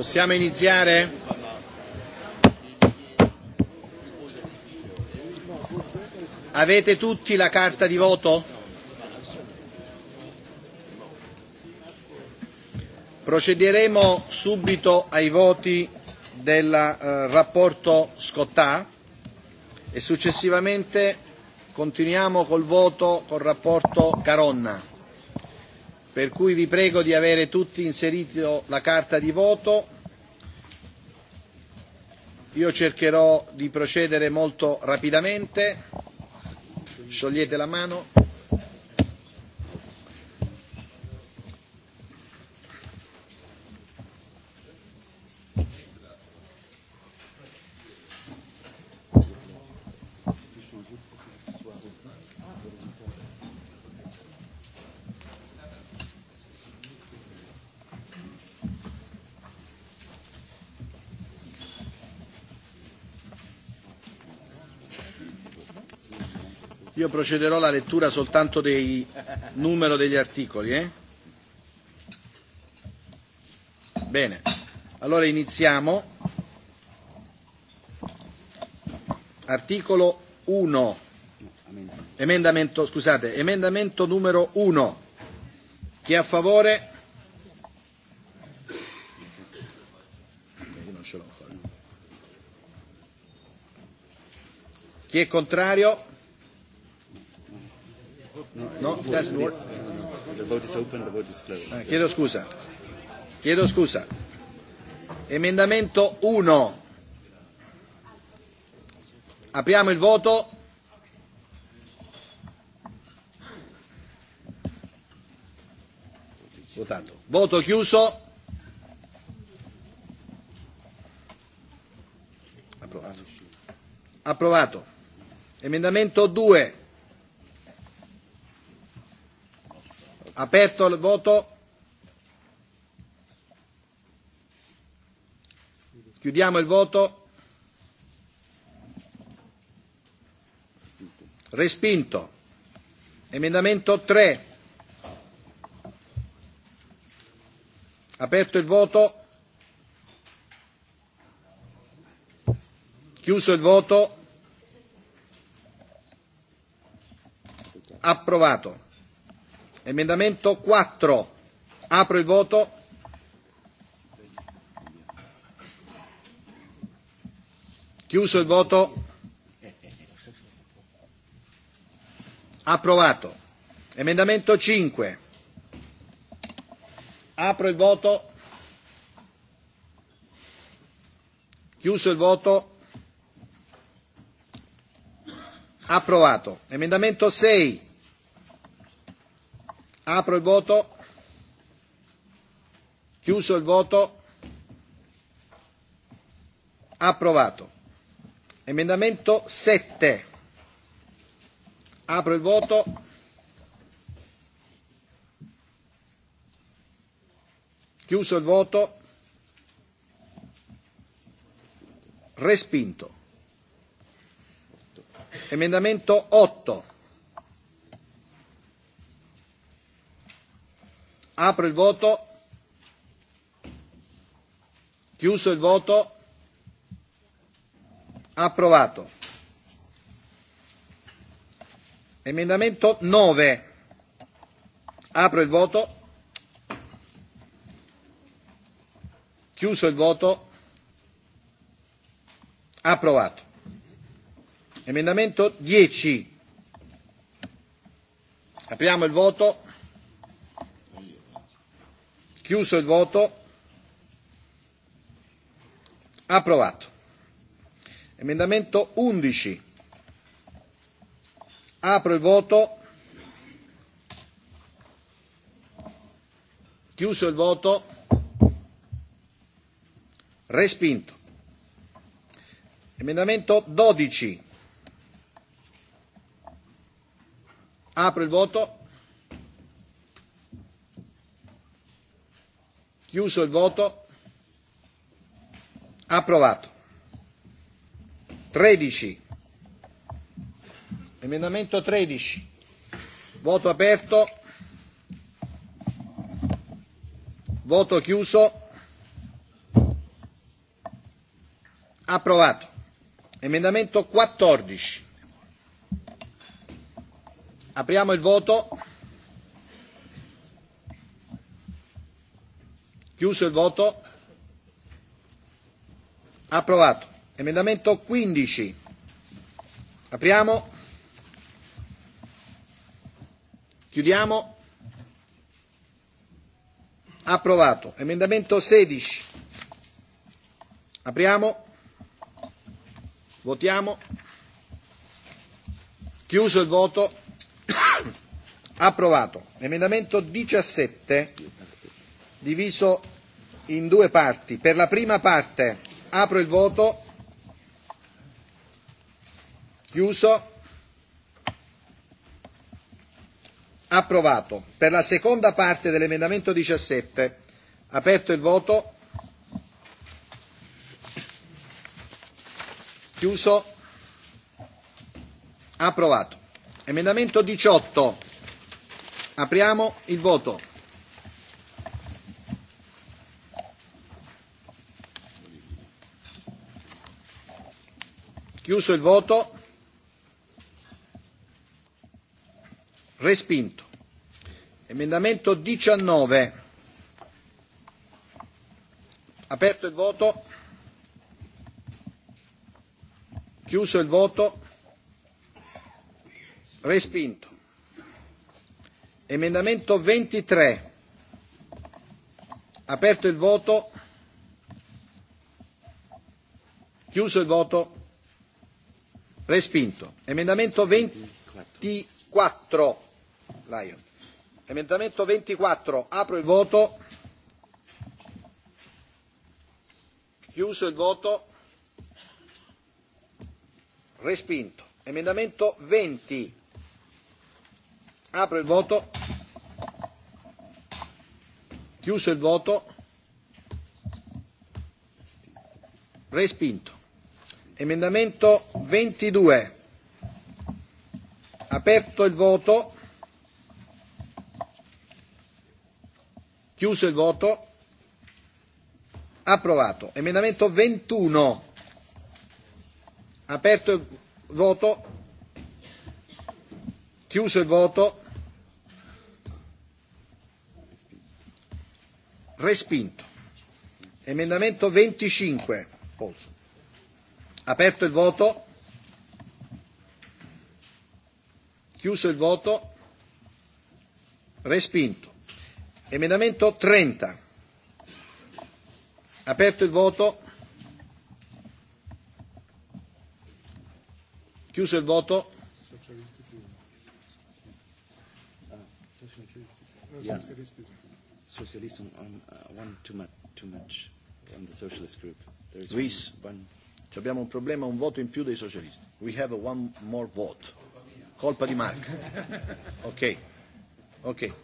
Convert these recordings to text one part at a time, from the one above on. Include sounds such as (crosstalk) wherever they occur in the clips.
Possiamo iniziare? Avete tutti la carta di voto? Procederemo subito ai voti del eh, rapporto Scottà e successivamente continuiamo col voto col rapporto Caronna per cui vi prego di avere tutti inserito la carta di voto. Io cercherò di procedere molto rapidamente. Sciogliete la mano. Io procederò alla lettura soltanto dei numero degli articoli. Eh? Bene, allora iniziamo. Articolo 1. Emendamento, scusate, emendamento numero 1. Chi è a favore? Chi è contrario? No, no, it no, doesn't work. No. The vote is open, the vote is closed. Ah, chiedo scusa. Chiedo scusa. Emendamento 1. Apriamo il voto. Votato. Voto chiuso. Approvato. Approvato. Emendamento 2. Aperto il voto. Chiudiamo il voto. Respinto. Emendamento 3. Aperto il voto. Chiuso il voto. Approvato. Emendamento 4. Apro il voto. Chiuso il voto. Approvato. Emendamento 5. Apro il voto. Chiuso il voto. Approvato. Emendamento 6. Apro il voto. Chiuso il voto. Approvato. Emendamento 7. Apro il voto. Chiuso il voto. Respinto. Emendamento 8. Apro il voto. Chiuso il voto. Approvato. Emendamento 9. Apro il voto. Chiuso il voto. Approvato. Emendamento 10. Apriamo il voto. Chiuso il voto. Approvato. Emendamento 11. Apro il voto. Chiuso il voto. Respinto. Emendamento 12. Apro il voto. Chiuso il voto. Approvato. 13. Emendamento 13. Voto aperto. Voto chiuso. Approvato. Emendamento 14. Apriamo il voto. Chiuso il voto. Approvato. Emendamento 15. Apriamo. Chiudiamo. Approvato. Emendamento 16. Apriamo. Votiamo. Chiuso il voto. (coughs) Approvato. Emendamento 17 diviso in due parti. Per la prima parte apro il voto, chiuso, approvato. Per la seconda parte dell'emendamento 17 aperto il voto, chiuso, approvato. Emendamento 18, apriamo il voto. Chiuso il voto. Respinto. Emendamento 19. Aperto il voto. Chiuso il voto. Respinto. Emendamento 23. Aperto il voto. Chiuso il voto. Respinto. Emendamento 24. Lion. Emendamento 24. Apro il voto. Chiuso il voto. Respinto. Emendamento 20. Apro il voto. Chiuso il voto. Respinto. Emendamento 22. Aperto il voto. Chiuso il voto. Approvato. Emendamento 21. Aperto il voto. Chiuso il voto. Respinto. Emendamento 25. Polso. Aperto il voto. Chiuso il voto. Respinto. Emendamento 30. Aperto il voto. Chiuso il voto. Yeah. Socialists on, um, on uh, one too much, too much on the socialist group. There is Luis. one. one abbiamo un problema, un voto in più dei socialisti. We have one more vote. Colpa di Mark. (laughs) Ok. Ok.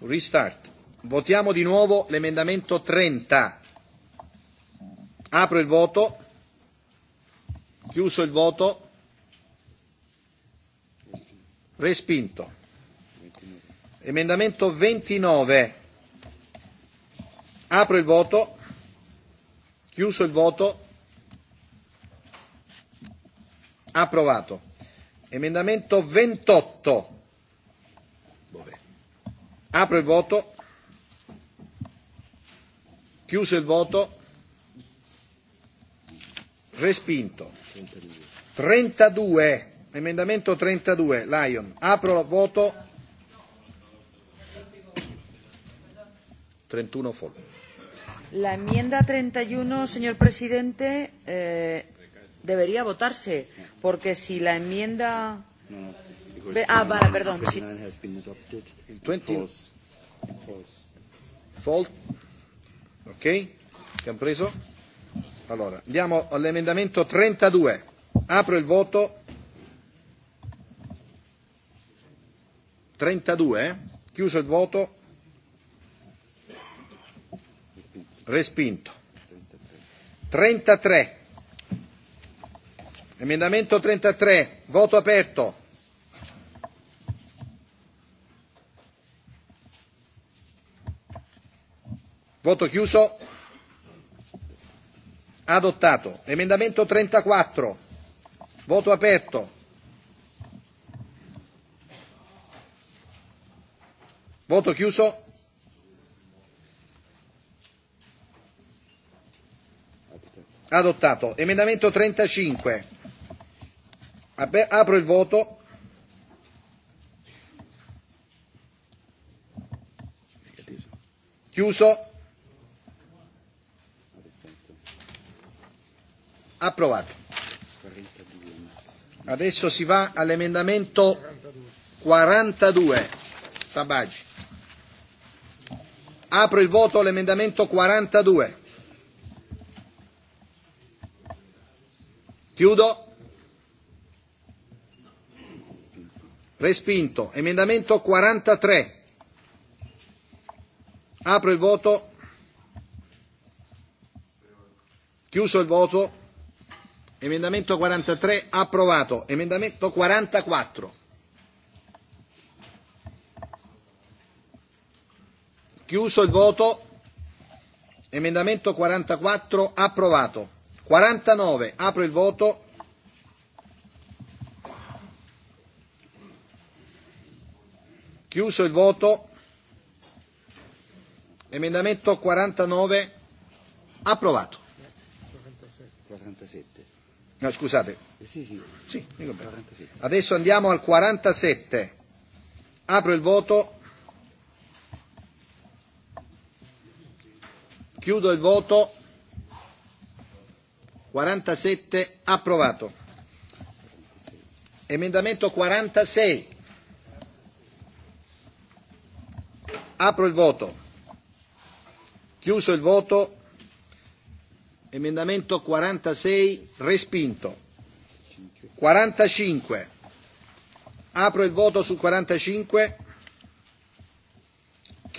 Restart. Votiamo di nuovo l'emendamento 30. Apro il voto. Chiuso il voto. Respinto. Emendamento 29. Apro il voto. Chiuso il voto. Approvato. Emendamento 28. Dove? Apro il voto. Chiuso il voto. Respinto. 32. Emendamento 32. Lion. Apro il voto. 31 follow. La enmienda uno señor presidente, eh, debería votarse, porque si la enmienda... No, no. Ah, vale, perdón. Si... Ok, compreso. Allora, andiamo all'emendamento 32. Apro il voto. 32. Eh? Chiuso il voto. Respinto. 33. Emendamento 33. Voto aperto. Voto chiuso. Adottato. Emendamento 34. Voto aperto. Voto chiuso. Adottato. Emendamento 35. Apro il voto. Chiuso. Approvato. Adesso si va all'emendamento 42. Tabagi. Apro il voto all'emendamento 42. Chiudo. Respinto. Emendamento 43. Apro il voto. Chiuso il voto. Emendamento 43 approvato. Emendamento 44. Chiuso il voto. Emendamento 44 approvato. 49, apro il voto. Chiuso il voto. Emendamento 49 approvato. 47. No, scusate. Eh sì, sì. Sì, dico 47. Adesso andiamo al 47. Apro il voto. Chiudo il voto. 47 approvato. Emendamento 46. Apro il voto. Chiuso il voto. Emendamento 46 respinto. 45. Apro il voto sul 45.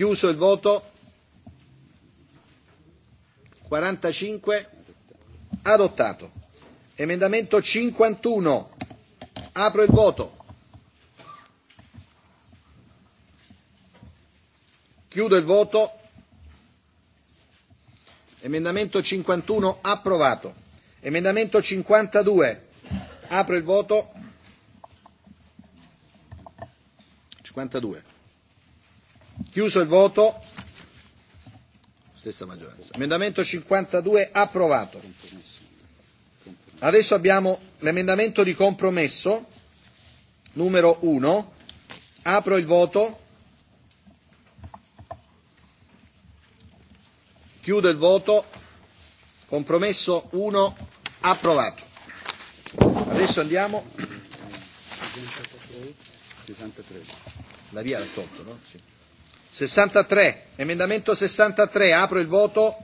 Chiuso il voto. 45 Adottato. Emendamento 51. Apro il voto. Chiudo il voto. Emendamento 51 approvato. Emendamento 52. Apro il voto. 52. Chiuso il voto. Stessa maggioranza. Emendamento 52 approvato. Adesso abbiamo l'emendamento di compromesso numero 1. Apro il voto. Chiudo il voto. Compromesso 1 approvato. Adesso andiamo. 63. La via l'ha tolto, no? Sì. 63, emendamento 63, apro il voto.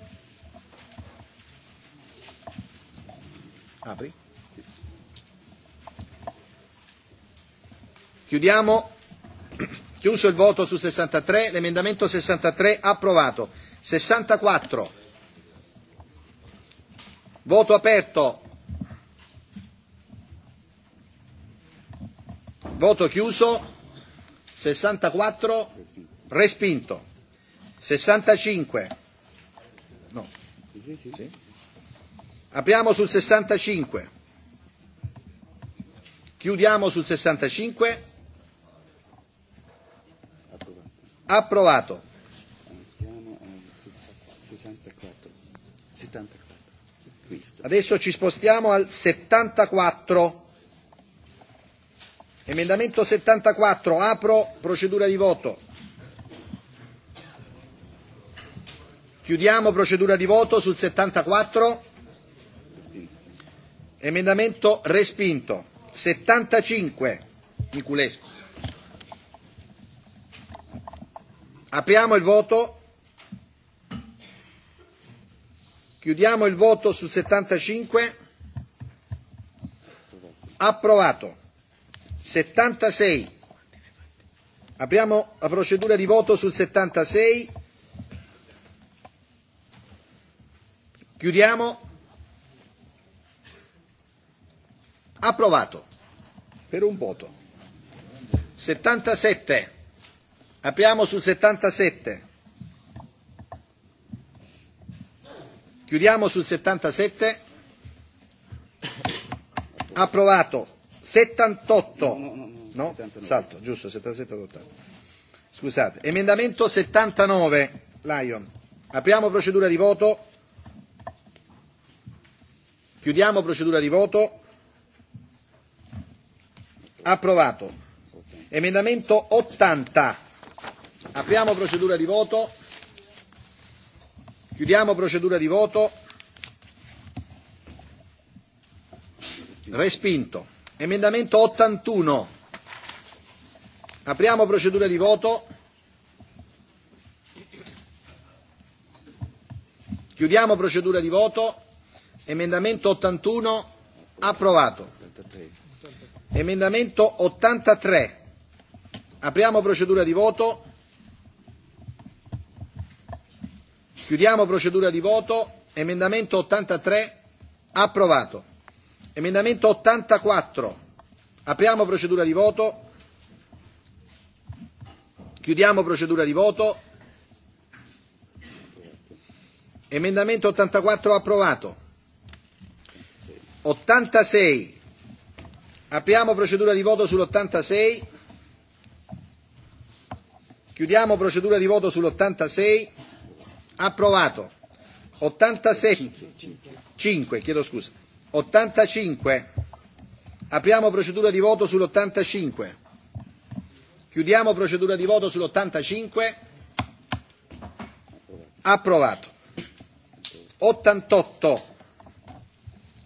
Apri. Chiudiamo. (clears throat) Chiuso il voto su 63, l'emendamento 63 approvato. 64. Voto aperto. Voto chiuso. 64 respinto. 65. No. Sì. Apriamo sul 65. Chiudiamo sul 65. Approvato. 64. 74. Adesso ci spostiamo al 74. Emendamento 74, apro procedura di voto. Chiudiamo procedura di voto sul 74. Emendamento respinto. 75. Niculesco. Apriamo il voto. Chiudiamo il voto sul 75. Approvato. 76. Apriamo la procedura di voto sul 76. Chiudiamo. Approvato. Per un voto. 77. Apriamo sul 77. Chiudiamo sul 77. Approvato. 78. No, no, no, no? salto, giusto, 77 adottato. Scusate. Emendamento 79. Lion. Apriamo procedura di voto. Chiudiamo procedura di voto. Approvato. Emendamento 80. Apriamo procedura di voto. Chiudiamo procedura di voto. Respinto. Emendamento 81. Apriamo procedura di voto. Chiudiamo procedura di voto. Emendamento 81 approvato. Emendamento 83. Apriamo procedura di voto. Chiudiamo procedura di voto. Emendamento 83 approvato. Emendamento 84. Apriamo procedura di voto. Chiudiamo procedura di voto. Emendamento 84 approvato. 86. Apriamo procedura di voto sull'86. Chiudiamo procedura di voto sull'86. Approvato. 86. 5, chiedo scusa. 85. Apriamo procedura di voto sull'85. Chiudiamo procedura di voto sull'85. Approvato. 88.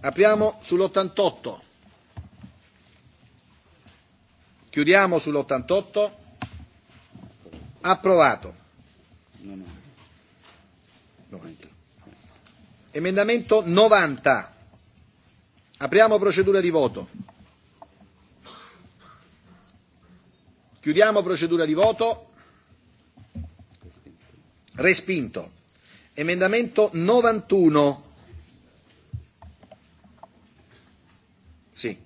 Apriamo sull'88. Chiudiamo sull'88. Approvato. No, no. Emendamento 90. Apriamo procedura di voto. Chiudiamo procedura di voto. Respinto. Emendamento 91. Sì.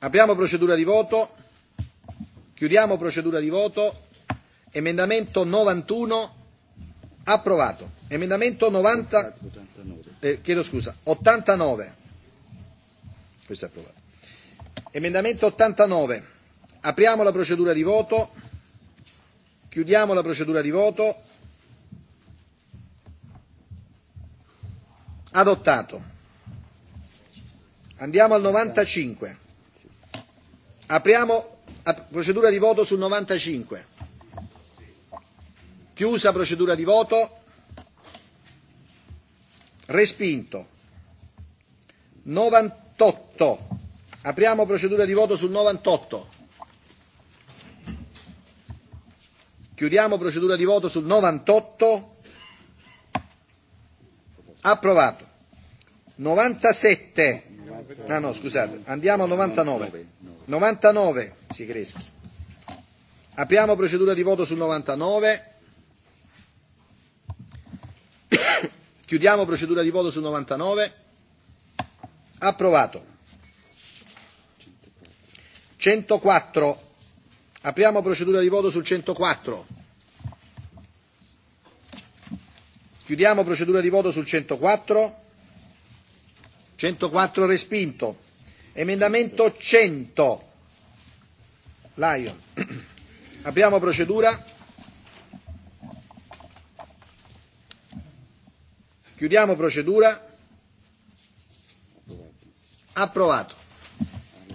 Apriamo procedura di voto. Chiudiamo procedura di voto. Emendamento 91 approvato. Emendamento 90 eh, chiedo scusa, 89. Questo è approvato. Emendamento 89. Apriamo la procedura di voto. Chiudiamo la procedura di voto. Adottato. Andiamo al 95. Apriamo a procedura di voto sul 95. Chiusa procedura di voto. Respinto. 98. Apriamo procedura di voto sul 98. Chiudiamo procedura di voto sul 98. Approvato. 97. Ah no, scusate, andiamo al 99. 99, creschi. Apriamo procedura di voto sul 99. Chiudiamo procedura di voto sul 99. Approvato. 104. Apriamo procedura di voto sul 104. Chiudiamo procedura di voto sul 104. 104 respinto. Emendamento 100. Lion. (clears throat) Apriamo procedura. Chiudiamo procedura. Approvato.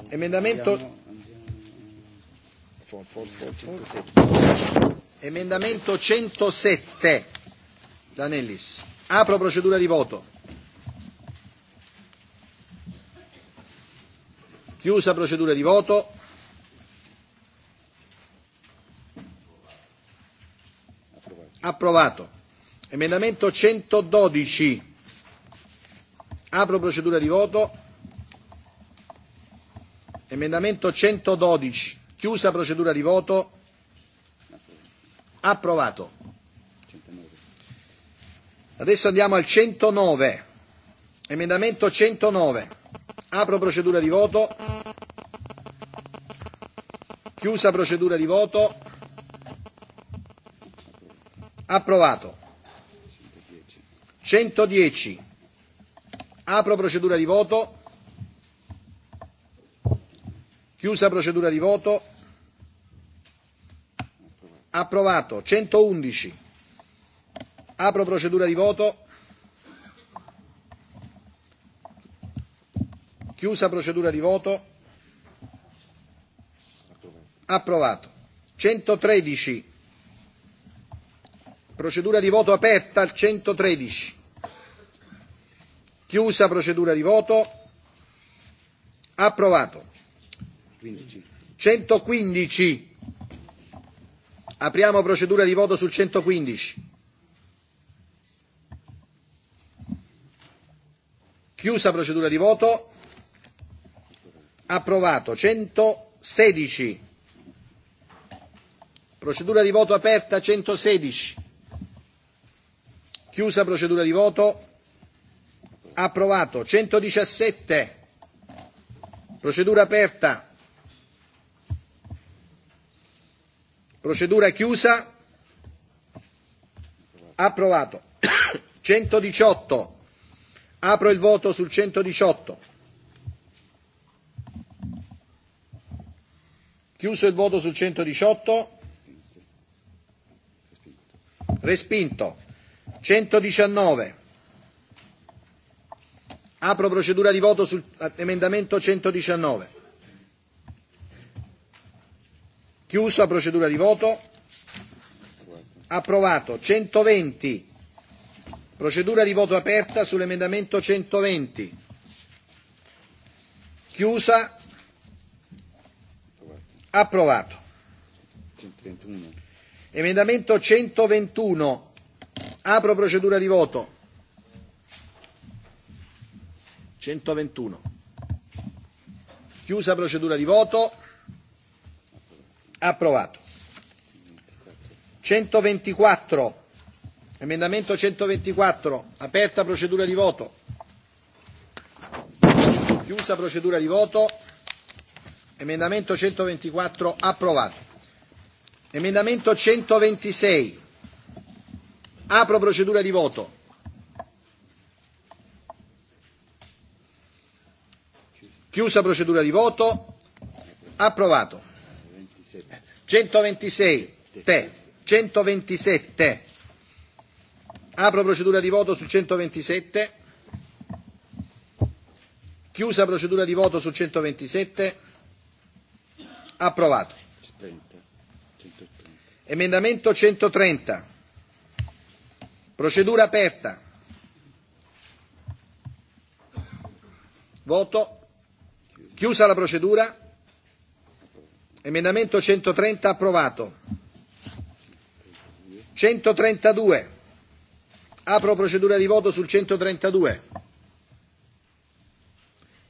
Emendamento Emendamento 107. Danellis. Apro procedura di voto. Chiusa procedura di voto. Approvato. Emendamento 112. Apro procedura di voto. Emendamento 112. Chiusa procedura di voto. Approvato. Adesso andiamo al 109. Emendamento 109. Apro procedura di voto. Chiusa procedura di voto. Approvato. 110. Apro procedura di voto. Chiusa procedura di voto. Approvato. 111. Apro procedura di voto. Chiusa procedura di voto. Approvato. 113. Procedura di voto aperta al 113. Chiusa procedura di voto. Approvato. 115. Apriamo procedura di voto sul 115. Chiusa procedura di voto approvato. 116. Procedura di voto aperta 116. Chiusa procedura di voto. Approvato. 117. Procedura aperta. Procedura chiusa. Approvato. 118. Apro il voto sul 118. Chiuso il voto sul 118. Respinto. 119. Apro procedura di voto sull'emendamento eh, 119. Chiusa procedura di voto. Approvato. 120. Procedura di voto aperta sull'emendamento 120. Chiusa Approvato. 121. Emendamento 121. Apro procedura di voto. 121. Chiusa procedura di voto. Approvato. 124. Emendamento 124. Aperta procedura di voto. Chiusa procedura di voto. Emendamento 124 approvato. Emendamento 126. Apro procedura di voto. Chiusa procedura di voto. Approvato. 126. Te. 127. Apro procedura di voto su 127. Chiusa procedura di voto su 127. Approvato. 30, Emendamento 130. Procedura aperta. Voto. Chiusa la procedura. Emendamento 130 approvato. 132. Apro procedura di voto sul 132.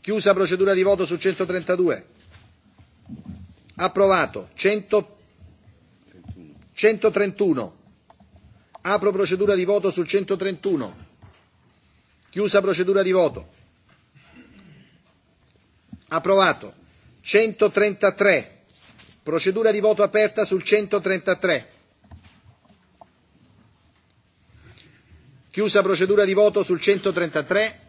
Chiusa procedura di voto sul 132. Approvato. 100... 131. Apro procedura di voto sul 131. Chiusa procedura di voto. Approvato. 133. Procedura di voto aperta sul 133. Chiusa procedura di voto sul 133.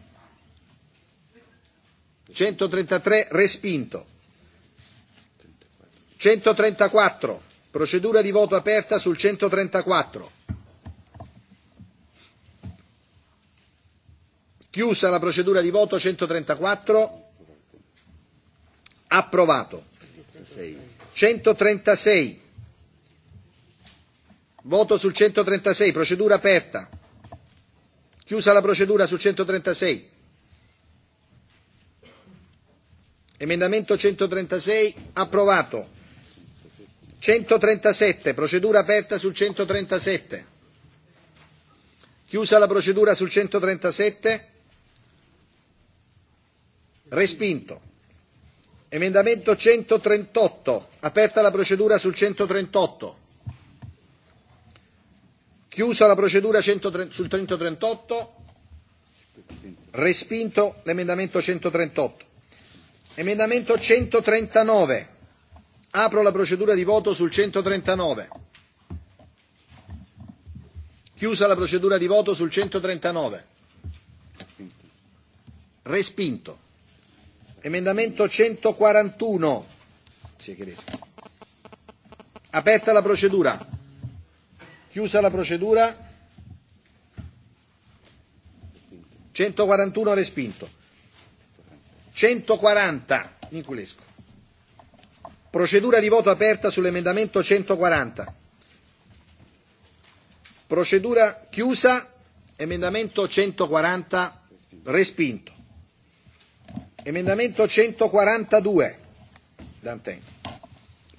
133 respinto. 134. Procedura di voto aperta sul 134. Chiusa la procedura di voto 134. Approvato. 136. Voto sul 136. Procedura aperta. Chiusa la procedura sul 136. Emendamento 136 approvato. 137, procedura aperta sul 137. Chiusa la procedura sul 137. Respinto. Emendamento 138. Aperta la procedura sul 138. Chiusa la procedura 130, sul 138. Respinto l'emendamento 138. Emendamento 139. Apro la procedura di voto sul 139. Chiusa la procedura di voto sul 139. Respinto. Emendamento 141. Aperta la procedura. Chiusa la procedura. 141 respinto. 140. Niculescu. Procedura di voto aperta sull'emendamento 140. Procedura chiusa. Emendamento 140 respinto. Emendamento 142. Dante.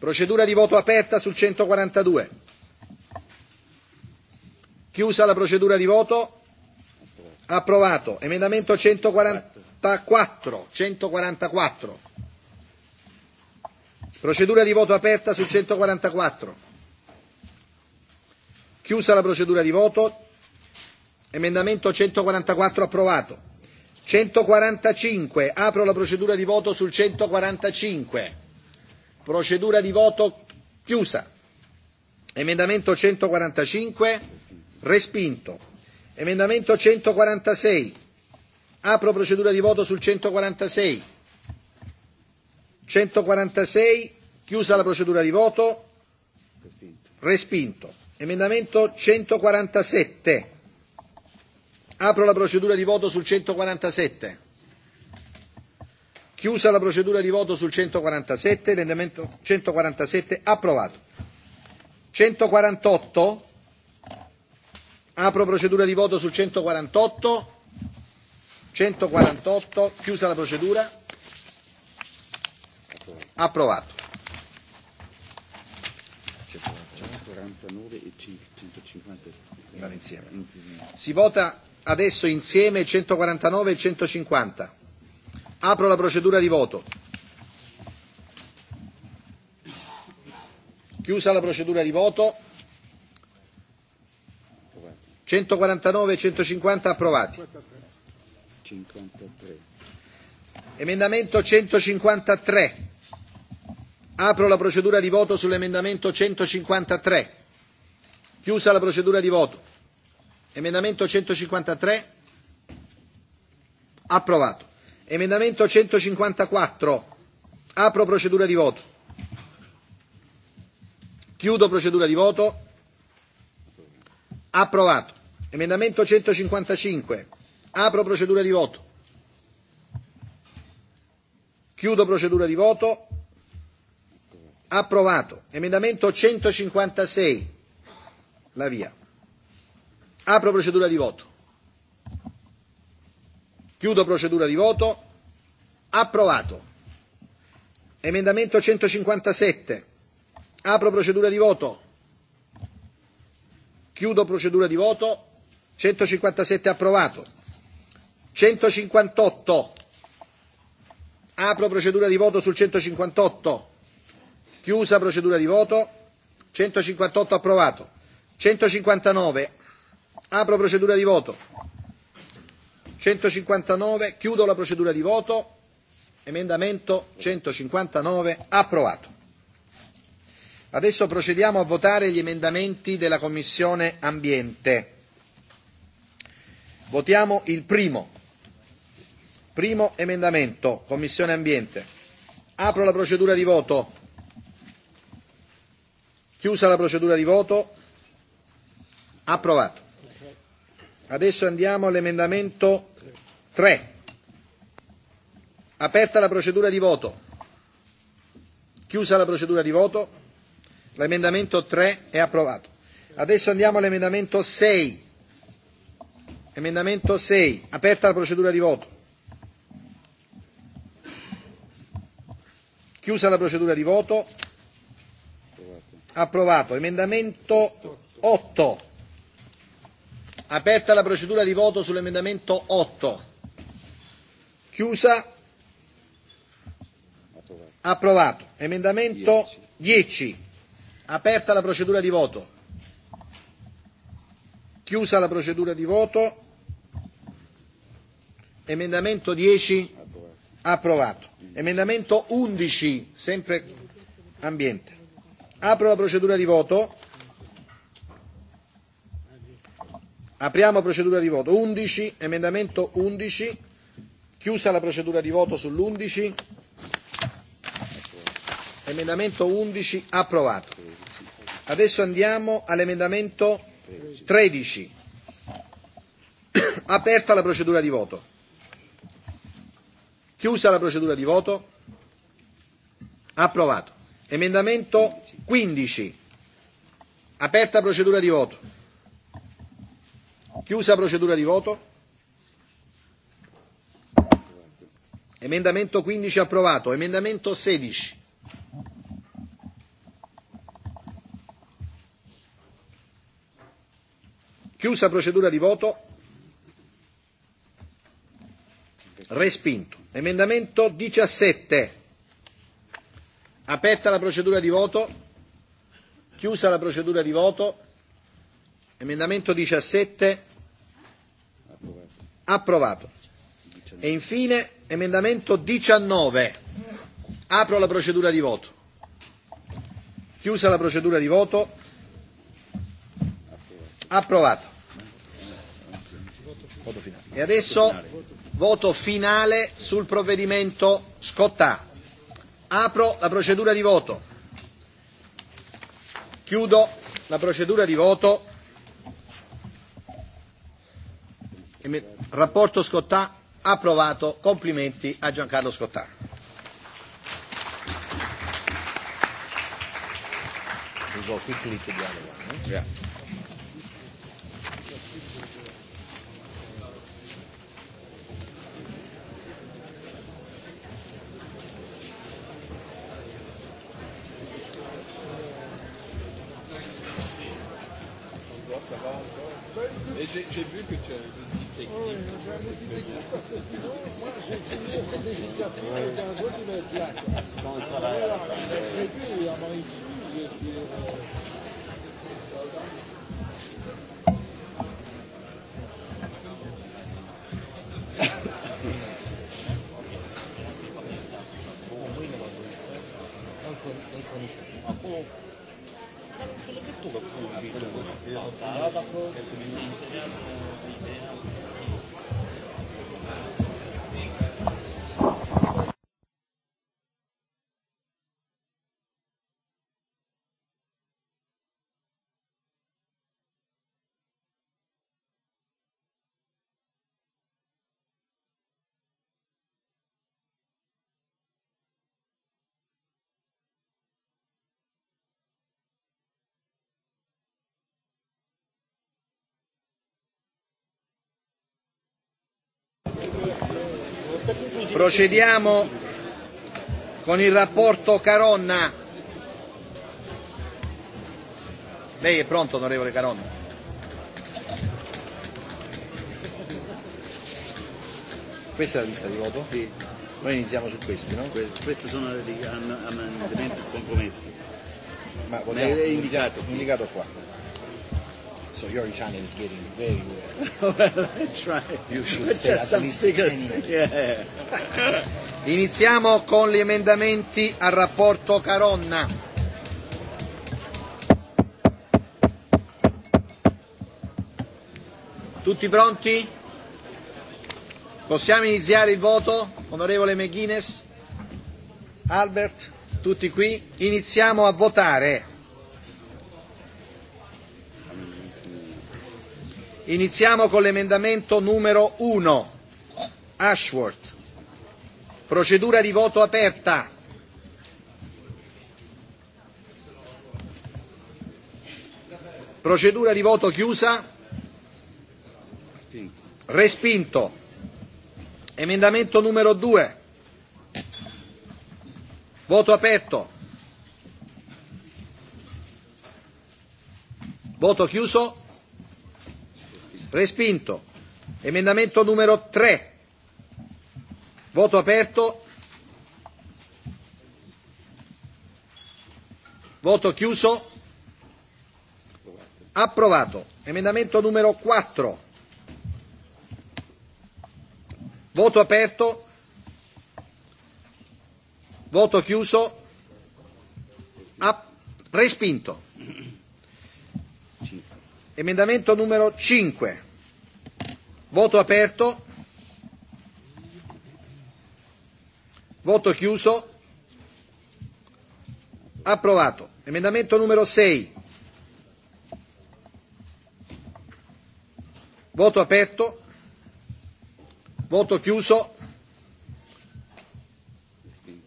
Procedura di voto aperta sul 142. Chiusa la procedura di voto. Approvato. Emendamento 144. 144. Procedura di voto aperta su 144. Chiusa la procedura di voto. Emendamento 144 approvato. 145. Apro la procedura di voto sul 145. Procedura di voto chiusa. Emendamento 145 respinto. Emendamento 146. Apro procedura di voto sul 146. 146, chiusa la procedura di voto, respinto. Emendamento 147. Apro la procedura di voto sul 147. Chiusa la procedura di voto sul 147, l'emendamento 147 approvato. 148. Apro procedura di voto sul 148. 148, chiusa la procedura. Aprovato. Si vota adesso insieme 149 e 150. Apro la procedura di voto. Chiusa la procedura di voto. 149 e 150 approvati. 53. Emendamento 153. Apro la procedura di voto sull'emendamento 153. Chiusa la procedura di voto. Emendamento 153. Approvato. Emendamento 154. Apro procedura di voto. Chiudo procedura di voto. Approvato. Emendamento 155. Apro procedura di voto. Chiudo procedura di voto. Approvato. Emendamento 156. La via. Apro procedura di voto. Chiudo procedura di voto. Approvato. Emendamento 157. Apro procedura di voto. Chiudo procedura di voto. 157 approvato. 158. Apro procedura di voto sul 158. Chiusa procedura di voto. 158 approvato. 159. Apro procedura di voto. 159. Chiudo la procedura di voto. Emendamento 159 approvato. Adesso procediamo a votare gli emendamenti della Commissione Ambiente. Votiamo il primo. Primo emendamento, Commissione Ambiente. Apro la procedura di voto. Chiusa la procedura di voto. Approvato. Adesso andiamo all'emendamento 3. Aperta la procedura di voto. Chiusa la procedura di voto. L'emendamento 3 è approvato. Adesso andiamo all'emendamento 6. Emendamento 6. Aperta la procedura di voto. Chiusa la procedura di voto. Approvato. Emendamento 8. Aperta la procedura di voto sull'emendamento 8. Chiusa. Approvato. Emendamento 10. Aperta la procedura di voto. Chiusa la procedura di voto. Emendamento 10. Approvato. Emendamento 11. Sempre ambiente. Apro la procedura di voto. Apriamo procedura di voto. 11, emendamento 11. Chiusa la procedura di voto sull'11. Emendamento 11 approvato. Adesso andiamo all'emendamento 13. (coughs) Aperta la procedura di voto. Chiusa la procedura di voto. Approvato. Emendamento 15. Aperta procedura di voto. Chiusa procedura di voto. Emendamento 15 approvato. Emendamento 16. Chiusa procedura di voto. Respinto. Emendamento 17. Aperta la procedura di voto. Chiusa la procedura di voto. Emendamento 17. Approvato. E infine emendamento 19. Apro la procedura di voto. Chiusa la procedura di voto. Approvato. E adesso voto finale sul provvedimento Scotta. Apro la procedura di voto. Chiudo la procedura di voto. Rapporto Scottà approvato. Complimenti a Giancarlo Scottà. We Mais j'ai vu que tu avais oh, des petites techniques. Oui, j'ai un petit parce que sinon, moi, j'ai fini cette législature avec un vote qui va être là. j'ai prévu, avant ici, j'ai fait. Thank you. Şöyle bir dolap Procediamo con il rapporto Caronna. Lei è pronto, onorevole Caronna? Questa è la lista di voto? Sì. Noi iniziamo su questi, no? Questi sono gli amendamenti e compromessi. Ma vogliamo, è indicato, indicato qua. So your Italian is getting very (laughs) well. well that's right. You should But say at some least figures. Yeah. Iniziamo con gli emendamenti al rapporto Caronna. Tutti pronti? Possiamo iniziare il voto? Onorevole McGuinness? Albert? Tutti qui? Iniziamo a votare. Iniziamo con l'emendamento numero 1. Ashworth. Procedura di voto aperta. Procedura di voto chiusa. Respinto. Emendamento numero 2. Voto aperto. Voto chiuso. Respinto. Emendamento numero 3. Voto aperto. Voto chiuso. Approvato. Emendamento numero 4. Voto aperto. Voto chiuso. App- respinto. Emendamento numero 5. Voto aperto. Voto chiuso. Approvato. Emendamento numero 6. Voto aperto. Voto chiuso.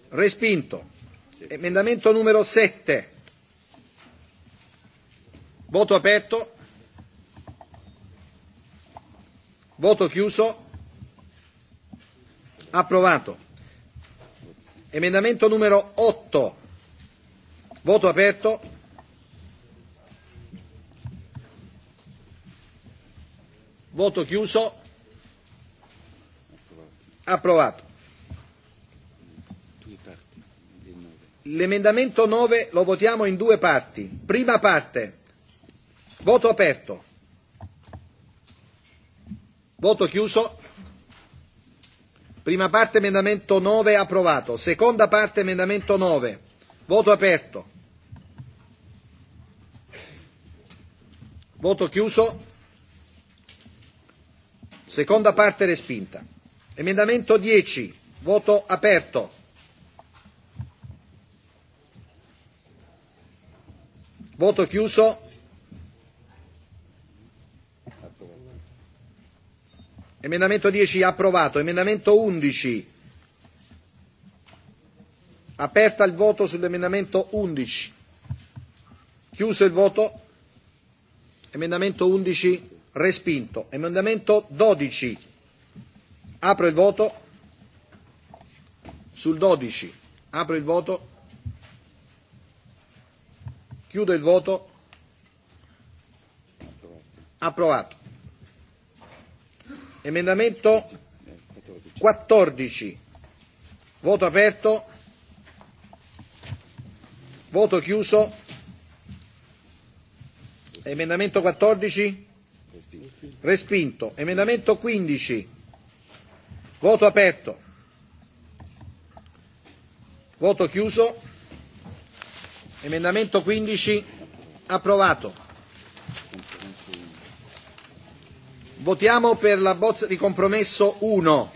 Respinto. Emendamento numero 7. Voto aperto. Voto chiuso. Approvato. Emendamento numero 8. Voto aperto. Voto chiuso. Approvato. L'emendamento 9 lo votiamo in due parti. Prima parte. Voto aperto. Voto chiuso. Prima parte emendamento 9 approvato. Seconda parte emendamento 9. Voto aperto. Voto chiuso. Seconda parte respinta. Emendamento 10. Voto aperto. Voto chiuso. Emendamento 10 approvato. Emendamento 11. Aperta il voto sull'emendamento 11. Chiuso il voto. Emendamento 11 respinto. Emendamento 12. Apro il voto. Sul 12. Apro il voto. Chiudo il voto. Approvato. Emendamento 14. Voto aperto. Voto chiuso. Emendamento 14. Respinto. Emendamento 15. Voto aperto. Voto chiuso. Emendamento 15 approvato. Votiamo per la bozza di compromesso 1.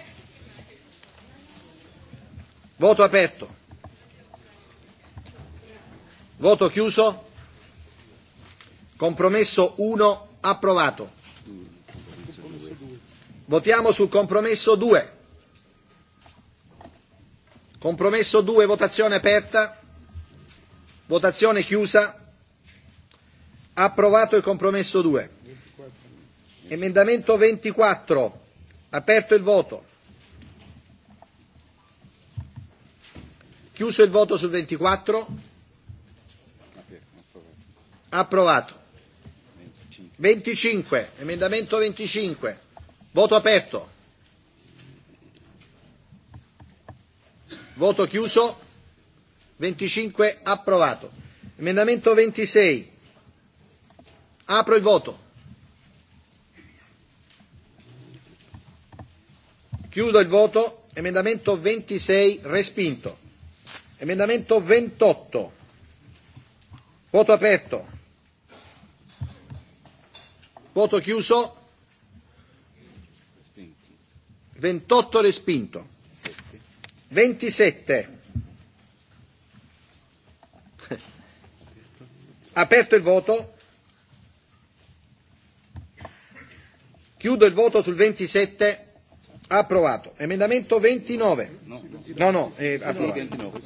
Voto aperto. Voto chiuso. Compromesso 1 approvato. Votiamo sul compromesso 2. Compromesso 2, votazione aperta. Votazione chiusa. Approvato il compromesso 2. Emendamento 24. Aperto il voto. Chiuso il voto sul 24. Approvato. 25. Emendamento 25. Voto aperto. Voto chiuso. 25 approvato. Emendamento 26. Apro il voto. Chiudo il voto. Emendamento 26 respinto. Emendamento 28. Voto aperto. Voto chiuso. 28 respinto. 27. Aperto il voto. Chiudo il voto sul 27. Approvato. Emendamento 29. No, no, è no, eh, approvato.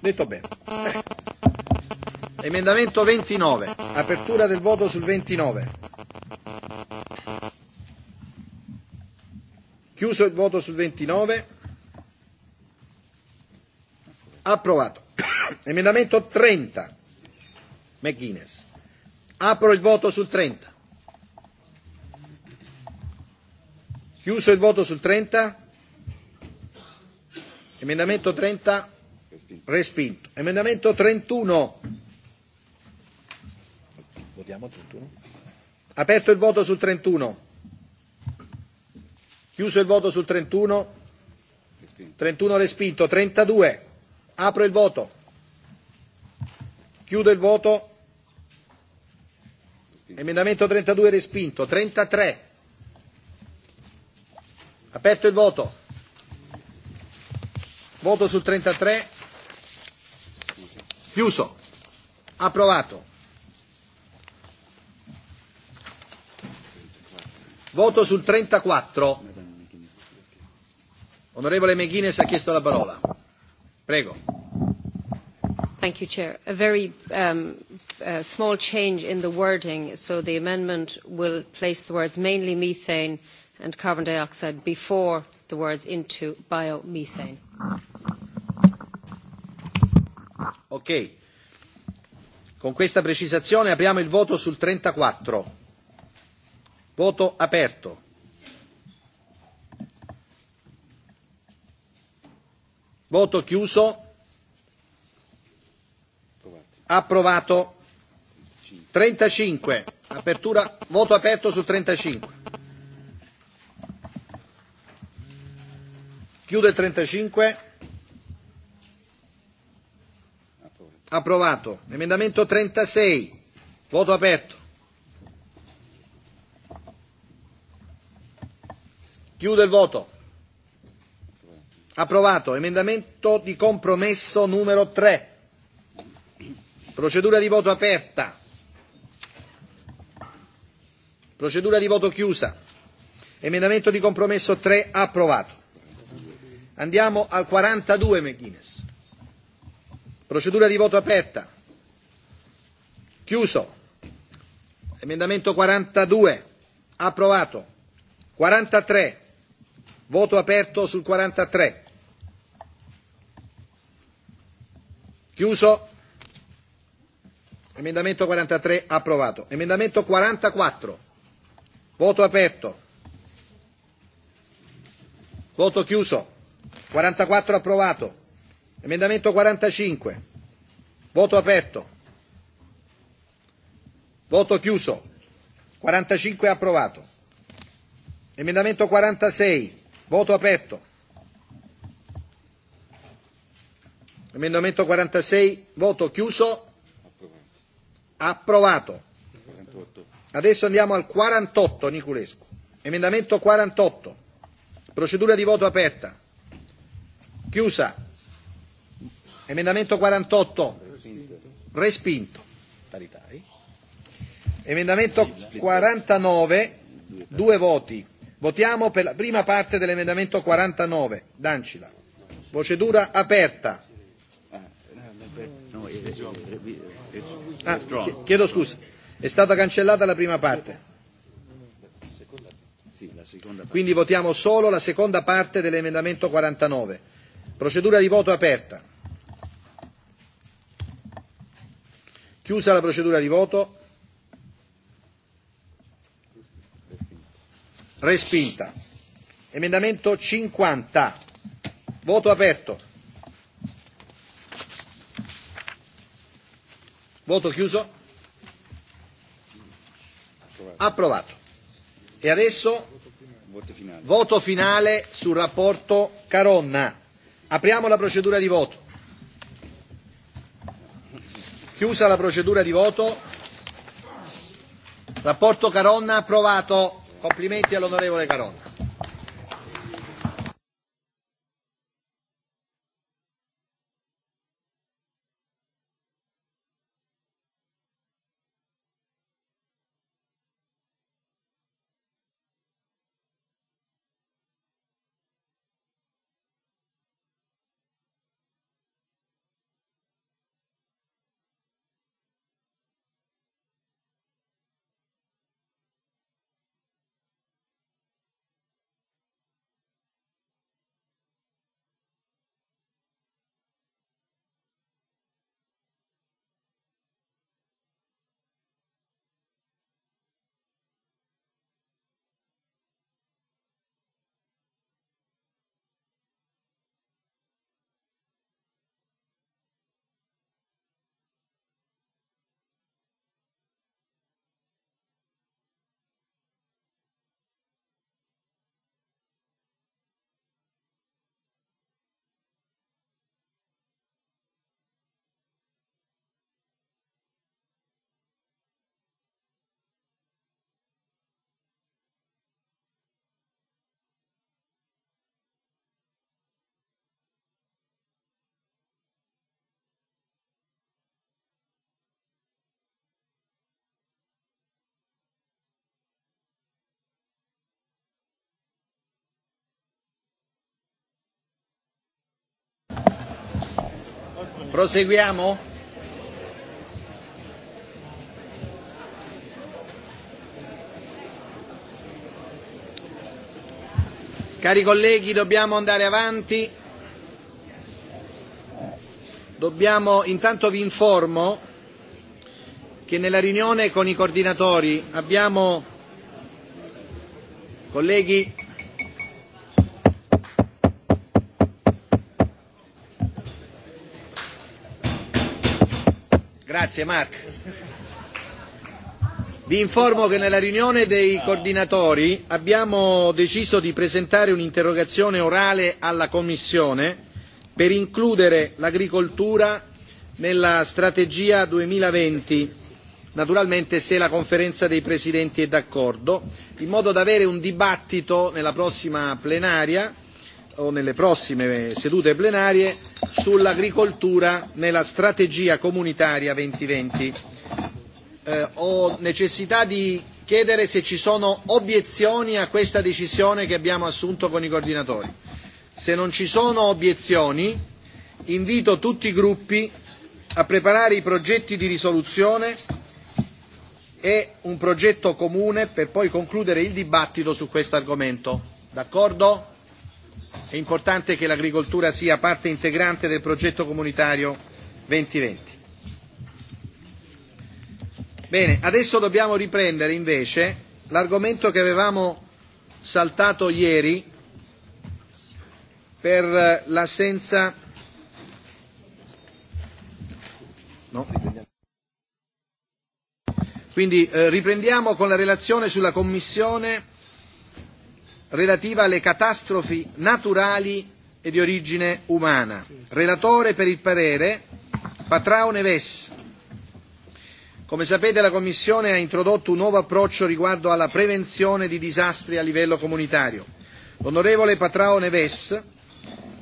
Detto bene. Emendamento 29. Apertura del voto sul 29. Chiuso il voto sul 29. Approvato. (coughs) Emendamento 30. McGuinness. Apro il voto sul 30. Chiuso il voto sul 30. Emendamento 30 respinto. Emendamento 31. Votiamo 31. Aperto il voto sul 31. Chiuso il voto sul 31. 31 respinto. 32. Apro il voto. Chiudo il voto. Emendamento 32 respinto. 33. Aperto il voto. Voto sul 33. Chiuso. Approvato. Voto sul 34. Onorevole McGuinness ha chiesto la parola. Prego. Thank you, Chair. A very um, uh, small change in the wording. So the amendment will place the words mainly methane and carbon dioxide before the words into biomethane. Ok, con questa precisazione apriamo il voto sul 34. Voto aperto. Voto chiuso. Approvato. 35. Apertura. Voto aperto sul 35. Chiude 35. Approvato. Emendamento 36. Voto aperto. Chiudo il voto. Approvato. Emendamento di compromesso numero 3. Procedura di voto aperta. Procedura di voto chiusa. Emendamento di compromesso 3 approvato. Andiamo al 42 McGuinness. Procedura di voto aperta. Chiuso. Emendamento 42. Approvato. 43. Voto aperto sul 43. Chiuso. Emendamento 43 approvato. Emendamento 44. Voto aperto. Voto chiuso. 44 approvato. Emendamento 45. Voto aperto. Voto chiuso. 45 approvato. Emendamento 46. Voto aperto. Emendamento 46. Voto chiuso. Approvato. Adesso andiamo al 48 Niculescu. Emendamento 48. Procedura di voto aperta. Chiusa. Emendamento 48. Respinto. Parità. Emendamento 49. Due voti. Votiamo per la prima parte dell'emendamento 49. Dancila. Procedura aperta. Ah, chiedo scusa. È stata cancellata la prima parte. Quindi votiamo solo la seconda parte dell'emendamento 49. Procedura di voto aperta. Chiusa la procedura di voto. Respinta. Emendamento 50. Voto aperto. Voto chiuso. Approvato. E adesso voto finale, voto finale sul rapporto Caronna. Apriamo la procedura di voto. Chiusa la procedura di voto. Rapporto Caronna approvato. Complimenti all'onorevole Caronna. Proseguiamo? Cari colleghi, dobbiamo andare avanti. Dobbiamo, intanto vi informo che nella riunione con i coordinatori abbiamo, colleghi, Grazie Mark. Vi informo che nella riunione dei coordinatori abbiamo deciso di presentare un'interrogazione orale alla Commissione per includere l'agricoltura nella strategia 2020, naturalmente se la conferenza dei presidenti è d'accordo, in modo da avere un dibattito nella prossima plenaria o nelle prossime sedute plenarie sull'agricoltura nella strategia comunitaria 2020. Eh, ho necessità di chiedere se ci sono obiezioni a questa decisione che abbiamo assunto con i coordinatori. Se non ci sono obiezioni, invito tutti i gruppi a preparare i progetti di risoluzione e un progetto comune per poi concludere il dibattito su questo argomento. D'accordo? È importante che l'agricoltura sia parte integrante del progetto comunitario 2020. Bene, adesso dobbiamo riprendere invece l'argomento che avevamo saltato ieri per l'assenza No. Quindi eh, riprendiamo con la relazione sulla Commissione relativa alle catastrofi naturali e di origine umana. Relatore per il parere Patrao Neves. Come sapete la Commissione ha introdotto un nuovo approccio riguardo alla prevenzione di disastri a livello comunitario. L'onorevole Patrao Neves,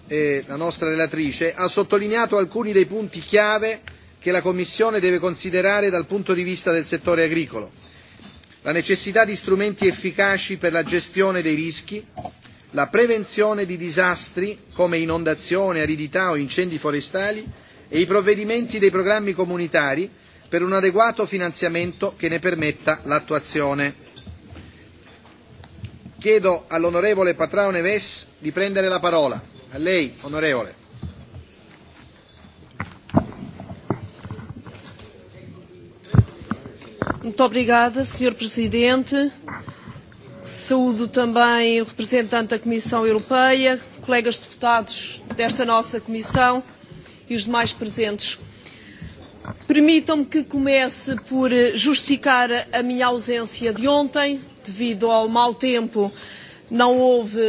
eh, la nostra relatrice, ha sottolineato alcuni dei punti chiave che la Commissione deve considerare dal punto di vista del settore agricolo la necessità di strumenti efficaci per la gestione dei rischi, la prevenzione di disastri come inondazioni, aridità o incendi forestali e i provvedimenti dei programmi comunitari per un adeguato finanziamento che ne permetta l'attuazione. Chiedo all'onorevole Patrao Neves di prendere la parola. A lei, onorevole. Muito obrigada, Sr. Presidente. Saúdo também o representante da Comissão Europeia, colegas deputados desta nossa Comissão e os demais presentes. Permitam-me que comece por justificar a minha ausência de ontem. Devido ao mau tempo, não houve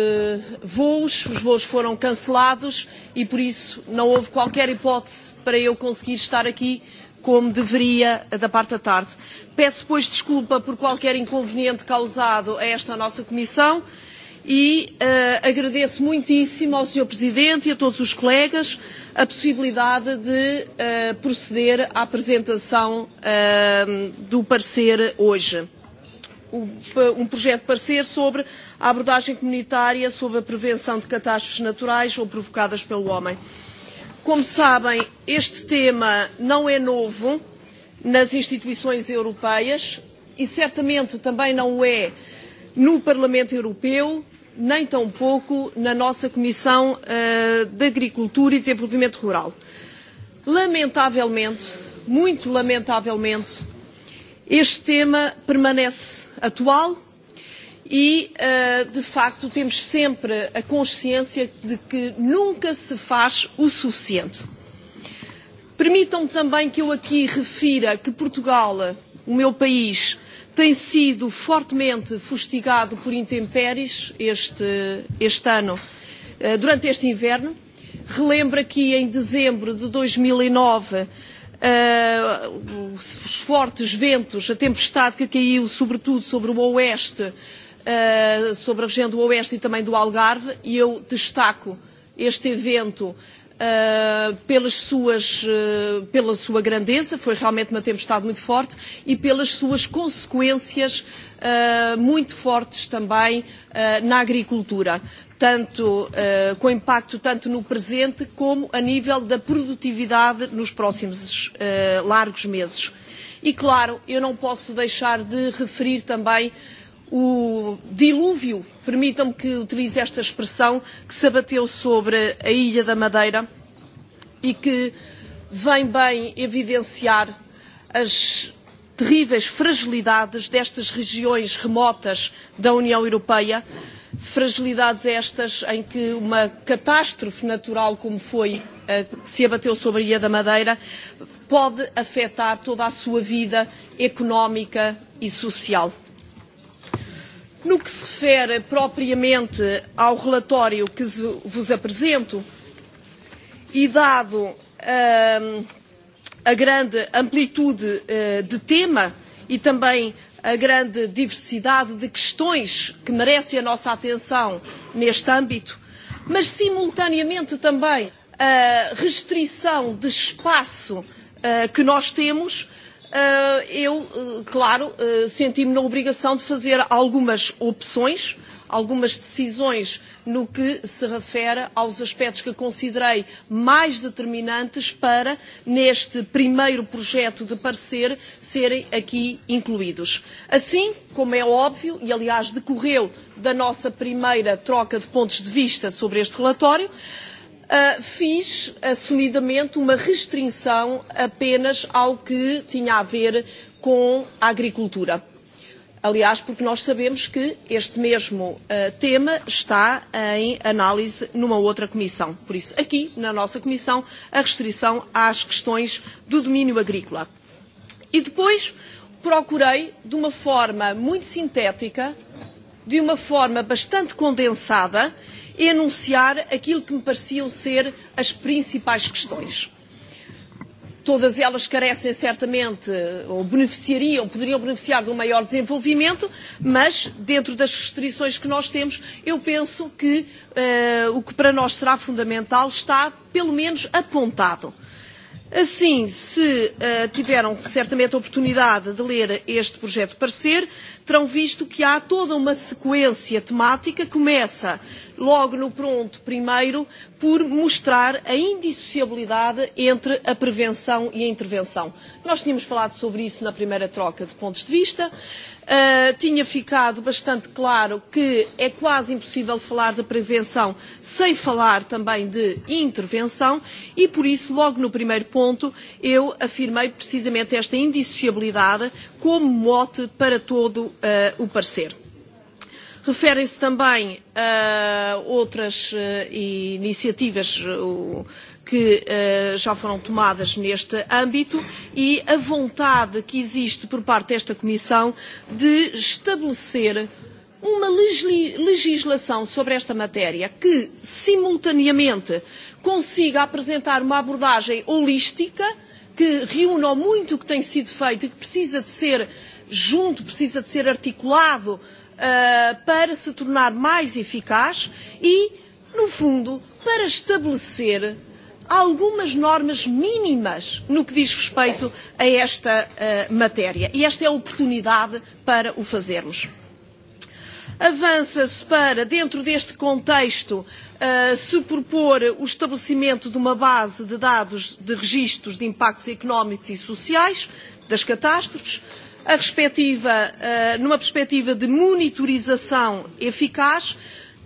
voos, os voos foram cancelados e, por isso, não houve qualquer hipótese para eu conseguir estar aqui como deveria da parte da tarde. Peço, pois, desculpa por qualquer inconveniente causado a esta nossa comissão e uh, agradeço muitíssimo ao Sr. Presidente e a todos os colegas a possibilidade de uh, proceder à apresentação uh, do parecer hoje. Um, um projeto de parecer sobre a abordagem comunitária sobre a prevenção de catástrofes naturais ou provocadas pelo homem. Como sabem, este tema não é novo nas instituições europeias e certamente também não é no Parlamento Europeu, nem tampouco na nossa Comissão uh, de Agricultura e Desenvolvimento Rural. Lamentavelmente, muito lamentavelmente, este tema permanece atual e, eh, de facto, temos sempre a consciência de que nunca se faz o suficiente. Permitam-me também que eu aqui refira que Portugal, o meu país, tem sido fortemente fustigado por intempéries este, este ano, eh, durante este inverno. Relembro aqui em dezembro de 2009 uh, e eh, os fortes ventos, a tempestade que caiu sobretudo sobre o oeste uh, sobre a região do Oeste e também do Algarve, e eu destaco este evento Uh, pelas suas, uh, pela sua grandeza, foi realmente uma tempestade muito forte, e pelas suas consequências uh, muito fortes também uh, na agricultura, tanto, uh, com impacto tanto no presente como a nível da produtividade nos próximos uh, largos meses. E claro, eu não posso deixar de referir também uh, o dilúvio, permitam-me que utilize esta expressão, que se abateu sobre a Ilha da Madeira e que vem bem evidenciar as terríveis fragilidades destas regiões remotas da União Europeia, fragilidades estas em que uma catástrofe natural como foi a que se abateu sobre a Ilha da Madeira pode afetar toda a sua vida económica e social. No que se refere propriamente ao relatório que vos apresento, e dado uh, a grande amplitude uh, de tema e também a grande diversidade de questões que merecem a nossa atenção neste âmbito, mas simultaneamente também a restrição de espaço uh, que nós temos, uh, eu, uh, claro, uh, senti-me na obrigação de fazer algumas opções, algumas decisões no que se refere aos aspectos que considerei mais determinantes para, neste primeiro projeto de parecer, serem aqui incluídos. Assim, como é óbvio, e aliás decorreu da nossa primeira troca de pontos de vista sobre este relatório, uh, Eh, fiz assumidamente uma restrição apenas ao que tinha a ver com a agricultura. Aliás, porque nós sabemos que este mesmo uh, tema está em análise numa outra comissão. Por isso, aqui, na nossa comissão, a restrição às questões do domínio agrícola. E depois procurei, de uma forma muito sintética, de uma forma bastante condensada, E enunciar aquilo que me pareciam ser as principais questões. Todas elas carecem certamente, ou beneficiariam, poderiam beneficiar de um maior desenvolvimento, mas dentro das restrições que nós temos, eu penso que uh, o que para nós será fundamental está, pelo menos, apontado. Assim, se uh, tiveram certamente a oportunidade de ler este projeto de parecer, terão visto que há toda uma sequência temática, começa logo no pronto primeiro por mostrar a indissociabilidade entre a prevenção e a intervenção. Nós tínhamos falado sobre isso na primeira troca de pontos de vista. Uh, tinha ficado bastante claro que é quase impossível falar de prevenção sem falar também de intervenção e, por isso, logo no primeiro ponto, eu afirmei precisamente esta indissociabilidade como mote para todo uh, o parecer. Referem-se também a outras eh, iniciativas eh, que eh, já foram tomadas neste âmbito e a vontade que existe por parte desta Comissão de estabelecer uma legislação sobre esta matéria que, simultaneamente, consiga apresentar uma abordagem holística que reúna muito o que tem sido feito e que precisa de ser junto, precisa de ser articulado uh, Eh, para se tornar mais eficaz e, no fundo, para estabelecer algumas normas mínimas no que diz respeito a esta eh, matéria. E esta é a oportunidade para o fazermos. Avança-se para, dentro deste contexto, uh, se propor o estabelecimento de uma base de dados de registros de impactos económicos e sociais das catástrofes, a perspectiva, eh, numa perspectiva de monitorização eficaz,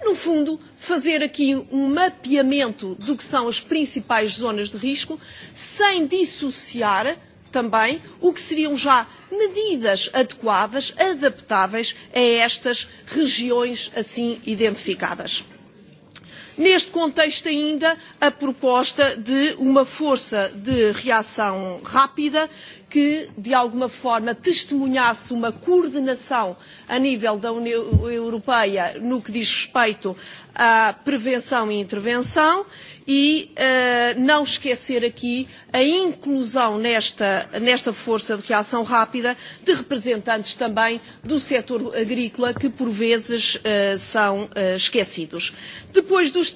no fundo, fazer aqui um mapeamento do que são as principais zonas de risco, sem dissociar também o que seriam já medidas adequadas, adaptáveis a estas regiões assim identificadas. Neste contexto ainda, a proposta de uma força de reação rápida que, de alguma forma, testemunhasse uma coordenação a nível da União Europeia no que diz respeito à prevenção e intervenção e uh, não esquecer aqui a inclusão nesta, nesta força de reação rápida de representantes também do setor agrícola que por vezes uh, são uh, esquecidos. Depois dos,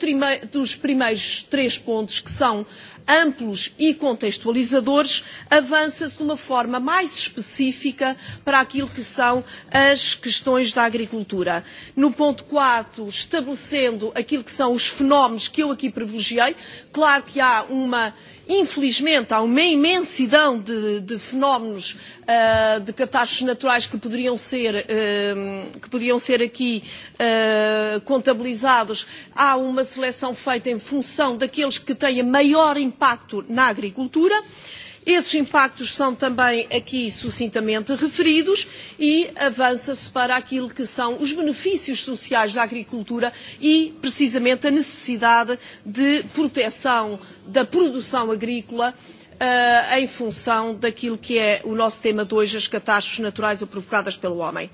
dos primeiros três pontos que são uh, amplos e contextualizadores, avança-se de uma forma mais específica para aquilo que são as questões da agricultura. No ponto 4, estabelecendo aquilo que são os fenómenos que eu aqui privilegiei, claro que há uma infelizmente há uma imensidão de, de fenómenos uh, de catástrofes naturais que poderiam ser, uh, que poderiam ser aqui uh, contabilizados, há uma seleção feita em função daqueles que têm maior impacto na agricultura. Esses impactos são também aqui sucintamente referidos e avança-se para aquilo que são os benefícios sociais da agricultura e, precisamente, a necessidade de proteção da produção agrícola uh, uh, em função daquilo que é o nosso tema de hoje, as catástrofes naturais ou provocadas pelo homem.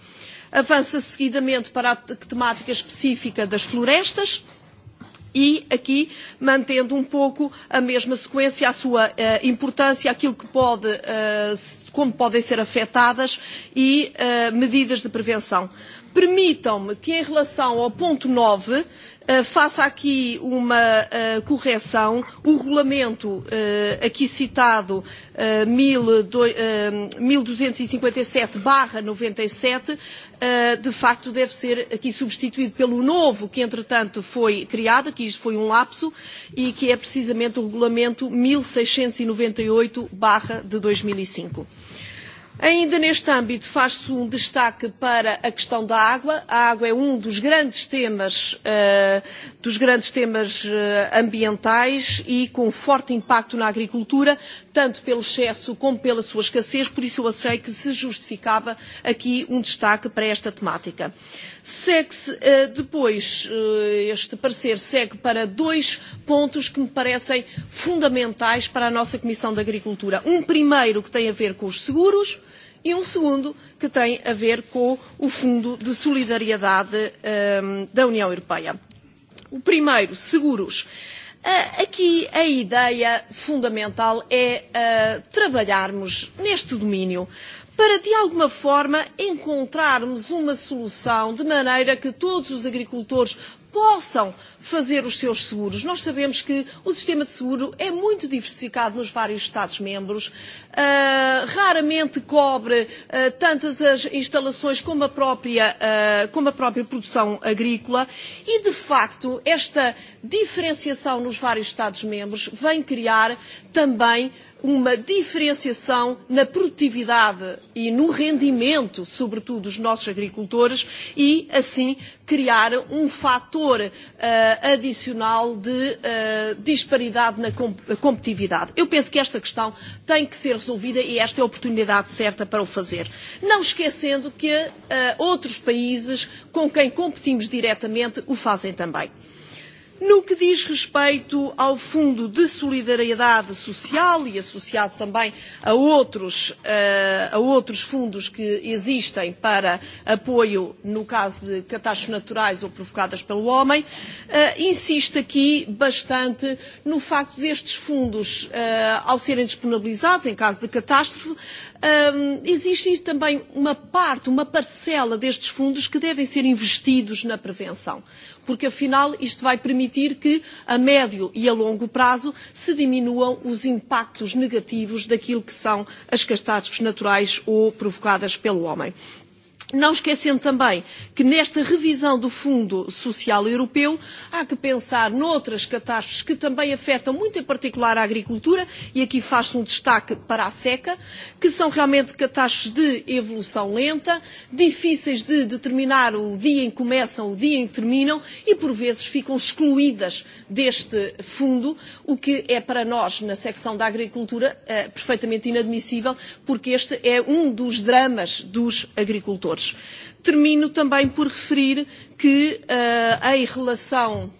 Avança se seguidamente para a temática específica das florestas e aqui mantendo um pouco a mesma sequência, a sua uh, importância, aquilo que pode, uh, como podem ser afetadas e uh, medidas de prevenção. Permitam-me que em relação ao ponto 9 Eh, faça aqui uma uh, correção. O regulamento uh, aqui citado, uh, 1257-97, Uh, de facto deve ser aqui substituído pelo novo que entretanto foi criado, que isto foi um lapso, e que é precisamente o regulamento 1698 e e barra de 2005. Ainda neste âmbito faz-se um destaque para a questão da água. A água é um dos grandes temas, uh, dos grandes temas uh, ambientais e com forte impacto na agricultura, tanto pelo excesso como pela sua escassez, por isso eu achei que se justificava aqui um destaque para esta temática. Segue-se, uh, depois, este parecer segue para dois pontos que me parecem fundamentais para a nossa Comissão de Agricultura. Um primeiro que tem a ver com os seguros, e um segundo que tem a ver com o Fundo de Solidariedade um, da União Europeia. O primeiro, seguros. Aqui a ideia fundamental é uh, trabalharmos neste domínio para, de alguma forma, encontrarmos uma solução de maneira que todos os agricultores possam fazer os seus seguros. Nós sabemos que o sistema de seguro é muito diversificado nos vários Estados-membros, uh, ah, raramente cobre uh, tantas as instalações como a, própria, uh, como a própria produção agrícola e, de facto, esta diferenciação nos vários Estados-membros vem criar também uma diferenciação na produtividade e no rendimento, sobretudo, dos nossos agricultores e, assim, criar um fator uh, adicional de uh, disparidade na comp competitividade. Eu penso que esta questão tem que ser resolvida e esta é a oportunidade certa para o fazer. Não esquecendo que uh, outros países com quem competimos diretamente o fazem também. No que diz respeito ao Fundo de Solidariedade Social e associado também a outros, eh, a outros fundos que existem para apoio no caso de catástrofes naturais ou provocadas pelo homem, eh, insisto aqui bastante no facto destes fundos, eh, ao serem disponibilizados em caso de catástrofe, ehm, existe também uma parte, uma parcela destes fundos que devem ser investidos na prevenção porque afinal isto vai permitir que a médio e a longo prazo se diminuam os impactos negativos daquilo que são as catástrofes naturais ou provocadas pelo homem. Não esquecendo também que nesta revisão do Fundo Social Europeu há que pensar noutras catástrofes que também afetam muito em particular a agricultura, e aqui faz-se um destaque para a seca, que são realmente catástrofes de evolução lenta, difíceis de determinar o dia em que começam, o dia em que terminam e por vezes ficam excluídas deste fundo, o que é para nós na secção da agricultura eh, perfeitamente inadmissível, porque este é um dos dramas dos agricultores valores. Termino também por referir que, uh, em relação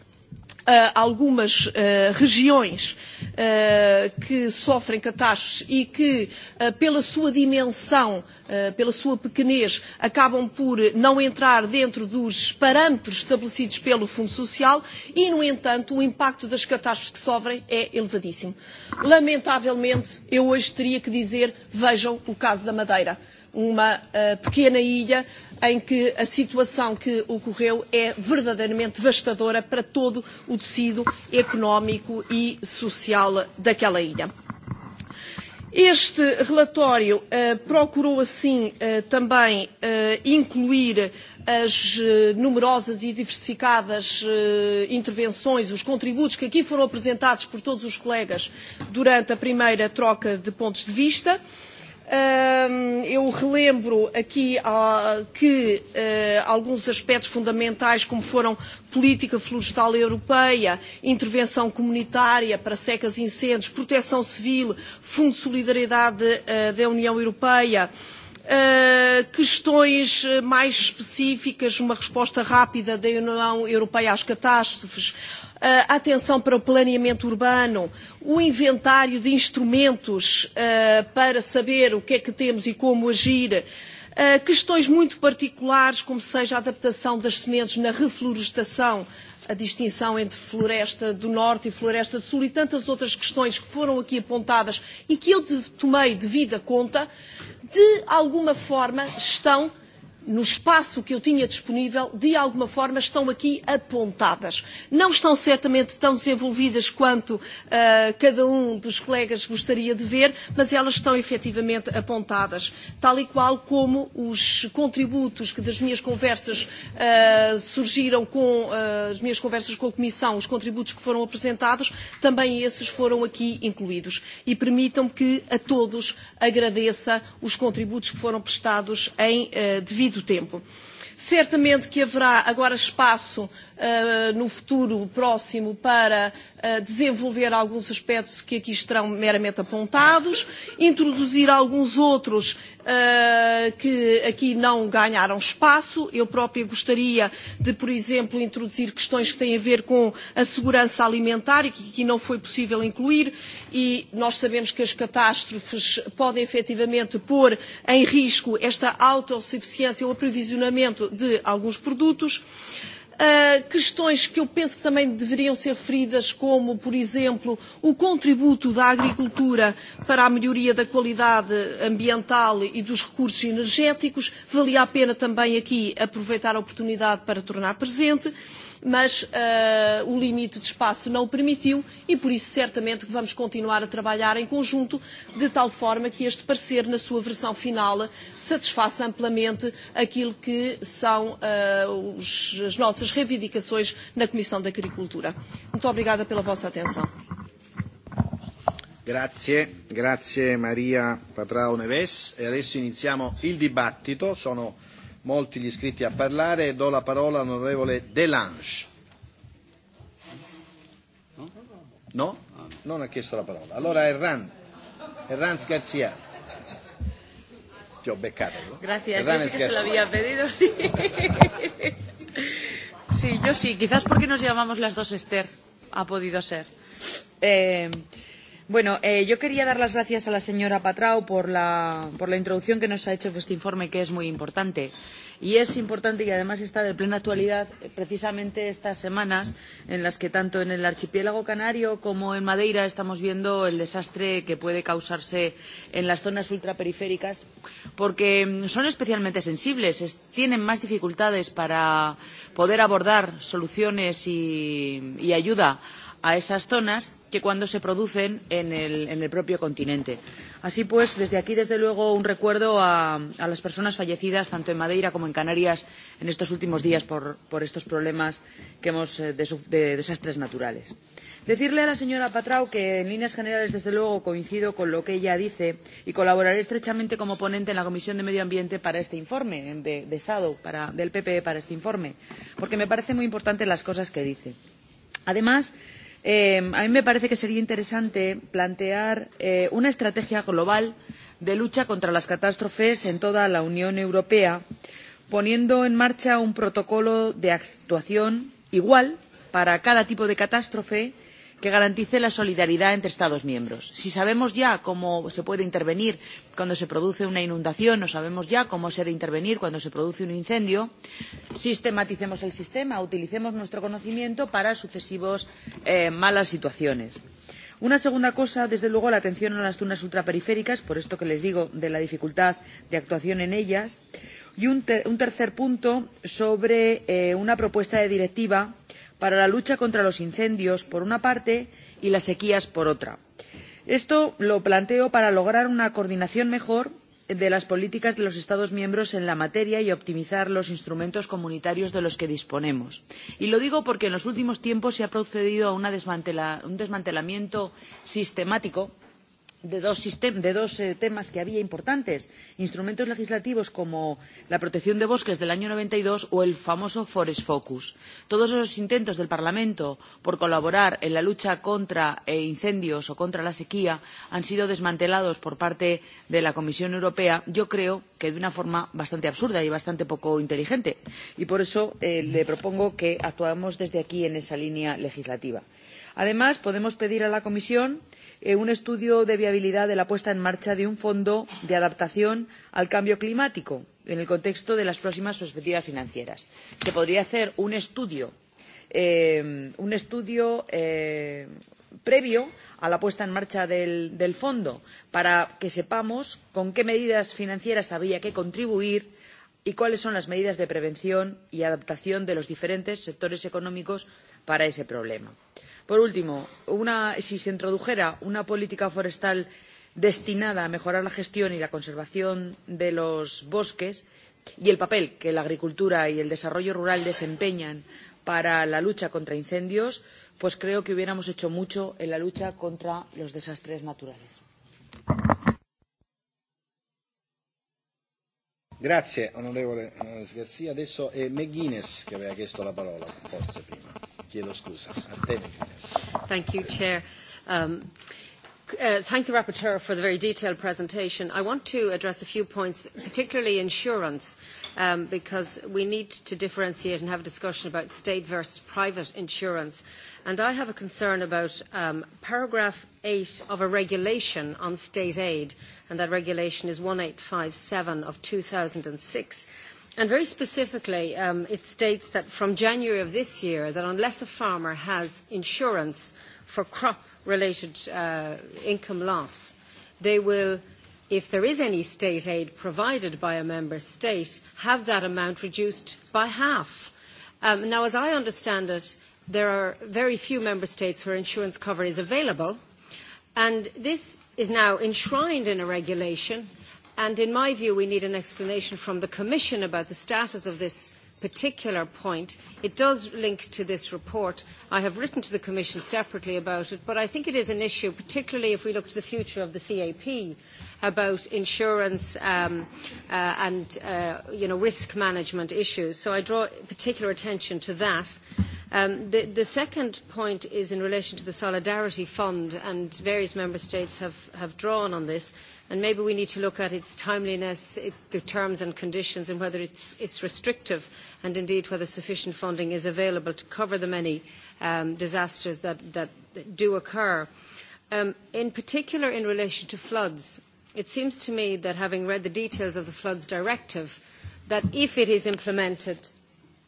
eh, a algumas uh, regiões uh, que sofrem catástrofes e que, uh, pela sua dimensão, uh, pela sua pequenez, acabam por não entrar dentro dos parâmetros estabelecidos pelo Fundo Social e, no entanto, o impacto das catástrofes que sofrem é elevadíssimo. Lamentavelmente, eu hoje teria que dizer, vejam o caso da Madeira uma uh, pequena ilha em que a situação que ocorreu é verdadeiramente devastadora para todo o tecido económico e social daquela ilha. Este relatório uh, procurou, assim, uh, também uh, incluir as numerosas e diversificadas intervenções, os contributos que aqui foram apresentados por todos os colegas durante a primeira troca de pontos de vista. Uh, Um, eu relembro aqui uh, que uh, alguns aspectos fundamentais, como foram política florestal europeia, intervenção comunitária para secas e incêndios, proteção civil, Fundo de Solidariedade uh, da União Europeia, Uh, questões mais específicas, uma resposta rápida da União Europeia às catástrofes, a eh, atenção para o planeamento urbano, o inventário de instrumentos eh, para saber o que é que temos e como agir, eh, questões muito particulares, como seja a adaptação das sementes na reflorestação, a distinção entre floresta do norte e floresta do sul e tantas outras questões que foram aqui apontadas e que eu tomei devida conta, de alguma forma estão no espaço que eu tinha disponível, de alguma forma estão aqui apontadas. Não estão certamente tão desenvolvidas quanto uh, cada um dos colegas gostaria de ver, mas elas estão efetivamente apontadas, tal e qual como os contributos que das minhas conversas uh, surgiram com uh, as minhas conversas com a Comissão, os contributos que foram apresentados, também esses foram aqui incluídos. E permitam me que a todos agradeça os contributos que foram prestados em uh, devido devido tempo. Certamente que haverá agora espaço Eh, no futuro próximo para eh, desenvolver alguns aspectos que aqui estarão meramente apontados, introduzir alguns outros uh, que aqui não ganharam espaço. Eu própria gostaria de, por exemplo, introduzir questões que têm a ver com a segurança alimentar e que aqui não foi possível incluir e nós sabemos que as catástrofes podem efetivamente pôr em risco esta autossuficiência ou aprovisionamento de alguns produtos. Uh, uh, questões que eu penso que também deveriam ser referidas, como, por exemplo, o contributo da agricultura para a melhoria da qualidade ambiental e dos recursos energéticos. Valia a pena também aqui aproveitar a oportunidade para tornar presente, mas uh, o limite de espaço não o permitiu e, por isso, certamente que vamos continuar a trabalhar em conjunto, de tal forma que este parecer, na sua versão final, satisfaça amplamente aquilo que são uh, os, as nossas nossas reivindicações na Comissão da Agricultura. Muito obrigada pela vossa atenção. Grazie, grazie Maria Patrao Neves. E adesso iniziamo il dibattito. Sono molti gli iscritti a parlare do la parola all'onorevole Delange. No? Non ha chiesto la parola. Allora Erran, Erran Scarzia. Ti ho beccato. No? Grazie, Erran sì se l'avevi pedido, sì. (laughs) Sí, yo sí. Quizás porque nos llamamos las dos Esther. Ha podido ser. Eh, bueno, eh, yo quería dar las gracias a la señora Patrao por la, por la introducción que nos ha hecho de este informe, que es muy importante. Y es importante y además está de plena actualidad eh, precisamente estas semanas en las que tanto en el archipiélago canario como en Madeira estamos viendo el desastre que puede causarse en las zonas ultraperiféricas porque mm, son especialmente sensibles, tienen más dificultades para poder abordar soluciones y, y ayuda a a esas zonas que cuando se producen en el, en el propio continente. Así pues, desde aquí, desde luego, un recuerdo a, a las personas fallecidas tanto en Madeira como en Canarias en estos últimos días por, por estos problemas que hemos, eh, de, de desastres naturales. Decirle a la señora Patrao que, en líneas generales, desde luego, coincido con lo que ella dice y colaboraré estrechamente como ponente en la Comisión de Medio Ambiente para este informe, de, de SADO, para, del PPE para este informe, porque me parece muy importante las cosas que dice. Además, Eh, a mí me parece que sería interesante plantear eh, una estrategia global de lucha contra las catástrofes en toda la Unión Europea, poniendo en marcha un protocolo de actuación igual para cada tipo de catástrofe que garantice la solidaridad entre Estados miembros. Si sabemos ya cómo se puede intervenir cuando se produce una inundación o sabemos ya cómo se ha de intervenir cuando se produce un incendio, sistematicemos el sistema, utilicemos nuestro conocimiento para sucesivas eh, malas situaciones. Una segunda cosa, desde luego, la atención a las zonas ultraperiféricas, por esto que les digo de la dificultad de actuación en ellas. Y un, ter un tercer punto sobre eh, una propuesta de directiva eh, para la lucha contra los incendios, por una parte, y las sequías, por otra. Esto lo planteo para lograr una coordinación mejor de las políticas de los Estados miembros en la materia y optimizar los instrumentos comunitarios de los que disponemos. Y lo digo porque en los últimos tiempos se ha procedido a desmantela, un desmantelamiento sistemático de dos, sistem, de dos eh, temas que había importantes instrumentos legislativos como la protección de bosques del año noventa y dos o el famoso forest focus. todos esos intentos del parlamento por colaborar en la lucha contra eh, incendios o contra la sequía han sido desmantelados por parte de la comisión europea yo creo que de una forma bastante absurda y bastante poco inteligente y por eso eh, le propongo que actuemos desde aquí en esa línea legislativa. Además, podemos pedir a la Comisión eh, un estudio de viabilidad de la puesta en marcha de un fondo de adaptación al cambio climático en el contexto de las próximas perspectivas financieras. Se podría hacer un estudio, eh, un estudio eh, previo a la puesta en marcha del, del fondo para que sepamos con qué medidas financieras había que contribuir y cuáles son las medidas de prevención y adaptación de los diferentes sectores económicos para ese problema por último si se introdujera una política forestal destinada a mejorar la gestión y la conservación de los bosques y el papel que la agricultura y el desarrollo rural desempeñan para la lucha contra incendios pues creo que hubiéramos hecho mucho en la lucha contra los desastres naturales. Grazie onorevole eh, Garcia. Adesso è McGuinness che aveva chiesto la parola, forse prima chiedo no scusa. A te, Thank you, Chair. Um, Uh, thank the rapporteur for the very detailed presentation. I want to address a few points, particularly insurance, um, because we need to differentiate and have a discussion about state versus private insurance. And I have a concern about um, paragraph 8 of a regulation on state aid, and that regulation is 1857 of 2006 And very specifically, um, it states that from January of this year, that unless a farmer has insurance for crop-related uh, income loss, they will, if there is any state aid provided by a member state, have that amount reduced by half. Um, now, as I understand it, there are very few member states where insurance cover is available, and this is now enshrined in a regulation – And in my view, we need an explanation from the Commission about the status of this particular point. It does link to this report. I have written to the Commission separately about it, but I think it is an issue, particularly if we look to the future of the CAP, about insurance um, uh, and uh, you know, risk management issues. So I draw particular attention to that. Um, the, the, second point is in relation to the Solidarity Fund, and various Member States have, have drawn on this. And maybe we need to look at its timeliness, it, the terms and conditions, and whether it's, it's restrictive, and indeed whether sufficient funding is available to cover the many um, disasters that, that do occur. Um, in particular, in relation to floods, it seems to me that having read the details of the floods directive, that if it is implemented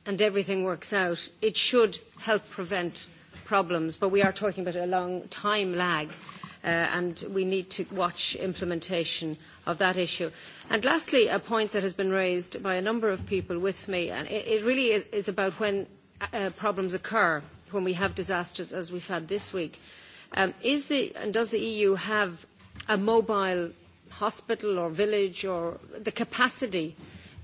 and everything works out, it should help prevent problems. But we are talking about a long time lag uh, and we need to watch implementation of that issue. And lastly, a point that has been raised by a number of people with me, and it, it really is, is about when uh, problems occur, when we have disasters as we've had this week. Um, is the, and does the EU have a mobile hospital or village or the capacity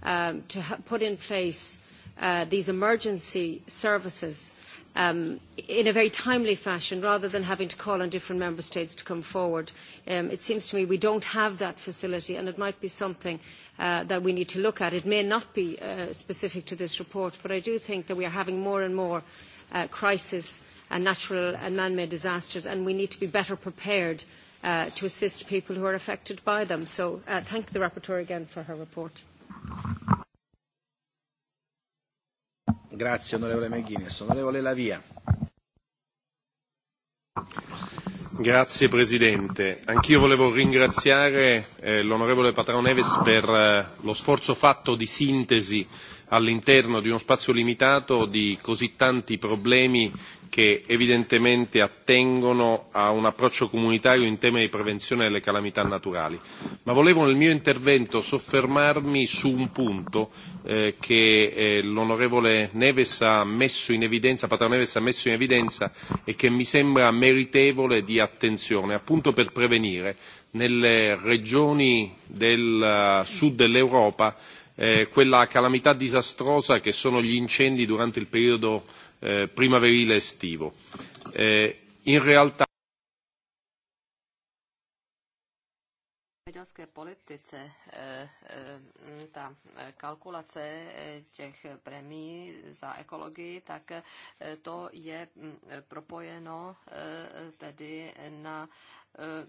um, to ha- put in place uh, these emergency services um, in a very timely fashion rather than having to call on different member states to come forward. Um, it seems to me we don't have that facility and it might be something uh, that we need to look at. It may not be uh, specific to this report, but I do think that we are having more and more uh, crises and natural and man-made disasters and we need to be better prepared uh, to assist people who are affected by them. So uh, thank the rapporteur again for her report signor onorevole McGuinness. Onorevole Presidente. Anch'io volevo ringraziare eh, l'onorevole patro Neves per eh, lo sforzo fatto di sintesi all'interno di uno spazio limitato di così tanti problemi che evidentemente attengono a un approccio comunitario in tema di prevenzione delle calamità naturali. Ma volevo nel mio intervento soffermarmi su un punto eh, che eh, l'onorevole Neves ha messo in evidenza, Patrao Neves ha messo in evidenza e che mi sembra meritevole di attenzione, appunto per prevenire nelle regioni del eh, sud dell'Europa eh, quella calamità disastrosa che sono gli incendi durante il periodo eh, primaverile estivo. Eh, in realtà zemědělské politice eh, eh, ta eh, kalkulace těch premí za ekologii, tak to je mm, propojeno tedy na Eh,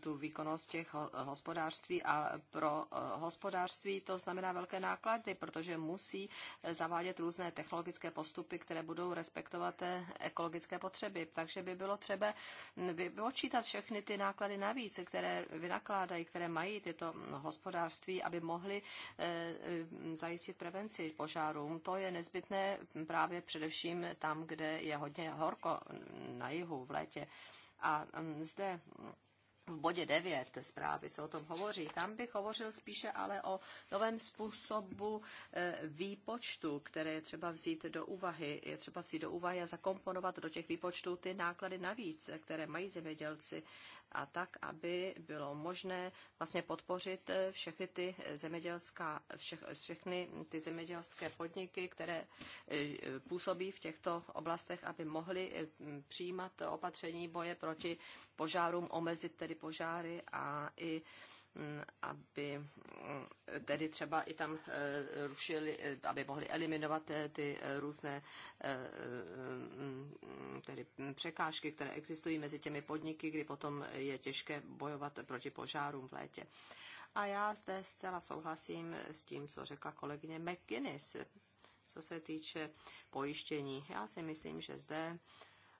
tu výkonnost těch hospodářství a pro eh, hospodářství to znamená velké náklady, protože musí eh, zavádět různé technologické postupy, které budou respektovat ekologické potřeby. Takže by bylo třeba vypočítat všechny ty náklady navíc, které vynakládají, které mají tyto hospodářství, aby mohly zajistit prevenci požárům. To je nezbytné právě především tam, kde je hodně horko na jihu v létě. A um, zde v bodě 9 zprávy se o tom hovoří. Tam bych hovořil spíše ale o novém způsobu eh, výpočtu, které je třeba vzít do úvahy. Je třeba vzít do úvahy a zakomponovat do těch výpočtů ty náklady navíc, eh, které mají zemědělci a tak, aby bylo možné vlastně podpořit eh, všechny ty eh, zemědělská, vše, všechny ty zemědělské podniky, které eh, působí v těchto oblastech, aby mohly přijímat opatření boje proti požárům, omezit tedy požáry a i aby tedy třeba i tam e, rušili, e, aby mohli eliminovat e, ty různé tedy překážky, které existují mezi těmi podniky, kdy potom je těžké bojovat proti požárům v létě. A já zde zcela souhlasím s tím, co řekla kolegyně McGuinness, co se týče pojištění. Já si myslím, že zde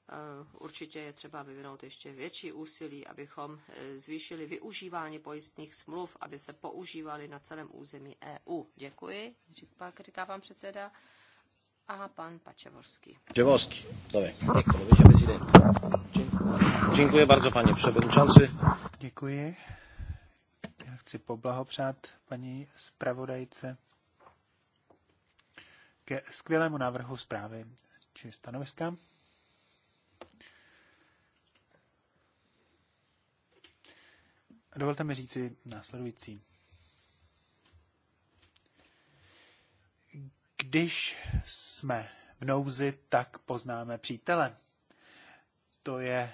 Eh, určitě je třeba vyvinout ještě větší úsilí, abychom eh, zvýšili využívání pojistných smluv, aby se používaly na celém území EU. Děkuji, pak říká pan předseda. A pan Paczeworski. Paczeworski, Děkuji Dziękuję bardzo, panie předsedající. Děkuji. Já chci poblahopřát paní zpravodajce ke skvělému návrhu zprávy či stanoviska. Dovolte mi říci následující. Když jsme v nouzi, tak poznáme přítele. To je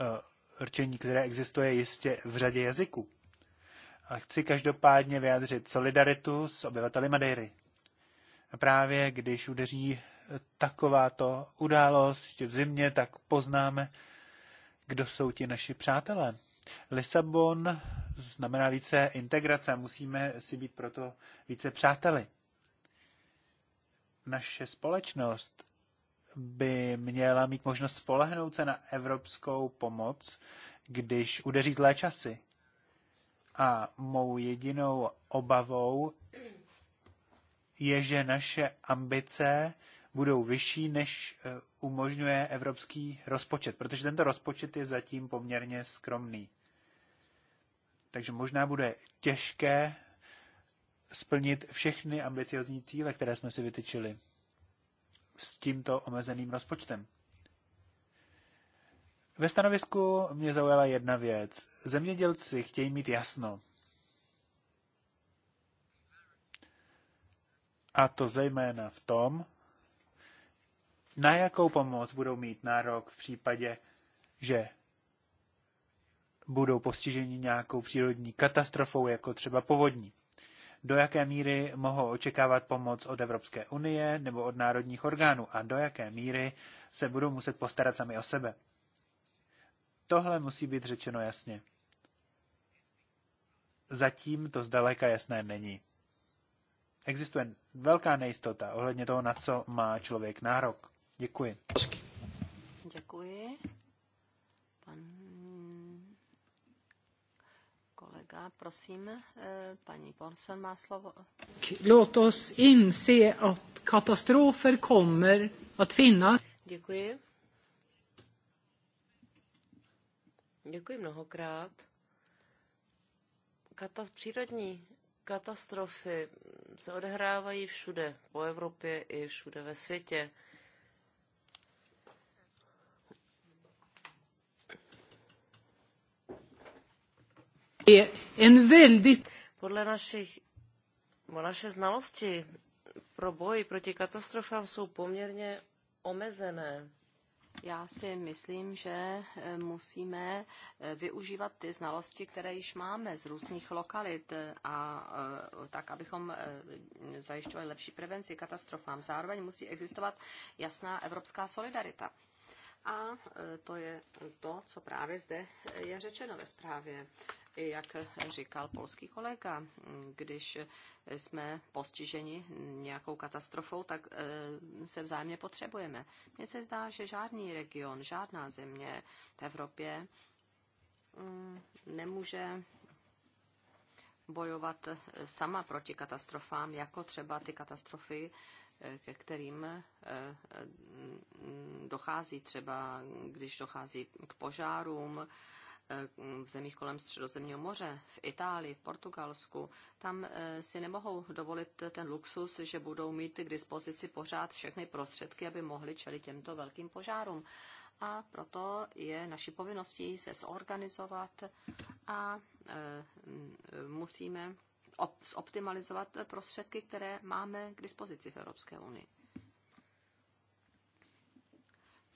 uh, rčení, které existuje jistě v řadě jazyků. A chci každopádně vyjádřit solidaritu s obyvateli Madeiry. A právě když udeří eh, takováto událost v zimě, tak poznáme, kdo jsou ti naši přátelé. Lisabon znamená více integrace a musíme si být proto více přáteli. Naše společnost by měla mít možnost spolehnout se na evropskou pomoc, když udeří zlé časy. A mou jedinou obavou je, že naše ambice budou vyšší, než eh, umožňuje evropský rozpočet, protože tento rozpočet je zatím poměrně skromný. Takže možná bude těžké splnit všechny ambiciozní cíle, které jsme si vytyčili s tímto omezeným rozpočtem. Ve stanovisku mě zaujala jedna věc. Zemědělci chtějí mít jasno. A to zejména v tom, na jakou pomoc budou mít nárok v případě, že budou postiženi nějakou přírodní katastrofou, jako třeba povodní. Do jaké míry mohou očekávat pomoc od Evropské unie nebo od národních orgánů a do jaké míry se budou muset postarat sami o sebe. Tohle musí být řečeno jasně. Zatím to zdaleka jasné není. Existuje velká nejistota ohledně toho, na co má člověk nárok. Děkuji. Děkuji. kolega, prosím, eh, paní Bonson má slovo. Låt oss inse att katastrofer kommer att finnas. Děkuji. Děkuji mnohokrát. Kata- přírodní katastrofy se odehrávají všude, po Evropě i všude ve světě. Podle našich, naše znalosti pro boj proti katastrofám jsou poměrně omezené. Já si myslím, že eh, musíme eh, využívat ty znalosti, které již máme z různých lokalit eh, a tak, abychom zajišťovali lepší prevenci katastrofám. Zároveň musí existovat jasná evropská solidarita. A e, to je to, co právě zde je řečeno ve zprávě. jak říkal polský kolega, když jsme postiženi nějakou katastrofou, tak e, se vzájemně potřebujeme. Mně se zdá, že žádný region, žádná země v Evropě mm, nemůže bojovat sama proti katastrofám, jako třeba ty katastrofy, ke kterým eh, eh, dochází třeba, když dochází k požárům eh, v zemích kolem Středozemního moře, v Itálii, v Portugalsku. Tam si nemohou dovolit ten luxus, že budou mít k dispozici pořád všechny prostředky, aby mohli čelit těmto velkým požárům. A proto je naší povinností se zorganizovat a musíme zoptimalizovat prostředky, které máme k dispozici v Evropské unii.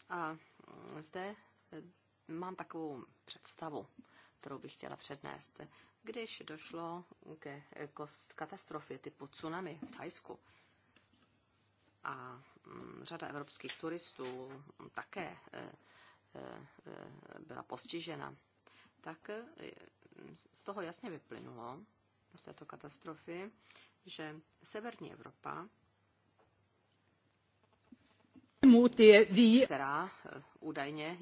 A mm, zde eh, mám takovou představu, kterou bych chtěla přednést. Když došlo ke eh, katastrofě typu tsunami v Thajsku a mm, řada evropských turistů také eh, byla postižena, tak z toho jasně vyplynulo, z této katastrofy, že severní Evropa, která eh, údajně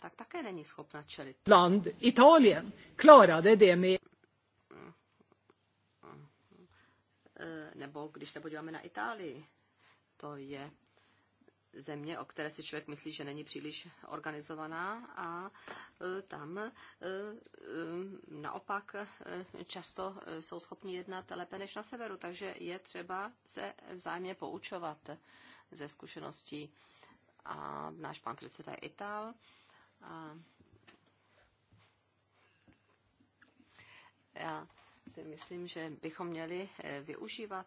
tak také není schopna čelit. Land Italien klarade det mi. Eh, nebo když se podíváme na Itálii, to je země, o které si člověk myslí, že není příliš organizovaná a e, tam e, e, naopak často jsou schopni jednat lépe než na severu, takže je třeba se vzájemně poučovat ze zkušeností. A náš pan předseda je Ital. A já si myslím, že bychom měli využívat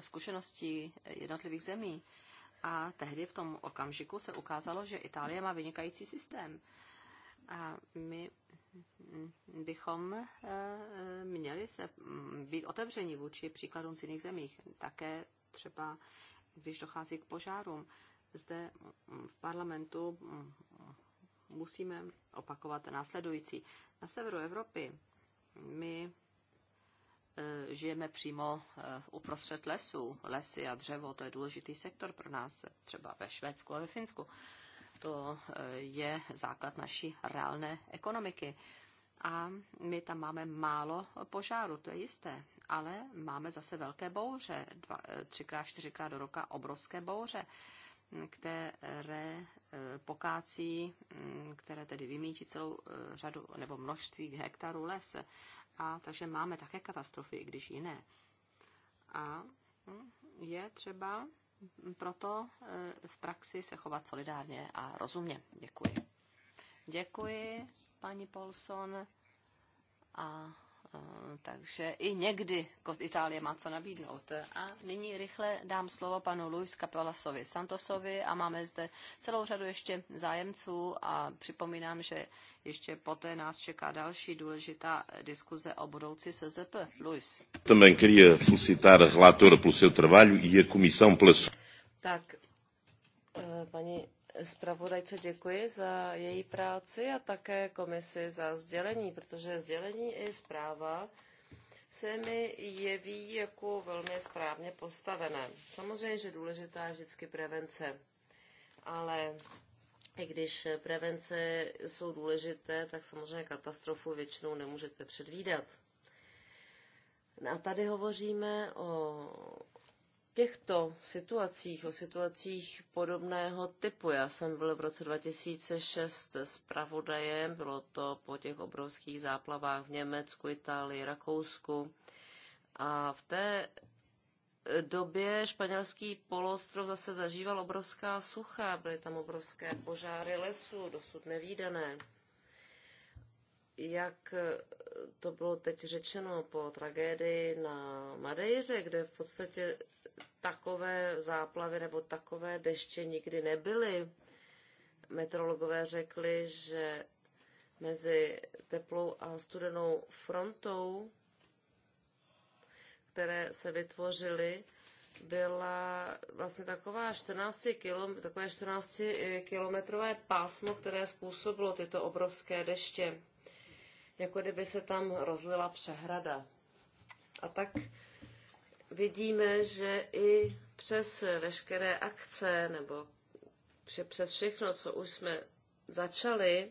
zkušenosti jednotlivých zemí a tehdy v tom okamžiku se ukázalo, že Itálie má vynikající systém. A my bychom e, e, měli se mm, být otevření vůči příkladům z jiných zemích. Také třeba, když dochází k požárům, zde mm, v parlamentu mm, musíme opakovat následující. Na severu Evropy my Eh, žijeme přímo eh, uprostřed lesů. Lesy a dřevo, to je důležitý sektor pro nás, třeba ve Švédsku a ve Finsku. To eh, je základ naší reálné ekonomiky. A my tam máme málo požáru, to je jisté, ale máme zase velké bouře, dva, třikrát, čtyřikrát do roka obrovské bouře, které pokácí, mm, které tedy vymítí celou řadu nebo množství hektarů les a takže máme také katastrofy, i když jiné. A je třeba proto eh, v praxi se chovat solidárně a rozumně. Děkuji. Děkuji, paní Polson. A takže i někdy Itálie má co nabídnout. A nyní rychle dám slovo panu Luis Capelasovi Santosovi a máme zde celou řadu ještě zájemců a připomínám, že ještě poté nás čeká další důležitá diskuze o budoucí SZP. Luis. Também queria felicitar a relatora pelo seu trabalho e a comissão pela... Tak, eh, paní zpravodajce děkuji za její práci a také komisi za sdělení, protože sdělení i zpráva se mi jeví jako velmi správně postavené. Samozřejmě, že důležitá je vždycky prevence, ale i když prevence jsou důležité, tak samozřejmě katastrofu většinou nemůžete předvídat. A tady hovoříme o těchto situacích, o situacích podobného typu. Já jsem byl v roce 2006 zpravodajem, bylo to po těch obrovských záplavách v Německu, Itálii, Rakousku. A v té době španělský poloostrov zase zažíval obrovská sucha, byly tam obrovské požáry lesů, dosud nevýdané. Jak to bylo teď řečeno po tragédii na Madejře, kde v podstatě takové záplavy nebo takové deště nikdy nebyly. Meteorologové řekli, že mezi teplou a studenou frontou, které se vytvořily, byla vlastně taková 14 km, takové 14 eh, kilometrové pásmo, které způsobilo tyto obrovské deště. Jako kdyby se tam rozlila přehrada. A tak vidíme, že i přes veškeré akce nebo že přes všechno, co už jsme začali,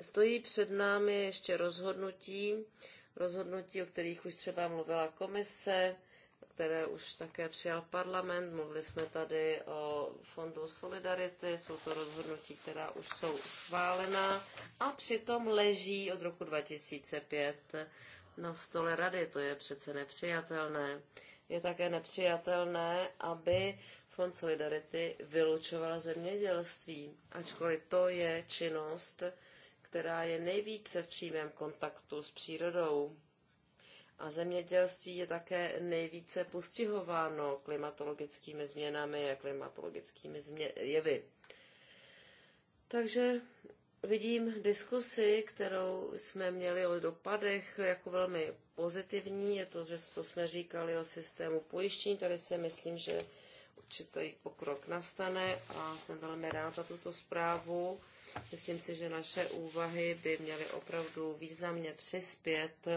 stojí před námi ještě rozhodnutí, rozhodnutí, o kterých už třeba mluvila komise, které už také přijal parlament. Mluvili jsme tady o Fondu Solidarity, jsou to rozhodnutí, která už jsou schválená a přitom leží od roku 2005 na stole rady. To je přece nepřijatelné. Je také nepřijatelné, aby Fond Solidarity vylučoval zemědělství, ačkoliv to je činnost, která je nejvíce v přímém kontaktu s přírodou. A zemědělství je také nejvíce postihováno klimatologickými změnami a klimatologickými změ- jevy. Takže Vidím diskusi, kterou jsme měli o dopadech, jako velmi pozitivní. Je to, že to jsme říkali o systému pojištění. Tady si myslím, že určitý pokrok nastane a jsem velmi rád za tuto zprávu. Myslím si, že naše úvahy by měly opravdu významně přispět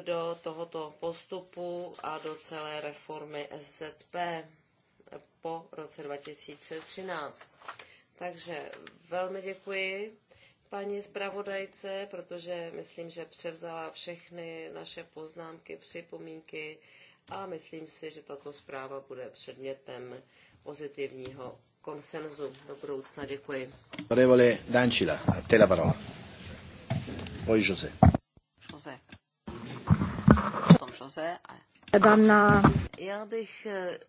do tohoto postupu a do celé reformy SZP po roce 2013. Takže velmi děkuji paní zpravodajce, protože myslím, že převzala všechny naše poznámky, připomínky a myslím si, že tato zpráva bude předmětem pozitivního konsenzu do budoucna. Děkuji. Onorevole Dancila, a te la parola. Poi José. José. Potom José. Já bych eh,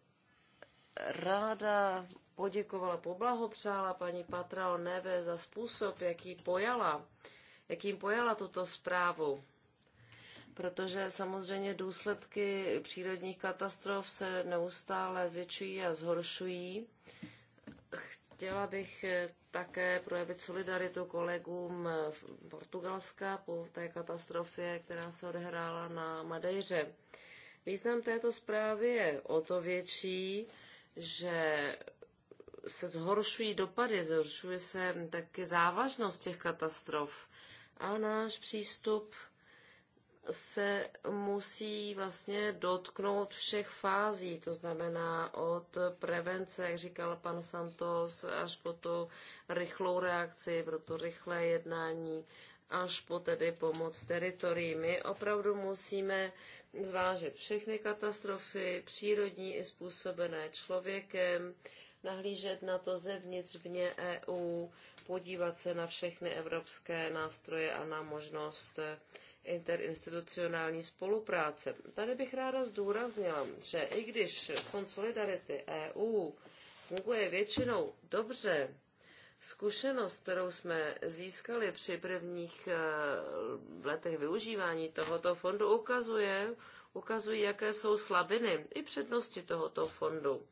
ráda poděkovala, poblahopřála paní Patral Neve za způsob, jaký pojala, jakým pojala tuto zprávu. Protože samozřejmě důsledky přírodních katastrof se neustále zvětšují a zhoršují. Chtěla bych eh, také projevit solidaritu kolegům eh, v Portugalska po té katastrofě, která se odehrála na Madejře. Význam této zprávy je o to větší, že se zhoršují dopady, zhoršuje se taky závažnost těch katastrof. A náš přístup se musí vlastně dotknout všech fází, to znamená od prevence, jak říkal pan Santos, až po tu rychlou reakci, pro to rychlé jednání, až po tedy pomoc teritorií. My opravdu musíme zvážit všechny katastrofy, přírodní i způsobené člověkem, nahlížet na to zevnitř vně EU, podívat se na všechny evropské nástroje a na možnost interinstitucionální spolupráce. Tady bych ráda zdůraznila, že i když Fond Solidarity EU funguje většinou dobře, Zkušenost, kterou jsme získali při prvních eh, letech využívání tohoto fondu, ukazuje, ukazují, jaké jsou slabiny i přednosti tohoto fondu.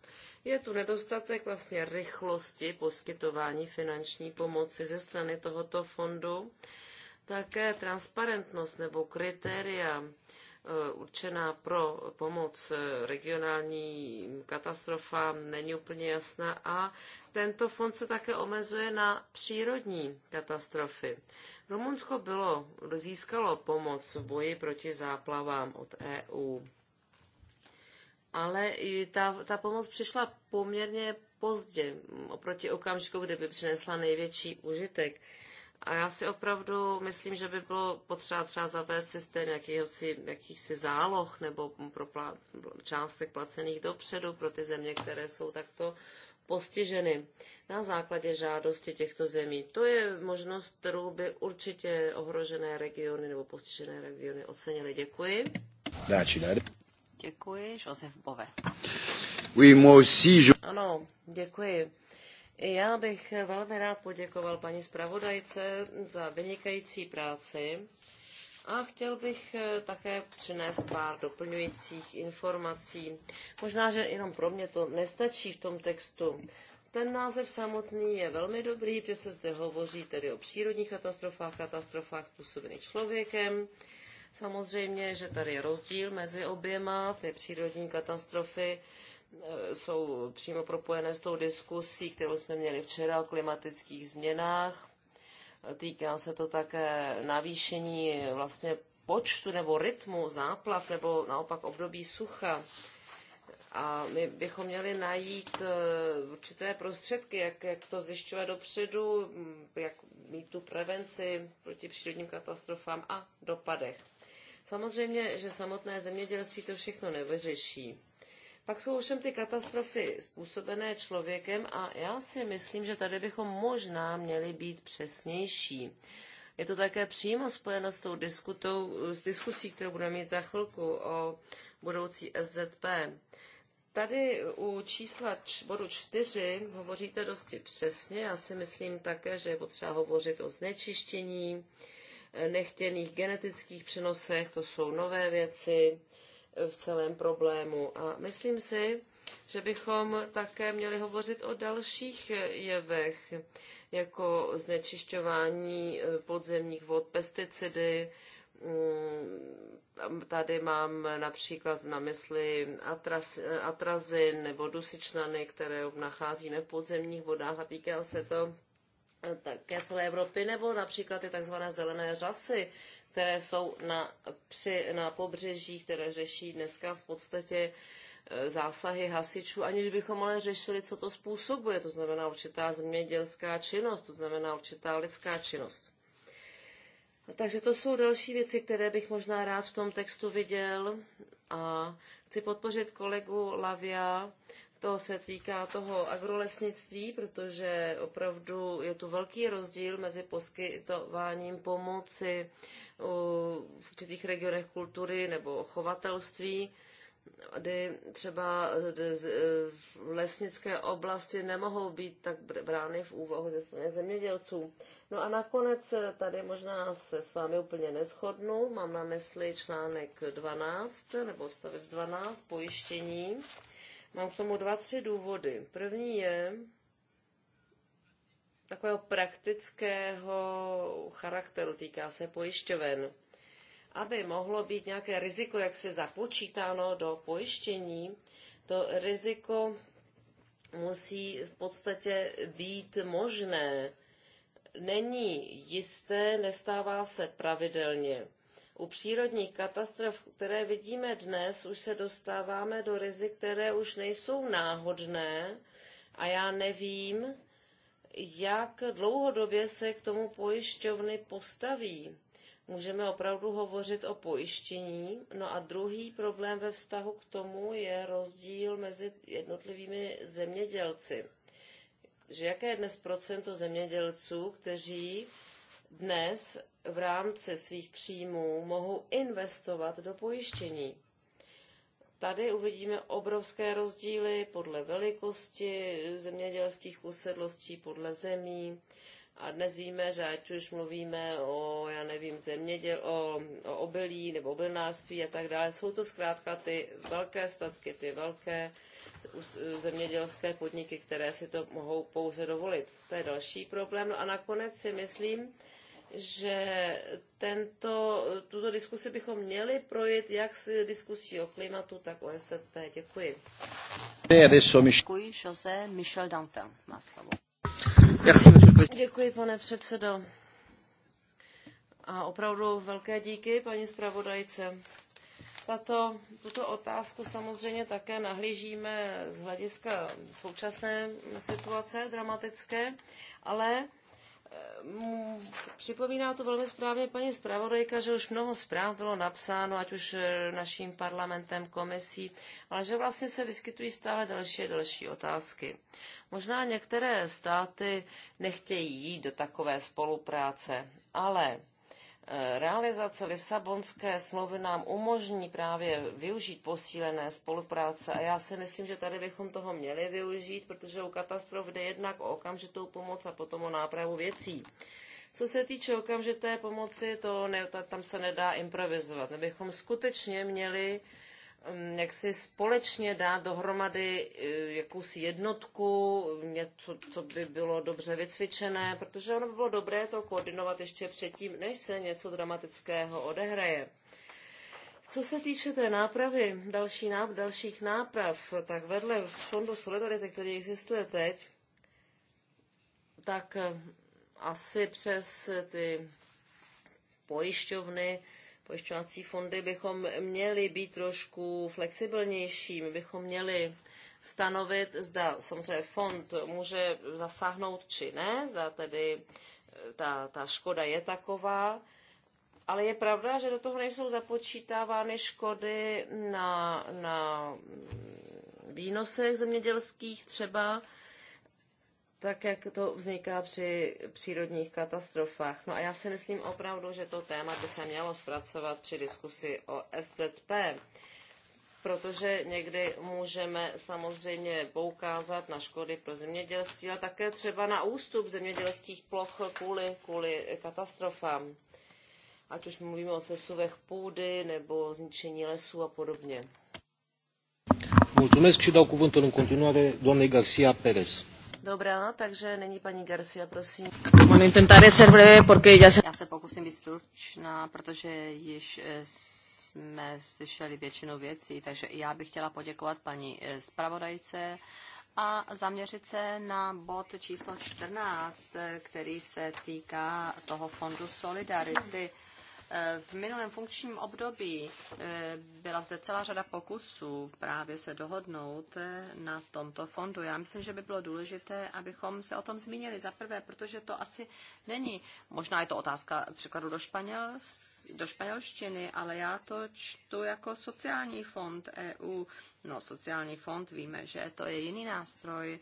Je tu nedostatek vlastně rychlosti poskytování finanční pomoci ze strany tohoto fondu, také transparentnost nebo kritéria e, určená pro pomoc regionálním katastrofám není úplně jasná a tento fond se také omezuje na přírodní katastrofy. Rumunsko bylo, získalo pomoc v boji proti záplavám od EU ale i ta, ta pomoc přišla poměrně pozdě, oproti okamžiku, kdy by přinesla největší užitek. A já si opravdu myslím, že by bylo potřeba třeba zavést systém jakýhosi, jakýchsi záloh nebo pro plá, částek placených dopředu pro ty země, které jsou takto postiženy na základě žádosti těchto zemí. To je možnost, kterou by určitě ohrožené regiony nebo postižené regiony ocenily. Děkuji. Dáči, dáči. Děkuji, Josef Bove. Oui, moi aussi, je... Ano, děkuji. Já bych velmi rád poděkoval paní zpravodajce za vynikající práci a chtěl bych eh, také přinést pár doplňujících informací. Možná, že jenom pro mě to nestačí v tom textu. Ten název samotný je velmi dobrý, protože se zde hovoří tedy o přírodních katastrofách, katastrofách způsobených člověkem. Samozřejmě, že tady je rozdíl mezi oběma, ty přírodní katastrofy e, jsou přímo propojené s tou diskusí, kterou jsme měli včera o klimatických změnách. Týká se to také navýšení vlastně počtu nebo rytmu záplav nebo naopak období sucha. A my bychom měli najít e, určité prostředky, jak, jak to zjišťovat dopředu, jak mít tu prevenci proti přírodním katastrofám a dopadech. Samozřejmě, že samotné zemědělství to všechno nevyřeší. Pak jsou ovšem ty katastrofy způsobené člověkem a já si myslím, že tady bychom možná měli být přesnější. Je to také přímo spojeno s tou diskutou, s diskusí, kterou budeme mít za chvilku o budoucí SZP. Tady u čísla č, bodu 4 hovoříte dosti přesně. Já si myslím také, že je potřeba hovořit o znečištění, nechtěných genetických přenosech, to jsou nové věci v celém problému. A myslím si, že bychom také měli hovořit o dalších jevech, jako znečišťování eh, podzemních vod, pesticidy. Mm, tady mám například na mysli atras, atrazin nebo dusičnany, které nacházíme v podzemních vodách a týká se to Eh, také celé Evropy, nebo například ty tzv. zelené řasy, které jsou na, při, na pobřeží, které řeší dneska v podstatě eh, zásahy hasičů, aniž bychom ale řešili, co to způsobuje. To znamená určitá zemědělská činnost, to znamená určitá lidská činnost. Takže to jsou další věci, které bych možná rád v tom textu viděl. A chci podpořit kolegu Lavia to se týká toho agrolesnictví, protože opravdu je tu velký rozdíl mezi poskytováním pomoci v určitých regionech kultury nebo chovatelství, kdy třeba e, v lesnické oblasti nemohou být tak brány v úvahu ze strany zemědělců. No a nakonec tady možná se s vámi úplně neschodnu, mám na mysli článek 12 nebo odstavec 12 pojištění Mám k tomu dva, tři důvody. První je takového praktického charakteru, týká se pojišťoven. Aby mohlo být nějaké riziko, jak se započítáno do pojištění, to riziko musí v podstatě být možné. Není jisté, nestává se pravidelně. U přírodních katastrof, které vidíme dnes, už se dostáváme do rizik, které už nejsou náhodné a já nevím, jak dlouhodobě se k tomu pojišťovny postaví. Můžeme opravdu hovořit o pojištění. No a druhý problém ve vztahu k tomu je rozdíl mezi jednotlivými zemědělci. Že jaké je dnes procento zemědělců, kteří dnes v rámci svých příjmů mohou investovat do pojištění. Tady uvidíme obrovské rozdíly podle velikosti zemědělských usedlostí, podle zemí. A dnes víme, že ať už mluvíme o, já nevím, zeměděl, o, o obilí nebo obilnářství a tak dále, jsou to zkrátka ty velké statky, ty velké zemědělské podniky, které si to mohou pouze dovolit. To je další problém. No a nakonec si myslím, že tento, tuto diskusi bychom měli projít jak s diskusí o klimatu, tak o SZP. Děkuji. Děkuji, José Michel Dantin má slovo. Děkuji, pane předsedo. A opravdu velké díky, paní zpravodajce. Tato, tuto otázku samozřejmě také nahlížíme z hlediska současné situace dramatické, ale Připomíná to velmi správně paní zpravodajka, že už mnoho zpráv bylo napsáno, ať už eh, naším parlamentem, komisí, ale že vlastně se vyskytují stále další a další otázky. Možná některé státy nechtějí jít do takové spolupráce, ale realizace Lisabonské smlouvy nám umožní právě využít posílené spolupráce a já si myslím, že tady bychom toho měli využít, protože u katastrof jde jednak o okamžitou pomoc a potom o nápravu věcí. Co se týče okamžité pomoci, to ne, tam se nedá improvizovat. My bychom skutečně měli uh, Mm, jak si společně dát dohromady eh, jakousi jednotku, něco, co by bylo dobře vycvičené, protože ono by bylo dobré to koordinovat ještě předtím, než se něco dramatického odehraje. Co se týče té nápravy, další náp, dalších náprav, tak vedle Fondu Solidarity, který existuje teď, tak eh, asi přes ty pojišťovny, pojišťovací fondy bychom měli být trošku flexibilnější, my bychom měli stanovit, zda samozřejmě fond může zasáhnout či ne, zda tedy eh, ta, ta škoda je taková, ale je pravda, že do toho nejsou započítávány škody na, na mm, výnosech zemědělských třeba, tak jak to vzniká při přírodních katastrofách. No a já si myslím opravdu, že to téma by se mělo zpracovat při diskusi o SZP, protože někdy můžeme samozřejmě poukázat na škody pro zemědělství, ale také třeba na ústup zemědělských ploch kvůli, kvůli katastrofám. Ať už mluvíme o sesuvech půdy nebo o zničení lesů a podobně. Mulțumesc și dau cuvântul în continuare doamnei Garcia Perez. Dobrá, takže není paní Garcia, prosím. Bueno, intentaré ser breve, porque ya se... Já se pokusím být stručná, protože již eh, jsme slyšeli většinu věcí, takže já bych chtěla poděkovat paní eh, zpravodajce a zaměřit se na bod číslo 14, eh, který se týká toho fondu Solidarity. Eh, v minulém funkčním období eh, byla zde celá řada pokusů právě se dohodnout eh, na tomto fondu. Já myslím, že by bylo důležité, abychom se o tom zmínili za prvé, protože to asi není. Možná je to otázka překladu do, španěl, do španělštiny, ale já to čtu jako sociální fond EU. No, sociální fond, víme, že to je jiný nástroj,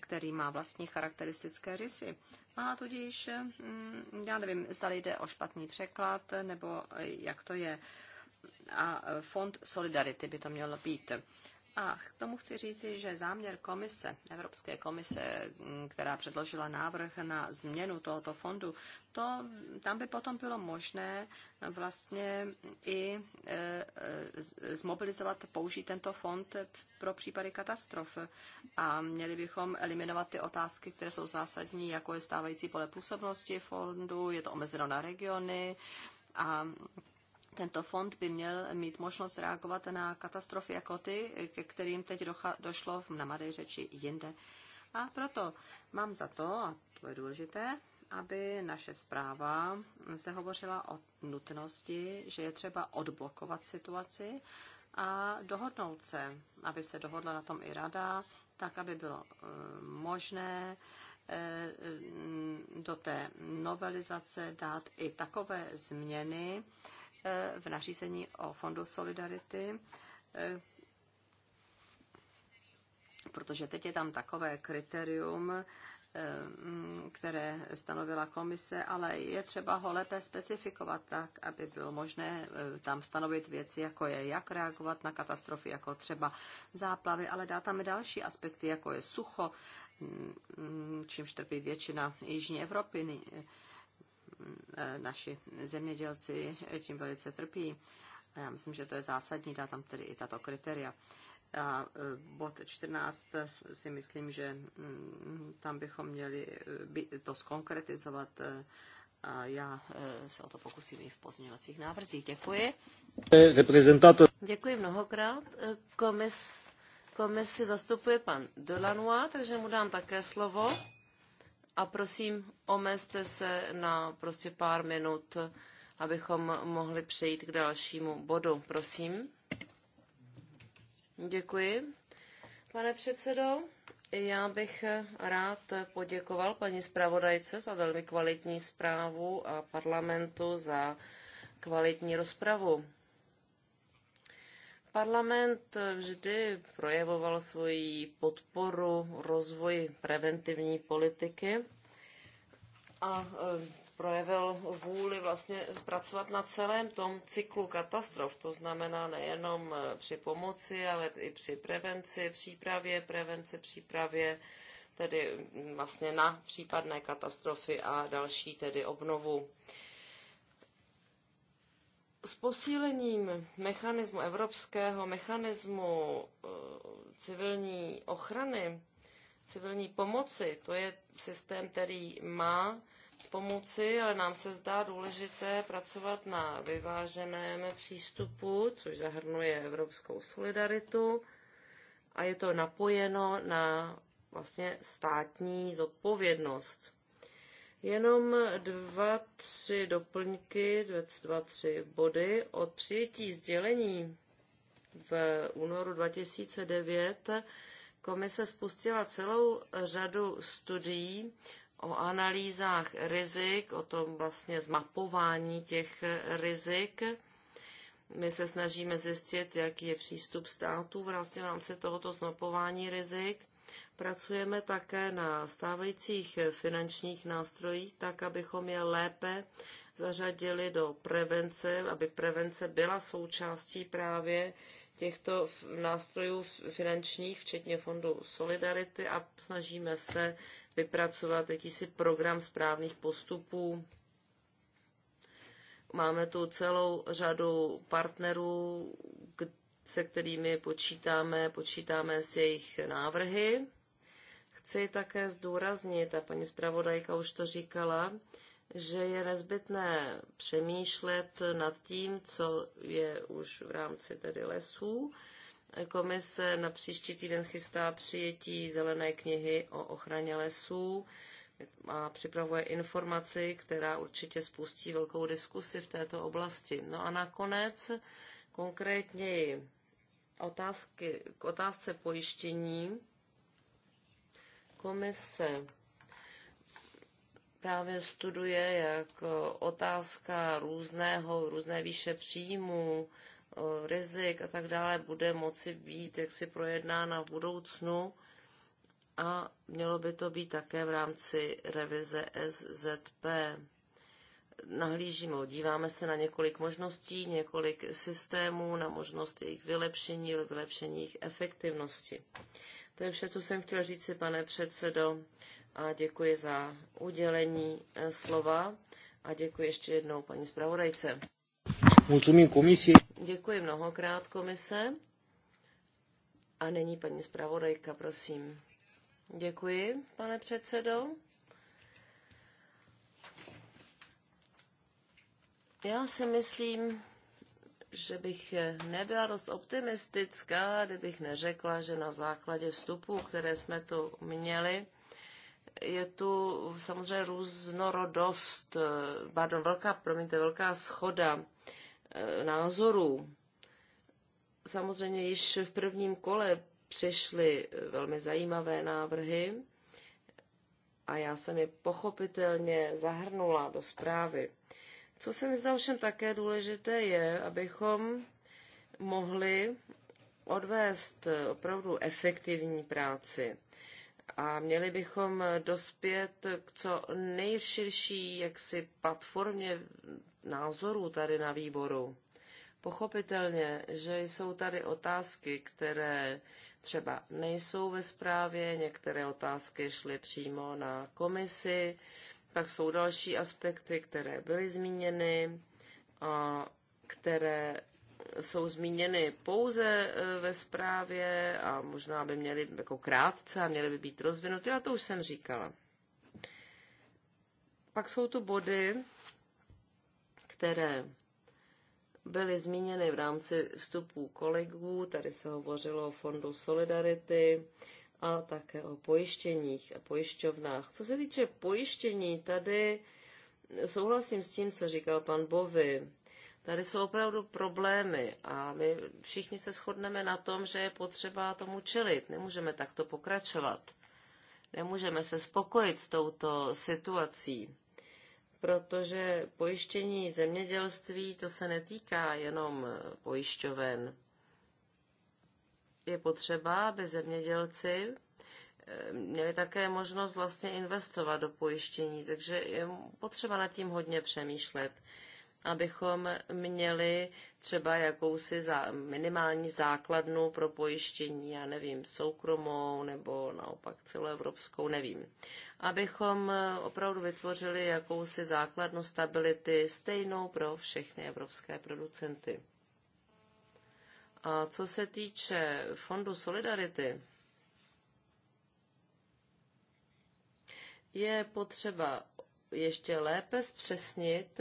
který má vlastní charakteristické rysy. A tudíž, mm, já nevím, zda jde o špatný překlad, nebo jak to je. A fond Solidarity by to mělo být. A k tomu chci říci, že záměr komise, Evropské komise, mm, která předložila návrh na změnu tohoto fondu, to, tam by potom bylo možné vlastně i e, e zmobilizovat, použít tento fond pro případy katastrof. A měli bychom eliminovat ty otázky, které jsou zásadní, jako je stávající pole působnosti fondu, je to omezeno na regiony a tento fond by měl mít možnost reagovat na katastrofy jako ty, ke kterým teď došlo v Madejře řeči jinde. A proto mám za to, a to je důležité, aby naše zpráva zde hovořila o nutnosti, že je třeba odblokovat situaci a dohodnout se, aby se dohodla na tom i rada, tak, aby bylo eh, možné eh, do té novelizace dát i takové změny, Eh, v nařízení o Fondu Solidarity, eh, protože teď je tam takové kritérium, eh, mm, které stanovila komise, ale je třeba ho lépe specifikovat tak, aby bylo možné tam stanovit věci, jako je, jak reagovat na katastrofy, jako třeba záplavy, ale dá tam i další aspekty, jako je sucho, mm, mm, čímž trpí většina Jižní Evropy E, naši zemědělci tím velice trpí. A já myslím, že to je zásadní, dá tam tedy i tato kritéria. A e, bod 14 e, si myslím, že mm, tam bychom měli to skonkretizovat. A já se o to pokusím i v pozměňovacích návrzích. Děkuji. Děkuji mnohokrát. Komis, komisi zastupuje pan Delanois, takže mu dám také slovo. A prosím, omezte se na prostě pár minut, abychom mohli přejít k dalšímu bodu. Prosím. Děkuji. Pane předsedo, já bych rád poděkoval paní zpravodajce za velmi kvalitní zprávu a parlamentu za kvalitní rozpravu. Parlament vždy projevoval svoji podporu rozvoji preventivní politiky a e, projevil vůli vlastně zpracovat na celém tom cyklu katastrof. To znamená nejenom e, při pomoci, ale i při prevenci, přípravě, prevence, přípravě, tedy vlastně na případné katastrofy a další tedy obnovu s posílením mechanismu, evropského mechanismu eh, civilní ochrany, civilní pomoci, to je systém, který má pomoci, ale nám se zdá důležité pracovat na vyváženém přístupu, což zahrnuje evropskou solidaritu a je to napojeno na vlastně státní zodpovědnost. Jenom dva, tři doplňky, dva, tři body od přijetí sdělení v únoru 2009 komise spustila celou řadu studií o analýzách rizik, o tom vlastně zmapování těch rizik. My se snažíme zjistit, jaký je přístup států vlastně v rámci tohoto zmapování rizik. Pracujeme také na stávajících finančních nástrojích, tak abychom je lépe zařadili do prevence, aby prevence byla součástí právě těchto nástrojů finančních, včetně fondu Solidarity a snažíme se vypracovat jakýsi program správných postupů. Máme tu celou řadu partnerů, se kterými počítáme, počítáme s jejich návrhy Chci také zdůraznit, a paní zpravodajka už to říkala, že je nezbytné přemýšlet nad tím, co je už v rámci tedy lesů. Komise na příští týden chystá přijetí zelené knihy o ochraně lesů a připravuje informaci, která určitě spustí velkou diskusi v této oblasti. No a nakonec konkrétněji otázky, k otázce pojištění komise právě studuje, jak otázka různého, různé výše příjmů, rizik a tak dále bude moci být jaksi projednána v budoucnu a mělo by to být také v rámci revize SZP. Nahlížíme, díváme se na několik možností, několik systémů, na možnost jejich vylepšení, vylepšení jejich efektivnosti. To je vše, co jsem chtěl říct si, pane předsedo, a děkuji za udělení eh, slova a děkuji ještě jednou paní zpravodajce. Mulțumim komisi? Děkuji mnohokrát komise. A nyní paní zpravodajka, prosím. Děkuji, pane předsedo. Já si myslím, že bych nebyla dost optimistická, kdybych neřekla, že na základě vstupů, které jsme tu měli, je tu samozřejmě různorodost, eh, pardon, velká, promiňte, velká schoda eh, názorů. Samozřejmě již v prvním kole přišly eh, velmi zajímavé návrhy a já jsem je pochopitelně zahrnula do zprávy. Co se mi zdá ovšem také důležité je, abychom mohli odvést opravdu efektivní práci a měli bychom dospět k co nejširší jaksi platformě názorů tady na výboru. Pochopitelně, že jsou tady otázky, které třeba nejsou ve zprávě, některé otázky šly přímo na komisi, pak jsou další aspekty, které byly zmíněny a které jsou zmíněny pouze e, ve zprávě a možná by měly jako krátce a měly by být rozvinuty, ale to už jsem říkala. Pak jsou tu body, které byly zmíněny v rámci vstupů kolegů. Tady se hovořilo o fondu Solidarity, a také o pojištěních a pojišťovnách. Co se týče pojištění, tady souhlasím s tím, co říkal pan Bovy. Tady jsou opravdu problémy a my všichni se shodneme na tom, že je potřeba tomu čelit. Nemůžeme takto pokračovat. Nemůžeme se spokojit s touto situací, protože pojištění zemědělství to se netýká jenom pojišťoven je potřeba, aby zemědělci eh, měli také možnost vlastně investovat do pojištění, takže je potřeba nad tím hodně přemýšlet, abychom měli třeba jakousi za, minimální základnu pro pojištění, já nevím, soukromou nebo naopak celoevropskou, nevím. Abychom eh, opravdu vytvořili jakousi základnu stability stejnou pro všechny evropské producenty. A co se týče Fondu Solidarity, je potřeba ještě lépe zpřesnit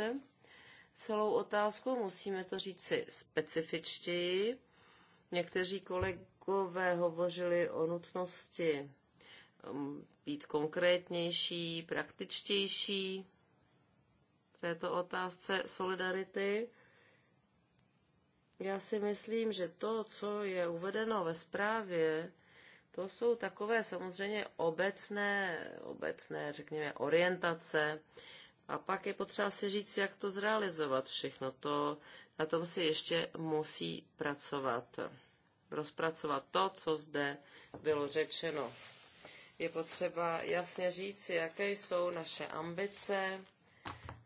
celou otázku, musíme to říct si specifičtěji. Někteří kolegové hovořili o nutnosti um, být konkrétnější, praktičtější v této otázce solidarity. Já si myslím, že to, co je uvedeno ve zprávě, to jsou takové samozřejmě obecné, obecné, řekněme, orientace. A pak je potřeba si říct, jak to zrealizovat všechno. To, na tom se ještě musí pracovat. Rozpracovat to, co zde bylo řečeno. Je potřeba jasně říct, jaké jsou naše ambice,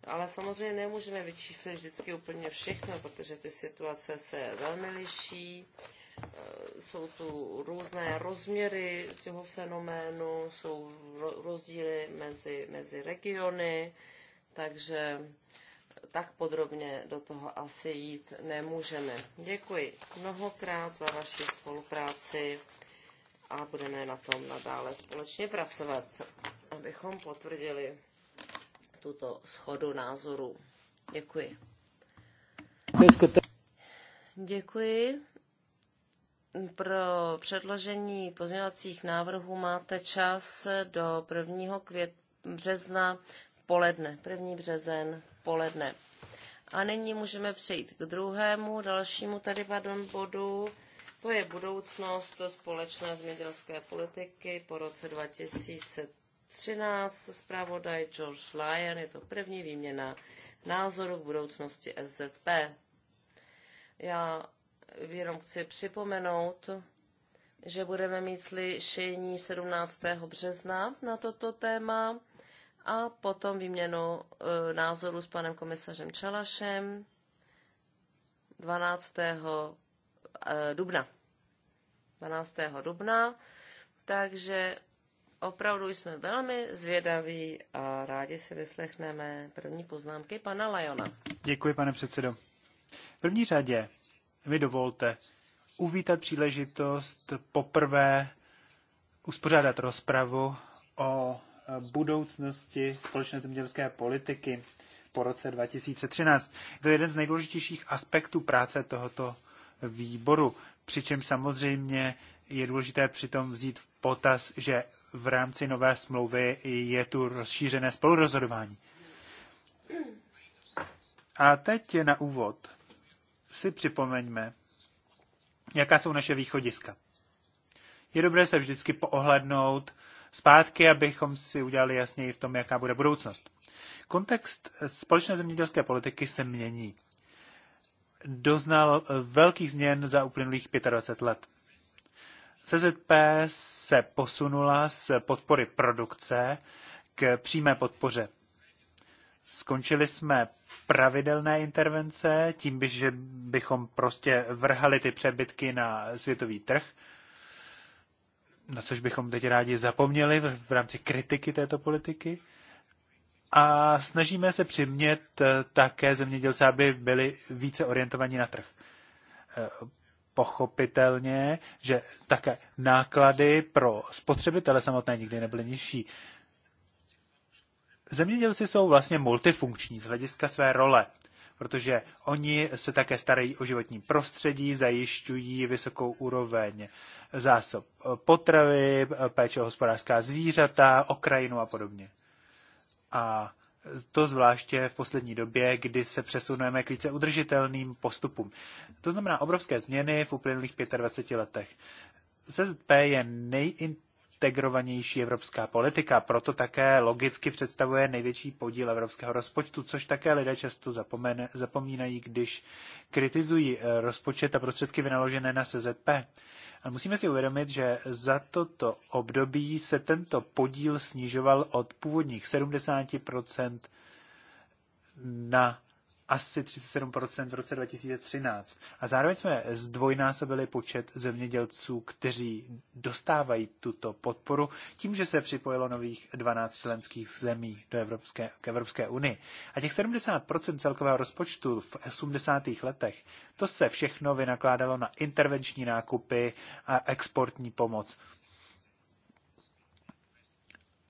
ale samozřejmě nemůžeme vyčíslit vždycky úplně všechno, protože ty situace se velmi liší. Eh, jsou tu různé rozměry toho fenoménu, jsou rozdíly mezi, mezi regiony, takže tak podrobně do toho asi jít nemůžeme. Děkuji mnohokrát za vaši spolupráci a budeme na tom nadále společně pracovat, abychom potvrdili tuto schodu názorů. Děkuji. Děkuji. Pro předložení pozměňovacích návrhů máte čas do 1. Květ, března poledne. 1. březen poledne. A nyní můžeme přejít k druhému, dalšímu tady pardon, bodu. To je budoucnost společné zemědělské politiky po roce 2013. 13 zpravodaj George Lyon, je to první výměna názoru k budoucnosti SZP. Já jenom chci připomenout, že budeme mít slyšení 17. března na toto téma a potom výměnu e, názoru s panem komisařem Čalašem 12. E, dubna. 12. dubna. Takže Opravdu jsme velmi zvědaví a rádi si vyslechneme první poznámky pana Lajona. Děkuji, pane předsedo. V první řadě mi dovolte uvítat příležitost poprvé uspořádat rozpravu o budoucnosti společné zemědělské politiky po roce 2013. To je jeden z nejdůležitějších aspektů práce tohoto výboru, přičem samozřejmě je důležité přitom vzít v potaz, že v rámci nové smlouvy je tu rozšířené spolurozhodování. A teď na úvod si připomeňme, jaká jsou naše východiska. Je dobré se vždycky poohlednout zpátky, abychom si udělali jasněji v tom, jaká bude budoucnost. Kontext společné zemědělské politiky se mění. Doznal velkých změn za uplynulých 25 let. CZP se posunula z podpory produkce k přímé podpoře. Skončili jsme pravidelné intervence, tím, že bychom prostě vrhali ty přebytky na světový trh, na což bychom teď rádi zapomněli v rámci kritiky této politiky. A snažíme se přimět eh, také zemědělce, aby byli více orientovaní na trh eh, pochopitelně, že také náklady pro spotřebitele samotné nikdy nebyly nižší. Zemědělci jsou vlastně multifunkční z hlediska své role, protože oni se také starají o životní prostředí, zajišťují vysokou úroveň zásob potravy, péče o hospodářská zvířata, okrajinu a podobně. A to zvláště v poslední době, kdy se přesunujeme k více udržitelným postupům. To znamená obrovské změny v uplynulých 25 letech. CZP je nejintegrovanější evropská politika, proto také logicky představuje největší podíl evropského rozpočtu, což také lidé často zapomen, zapomínají, když kritizují eh, rozpočet a prostředky vynaložené na SZP. Ale musíme si uvědomit, že za toto období se tento podíl snižoval od původních 70% na asi 37% v roce 2013. A zároveň jsme zdvojnásobili počet zemědělců, kteří dostávají tuto podporu tím, že se připojilo nových 12 členských zemí do Evropské, k Evropské unii. A těch 70% celkového rozpočtu v 80. letech, to se všechno vynakládalo na intervenční nákupy a exportní pomoc.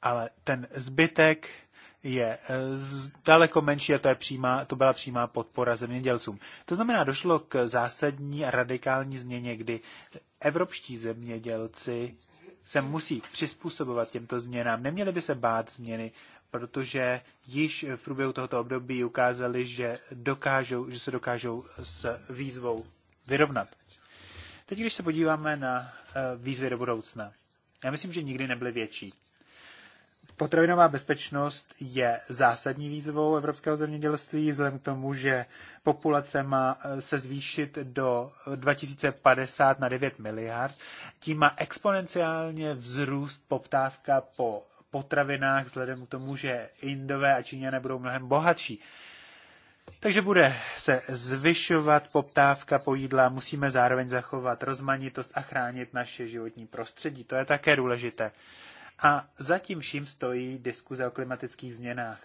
Ale ten zbytek je e, daleko menší a to, je přímá, to byla přímá podpora zemědělcům. To znamená, došlo k zásadní a radikální změně, kdy evropští zemědělci se musí přizpůsobovat těmto změnám. Neměli by se bát změny, protože již v průběhu tohoto období ukázali, že, dokážou, že se dokážou s výzvou vyrovnat. Teď, když se podíváme na e, výzvy do budoucna, já myslím, že nikdy nebyly větší. Potravinová bezpečnost je zásadní výzvou evropského zemědělství, vzhledem k tomu, že populace má eh, se zvýšit do 2050 na 9 miliard. Tím má exponenciálně vzrůst poptávka po potravinách, vzhledem k tomu, že Indové a Číňané budou mnohem bohatší. Takže bude se zvyšovat poptávka po jídla, musíme zároveň zachovat rozmanitost a chránit naše životní prostředí. To je také důležité. A zatím vším stojí diskuze o klimatických změnách.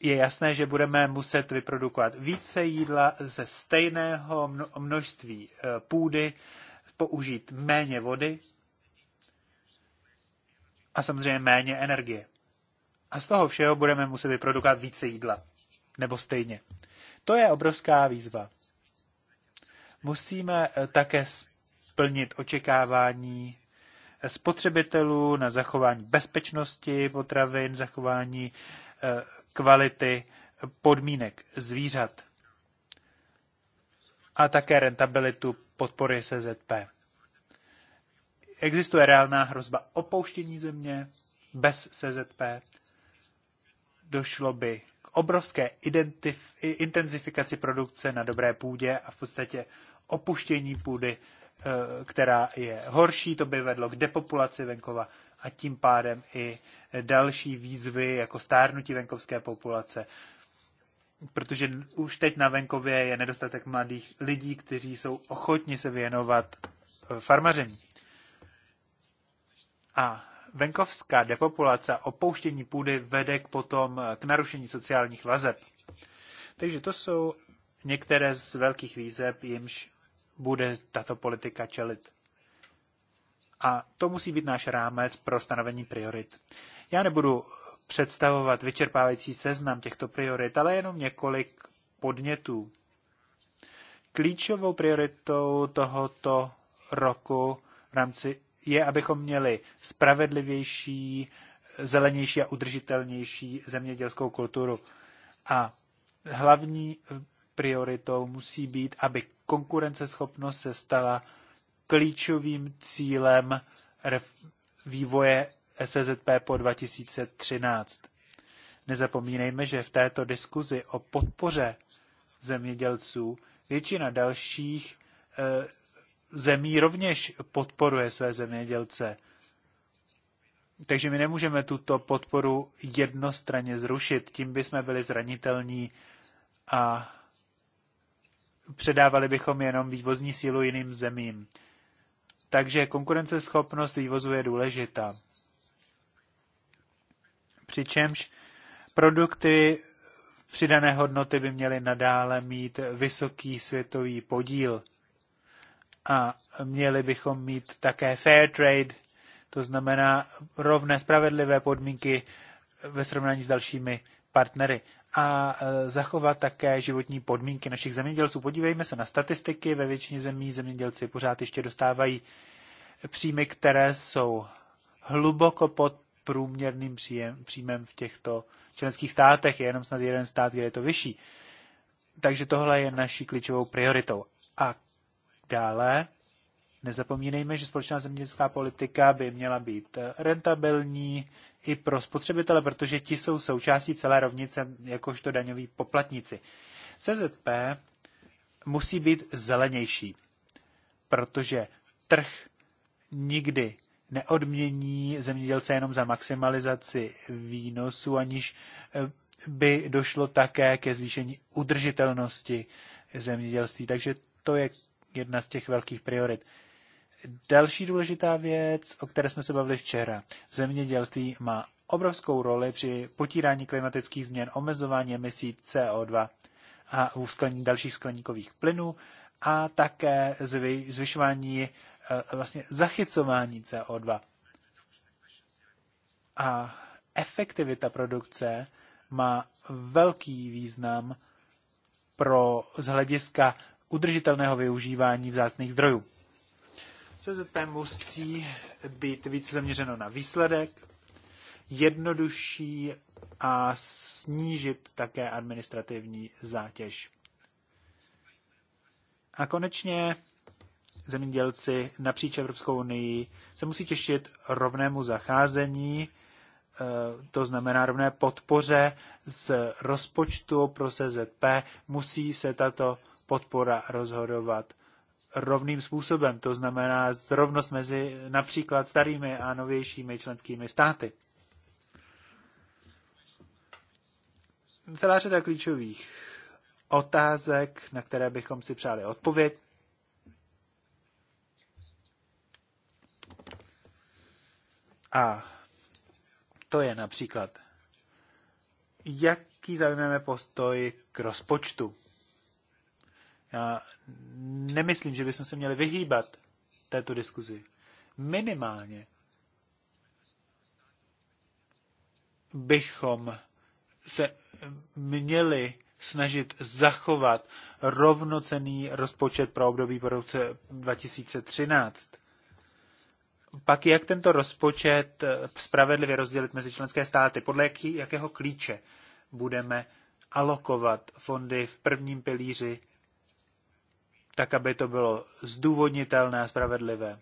Je jasné, že budeme muset vyprodukovat více jídla ze stejného množství eh, půdy, použít méně vody a samozřejmě méně energie. A z toho všeho budeme muset vyprodukovat více jídla. Nebo stejně. To je obrovská výzva. Musíme eh, také splnit očekávání spotřebitelů, na zachování bezpečnosti potravin, zachování eh, kvality podmínek zvířat a také rentabilitu podpory SZP. Existuje reálná hrozba opouštění země bez SZP. Došlo by k obrovské intenzifikaci produkce na dobré půdě a v podstatě opuštění půdy Eh, která je horší, to by vedlo k depopulaci venkova a tím pádem i další výzvy jako stárnutí venkovské populace, protože už teď na venkově je nedostatek mladých lidí, kteří jsou ochotni se věnovat eh, farmaření. A venkovská depopulace a opouštění půdy vede k potom eh, k narušení sociálních vazeb. Takže to jsou některé z velkých výzeb, jimž bude tato politika čelit. A to musí být náš rámec pro stanovení priorit. Já nebudu představovat vyčerpávající seznam těchto priorit, ale jenom několik podnětů. Klíčovou prioritou tohoto roku v rámci je, abychom měli spravedlivější, zelenější a udržitelnější zemědělskou kulturu. A hlavní prioritou musí být, aby konkurenceschopnost se stala klíčovým cílem vývoje SZP po 2013. Nezapomínejme, že v této diskuzi o podpoře zemědělců většina dalších eh, zemí rovněž podporuje své zemědělce. Takže my nemůžeme tuto podporu jednostranně zrušit, tím by jsme byli zranitelní a předávali bychom jenom vývozní sílu jiným zemím. Takže konkurenceschopnost vývozu je důležitá. Přičemž produkty přidané hodnoty by měly nadále mít vysoký světový podíl. A měli bychom mít také fair trade, to znamená rovné spravedlivé podmínky ve srovnání s dalšími partnery a e, zachovat také životní podmínky našich zemědělců. Podívejme se na statistiky. Ve většině zemí zemědělci pořád ještě dostávají příjmy, které jsou hluboko pod průměrným příjem, příjmem v těchto členských státech. Je jenom snad jeden stát, kde je to vyšší. Takže tohle je naší klíčovou prioritou. A dále nezapomínejme, že společná zemědělská politika by měla být rentabilní, i pro spotřebitele, protože ti jsou součástí celé rovnice jakožto daňoví poplatníci. CZP musí být zelenější, protože trh nikdy neodmění zemědělce jenom za maximalizaci výnosu, aniž eh, by došlo také ke zvýšení udržitelnosti zemědělství. Takže to je jedna z těch velkých priorit. Další důležitá věc, o které jsme se bavili včera. Zemědělství má obrovskou roli při potírání klimatických změn, omezování emisí CO2 a úsklení dalších skleníkových plynů a také zvy, zvyšování eh, vlastně zachycování CO2. A efektivita produkce má velký význam pro z hlediska udržitelného využívání vzácných zdrojů. CZP musí být více zaměřeno na výsledek, jednodušší a snížit také administrativní zátěž. A konečně zemědělci napříč Evropskou unii se musí těšit rovnému zacházení, e, to znamená rovné podpoře z rozpočtu pro CZP, musí se tato podpora rozhodovat rovným způsobem. To znamená zrovnost mezi například starými a novějšími členskými státy. Celá řada klíčových otázek, na které bychom si přáli odpověď. A to je například, jaký zaujmeme postoj k rozpočtu. Já nemyslím, že bychom se měli vyhýbat této diskuzi. Minimálně bychom se měli snažit zachovat rovnocený rozpočet pro období po roce 2013. Pak jak tento rozpočet spravedlivě rozdělit mezi členské státy? Podle jaký, jakého klíče budeme alokovat fondy v prvním pilíři tak aby to bylo zdůvodnitelné a spravedlivé.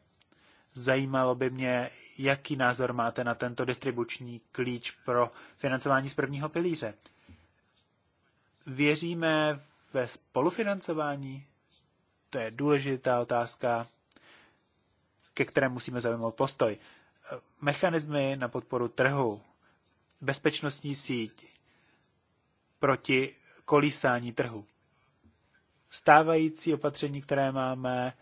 Zajímalo by mě, jaký názor máte na tento distribuční klíč pro financování z prvního pilíře. Věříme ve spolufinancování? To je důležitá otázka, ke které musíme zaujmout postoj. Mechanismy na podporu trhu, bezpečnostní síť proti kolísání trhu stávající opatření, které máme,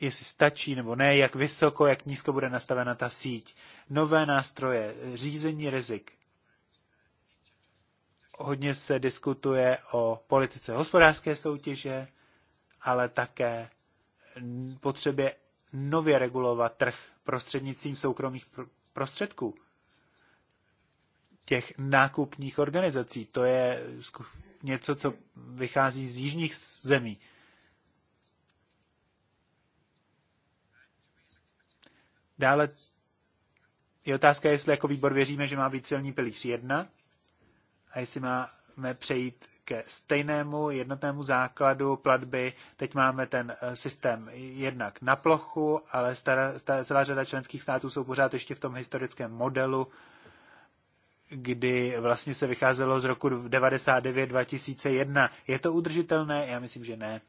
jestli stačí nebo ne, jak vysoko, jak nízko bude nastavena ta síť. Nové nástroje, řízení rizik. Hodně se diskutuje o politice hospodářské soutěže, ale také potřebě nově regulovat trh prostřednictvím soukromých pr prostředků těch nákupních organizací. To je něco, co vychází z jižních zemí. Dále je otázka, jestli jako výbor věříme, že má být silný pilíř jedna, a jestli máme přejít ke stejnému jednotnému základu platby. Teď máme ten eh, systém jednak na plochu, ale celá řada členských států jsou pořád ještě v tom historickém modelu kdy vlastně se vycházelo z roku 99-2001. Je to udržitelné? Já myslím, že ne.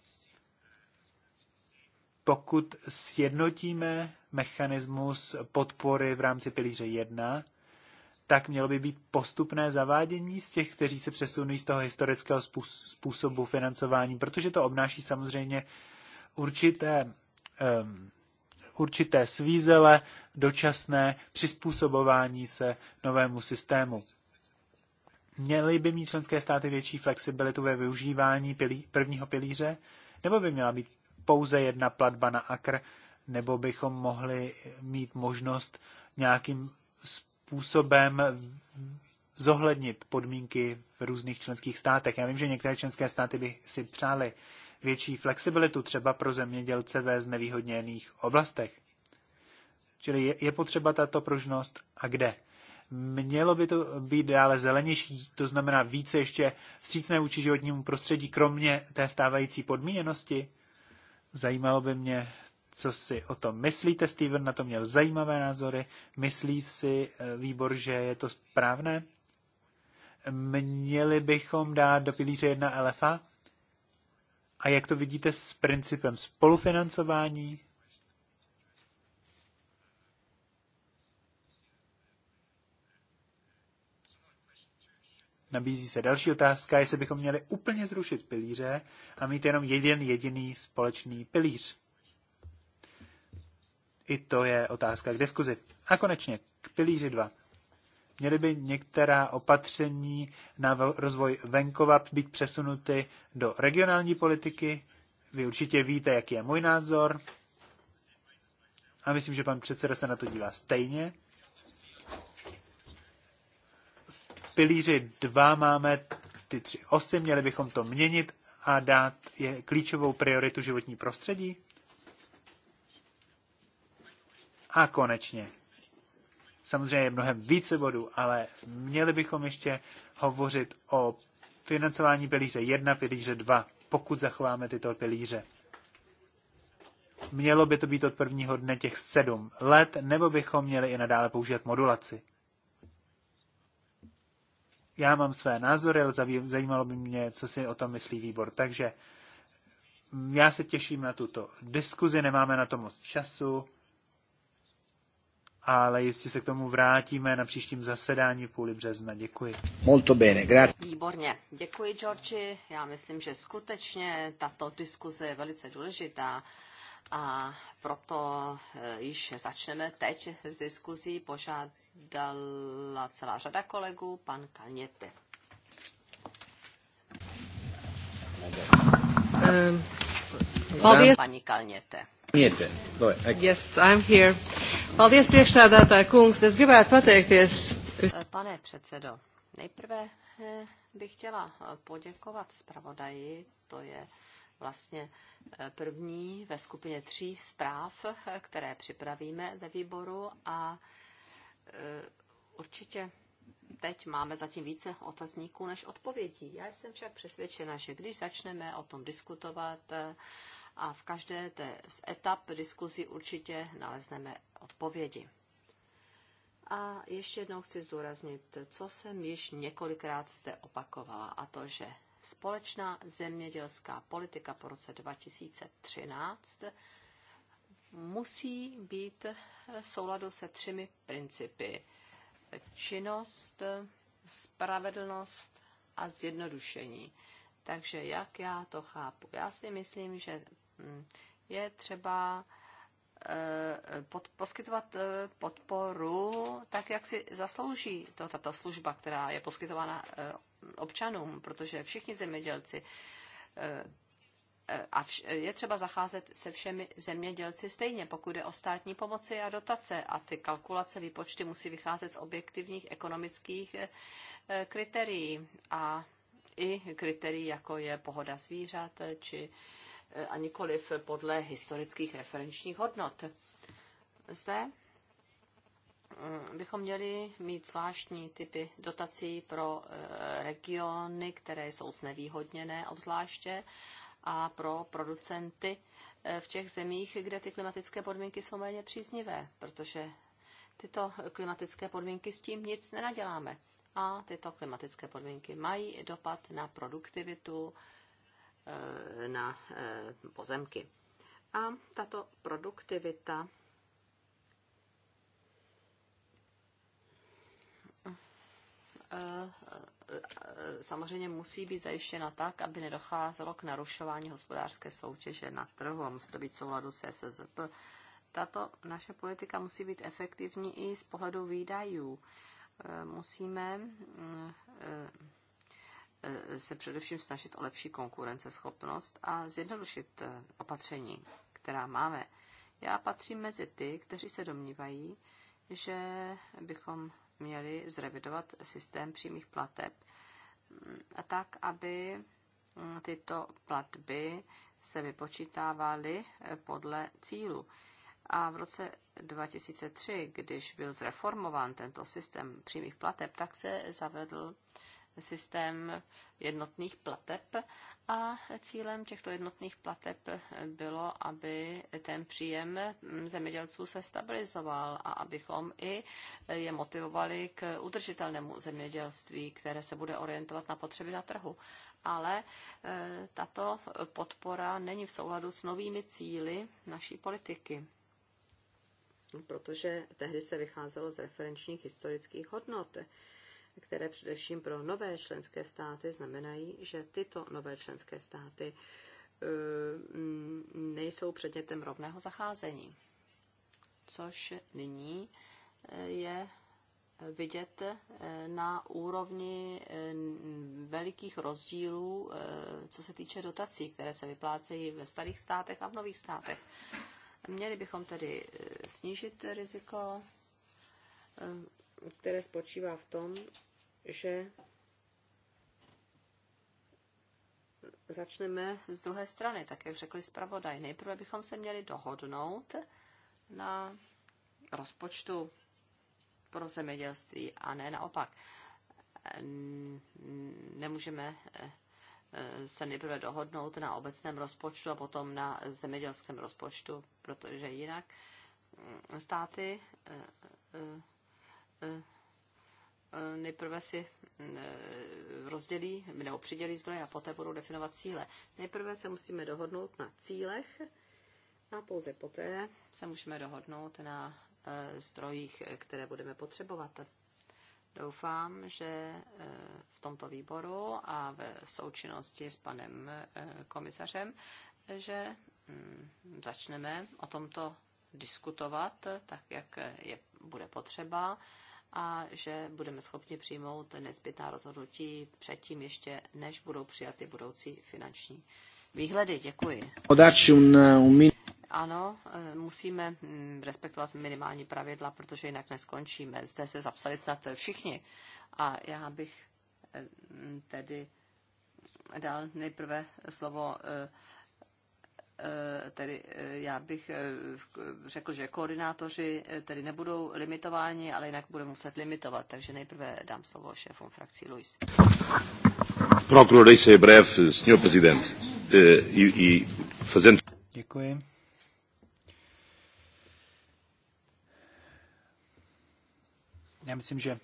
Pokud sjednotíme mechanismus podpory v rámci pilíře 1, tak mělo by být postupné zavádění z těch, kteří se přesunují z toho historického způsobu financování, protože to obnáší samozřejmě určité um, určité svízele, dočasné přizpůsobování se novému systému. Měly by mít členské státy větší flexibilitu ve využívání pilí, prvního pilíře, nebo by měla být pouze jedna platba na akr, nebo bychom mohli mít možnost nějakým způsobem zohlednit podmínky v různých členských státech. Já vím, že některé členské státy by si přáli větší flexibilitu třeba pro zemědělce ve znevýhodněných oblastech. Čili je potřeba tato pružnost a kde? Mělo by to být dále zelenější, to znamená více ještě střícné vůči životnímu prostředí, kromě té stávající podmíněnosti. Zajímalo by mě, co si o tom myslíte. Steven na to měl zajímavé názory. Myslí si eh, výbor, že je to správné? Měli bychom dát do pilíře jedna elefa? A jak to vidíte s principem spolufinancování? Nabízí se další otázka, jestli bychom měli úplně zrušit pilíře a mít jenom jeden jediný společný pilíř. I to je otázka k diskuzi. A konečně k pilíři 2. Měly by některá opatření na rozvoj venkova být přesunuty do regionální politiky. Vy určitě víte, jaký je můj názor. A myslím, že pan předseda se na to dívá stejně. V pilíři 2 máme ty tři osy, měli bychom to měnit a dát je klíčovou prioritu životní prostředí. A konečně samozřejmě mnohem více bodů, ale měli bychom ještě hovořit o financování pilíře 1, pilíře 2, pokud zachováme tyto pilíře. Mělo by to být od prvního dne těch sedm let, nebo bychom měli i nadále používat modulaci. Já mám své názory, ale zajímalo by mě, co si o tom myslí výbor. Takže já se těším na tuto diskuzi, nemáme na to moc času ale jistě se k tomu vrátíme na příštím zasedání v půli března. Děkuji. Molto bene, grazie. Výborně. Děkuji, Georgi. Já myslím, že skutečně tato diskuze je velice důležitá. A proto eh, již začneme teď s diskuzí. Požádala celá řada kolegů, pan Kalněte. Um, Paní Kalněte. Niete. Yes, I'm here. Paldies, priekšsēdētāja kungs. Es gribētu pateikties. Pane předsedo, nejprve eh, bych chtěla eh, poděkovat zpravodaji, to je vlastně eh, první ve skupině tří zpráv, které připravíme ve výboru a určitě teď máme zatím více otazníků než odpovědí. Já jsem však přesvědčena, že když začneme o tom diskutovat a v každé té z etap diskuzí určitě nalezneme odpovědi. A ještě jednou chci zdůraznit, co jsem již několikrát zde opakovala, a to, že společná zemědělská politika po roce 2013 musí být v souladu se třemi principy. Činnost, spravedlnost a zjednodušení. Takže jak já to chápu? Já si myslím, že Mm. je třeba eh, pod, poskytovat eh, podporu tak, jak si zaslouží to, tato služba, která je poskytována eh, občanům, protože všichni zemědělci a vš- je třeba zacházet se všemi zemědělci stejně, pokud je o státní pomoci a dotace. A ty kalkulace, výpočty musí vycházet z objektivních ekonomických kritérií a i kritérií, jako je pohoda zvířat či a nikoliv podle historických referenčních hodnot. Zde mm, bychom měli mít zvláštní typy dotací pro eh, regiony, které jsou znevýhodněné obzvláště a pro producenty eh, v těch zemích, kde ty klimatické podmínky jsou méně příznivé, protože tyto klimatické podmínky s tím nic nenaděláme. A tyto klimatické podmínky mají dopad na produktivitu Eh, na eh, pozemky. A tato produktivita eh, samozřejmě musí být zajištěna tak, aby nedocházelo k narušování hospodářské soutěže na trhu a musí to být souladu se SSP. Tato naše politika musí být efektivní i z pohledu výdajů. Musíme mm, Eh, se především snažit o lepší konkurenceschopnost a zjednodušit eh, opatření, která máme. Já patřím mezi ty, kteří se domnívají, že bychom měli zrevidovat systém přímých plateb mm, tak, aby mm, tyto platby se vypočítávaly eh, podle cílu. A v roce 2003, když byl zreformován tento systém přímých plateb, tak se zavedl systém jednotných plateb a cílem těchto jednotných plateb bylo, aby ten příjem zemědělců se stabilizoval a abychom i je motivovali k udržitelnému zemědělství, které se bude orientovat na potřeby na trhu. Ale e, tato podpora není v souladu s novými cíly naší politiky protože tehdy se vycházelo z referenčních historických hodnot které především pro nové členské státy znamenají, že tyto nové členské státy e, mm, nejsou předmětem rovného zacházení. Což nyní e, je vidět e, na úrovni velikých rozdílů, co se týče dotací, které se vyplácejí ve starých státech a v nových státech. Měli bychom tedy snížit riziko které spočívá v tom, že začneme z druhé strany, tak jak řekli zpravodaj. Nejprve bychom se měli dohodnout na rozpočtu pro zemědělství a ne naopak. Nemůžeme eh, se nejprve dohodnout na obecném rozpočtu a potom na zemědělském rozpočtu, protože jinak státy eh, eh, Eh, nejprve si eh, rozdělí nebo přidělí zdroje a poté budou definovat cíle. Nejprve se musíme dohodnout na cílech a pouze poté se můžeme dohodnout na eh, zdrojích, které budeme potřebovat. Doufám, že v tomto výboru a ve součinnosti s panem komisařem, že mm, začneme o tomto diskutovat tak, jak je, bude potřeba a že budeme schopni přijmout nezbytná rozhodnutí předtím ještě, než budou přijaty budoucí finanční výhledy. Děkuji. Ano, eh, musíme mm, respektovat minimální pravidla, protože jinak neskončíme. Zde se zapsali snad všichni. A já bych eh, tedy dal nejprve slovo eh, Eh, tedy eh, já bych eh, řekl, že koordinátoři tedy nebudou limitováni, ale jinak bude muset limitovat. Takže nejprve dám slovo šéfům frakcí Luis. Procurarei ser breve, senhor presidente, e, e fazendo... Děkuji. Já myslím, že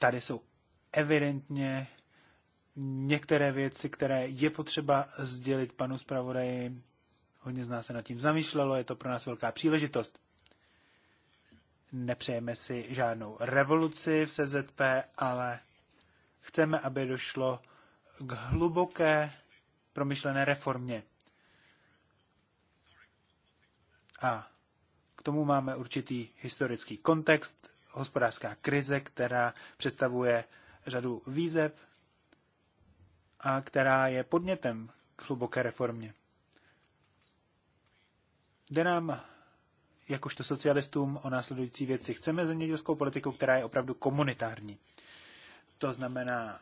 tady jsou evidentně některé věci, které je potřeba sdělit panu zpravodaji. Hodně z nás se nad tím zamýšlelo, je to pro nás velká příležitost. Nepřejeme si žádnou revoluci v SZP, ale chceme, aby došlo k hluboké promyšlené reformě. A k tomu máme určitý historický kontext, hospodářská krize, která představuje řadu výzev, a která je podnětem k hluboké reformě. Jde nám, jakožto socialistům, o následující věci. Chceme zemědělskou politiku, která je opravdu komunitární. To znamená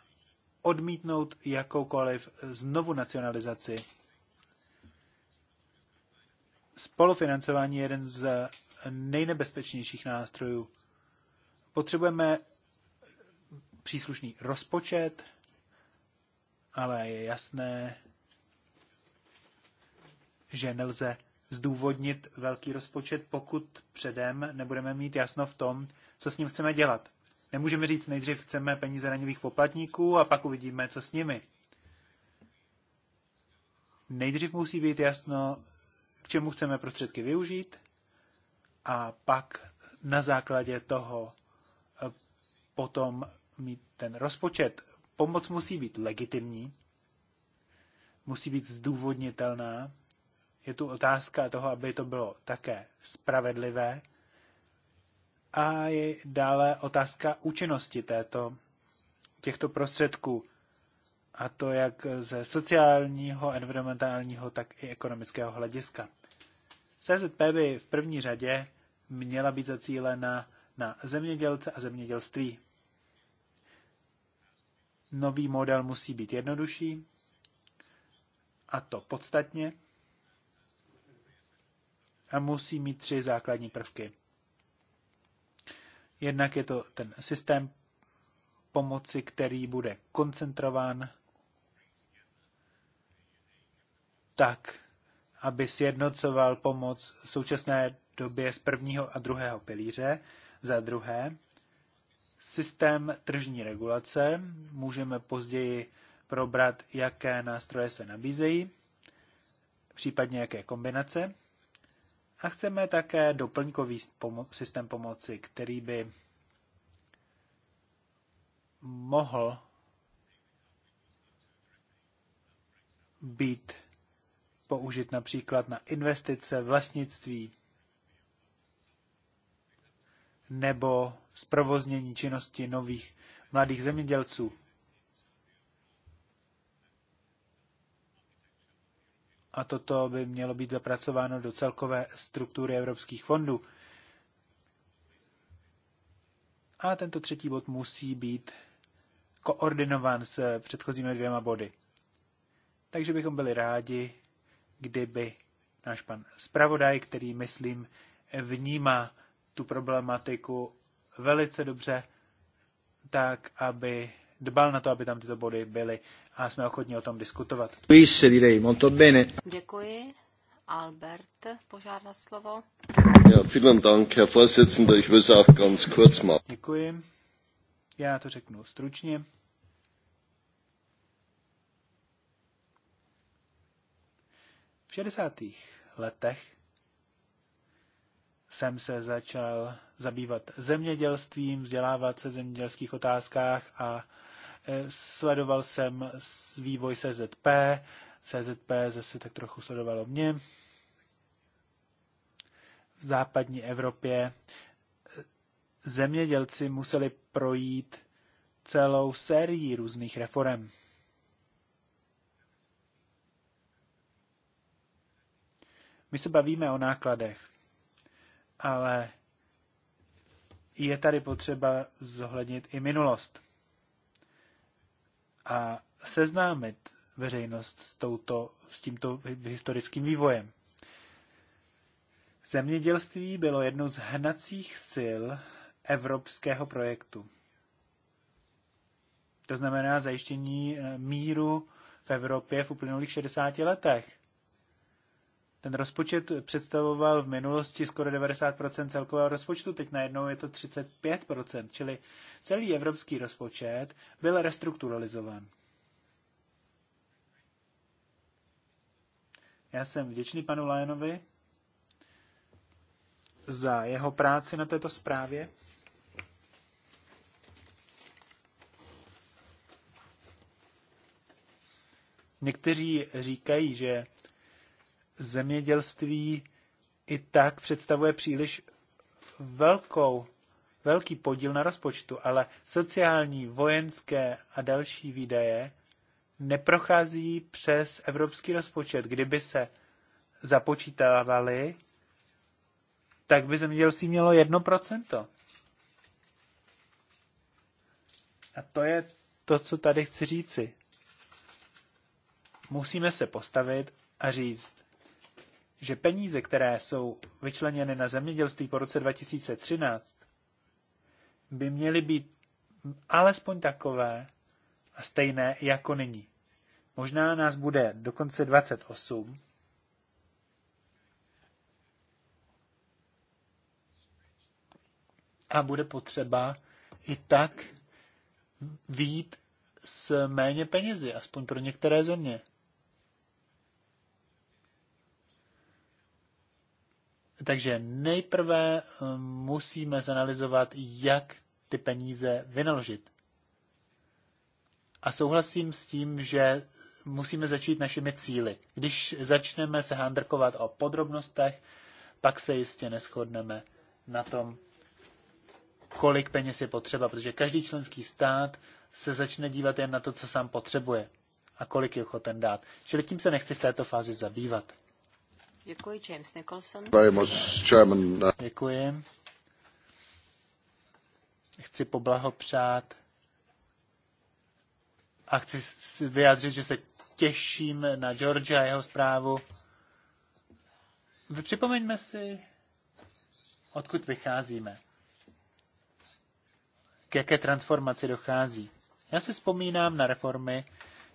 odmítnout jakoukoliv znovu nacionalizaci. Spolufinancování je jeden z nejnebezpečnějších nástrojů. Potřebujeme příslušný rozpočet, ale je jasné, že nelze zdůvodnit velký rozpočet, pokud předem nebudeme mít jasno v tom, co s ním chceme dělat. Nemůžeme říct, nejdřív chceme peníze daňových poplatníků a pak uvidíme, co s nimi. Nejdřív musí být jasno, k čemu chceme prostředky využít a pak na základě toho eh, potom mít ten rozpočet pomoc musí být legitimní, musí být zdůvodnitelná. Je tu otázka toho, aby to bylo také spravedlivé. A je dále otázka účinnosti této, těchto prostředků. A to jak ze sociálního, environmentálního, tak i ekonomického hlediska. CZP by v první řadě měla být zacílena na zemědělce a zemědělství. Nový model musí být jednodušší, a to podstatně, a musí mít tři základní prvky. Jednak je to ten systém pomoci, který bude koncentrován tak, aby sjednocoval pomoc v současné době z prvního a druhého pilíře, za druhé systém tržní regulace. Můžeme později probrat, jaké nástroje se nabízejí, případně jaké kombinace. A chceme také doplňkový systém pomoci, který by mohl být použit například na investice, vlastnictví nebo zprovoznění činnosti nových mladých zemědělců. A toto by mělo být zapracováno do celkové struktury evropských fondů. A tento třetí bod musí být koordinován s předchozími dvěma body. Takže bychom byli rádi, kdyby náš pan zpravodaj, který, myslím, vnímá tu problematiku velice dobře, tak aby dbal na to, aby tam tyto body byly a jsme ochotni o tom diskutovat. Děkuji. Albert požádá slovo. Ja, vielen Dank, Herr Vorsitzender. Děkuji. Já to řeknu stručně. V 60. letech jsem se začal zabývat zemědělstvím, vzdělávat se v zemědělských otázkách a e, sledoval jsem vývoj CZP. CZP zase tak trochu sledovalo mě. V západní Evropě e, zemědělci museli projít celou sérii různých reform. My se bavíme o nákladech ale je tady potřeba zohlednit i minulost a seznámit veřejnost s, touto, s tímto historickým vývojem. Zemědělství bylo jednou z hnacích sil evropského projektu. To znamená zajištění eh, míru v Evropě v uplynulých 60 letech. Ten rozpočet představoval v minulosti skoro 90% celkového rozpočtu, teď najednou je to 35%, čili celý evropský rozpočet byl restrukturalizován. Já jsem vděčný panu Lajenovi za jeho práci na této zprávě. Někteří říkají, že zemědělství i tak představuje příliš velkou, velký podíl na rozpočtu, ale sociální, vojenské a další výdaje neprochází přes evropský rozpočet. Kdyby se započítávaly, tak by zemědělství mělo 1%. A to je to, co tady chci říci. Musíme se postavit a říct, že peníze, které jsou vyčleněny na zemědělství po roce 2013, by měly být alespoň takové a stejné jako nyní. Možná nás bude dokonce 28. A bude potřeba i tak výjít s méně penězi, aspoň pro některé země. Takže nejprve eh, musíme zanalizovat, jak ty peníze vynaložit. A souhlasím s tím, že musíme začít našimi cíly. Když začneme se handrkovat o podrobnostech, pak se jistě neschodneme na tom, kolik peněz je potřeba, protože každý členský stát se začne dívat jen na to, co sám potřebuje a kolik je ochoten dát. Čili tím se nechci v této fázi zabývat. Děkuji, James Nicholson. Děkuji. Chci poblahopřát a chci vyjádřit, že se těším na George a jeho zprávu. Vy připomeňme si, odkud vycházíme. K jaké transformaci dochází. Já si vzpomínám na reformy,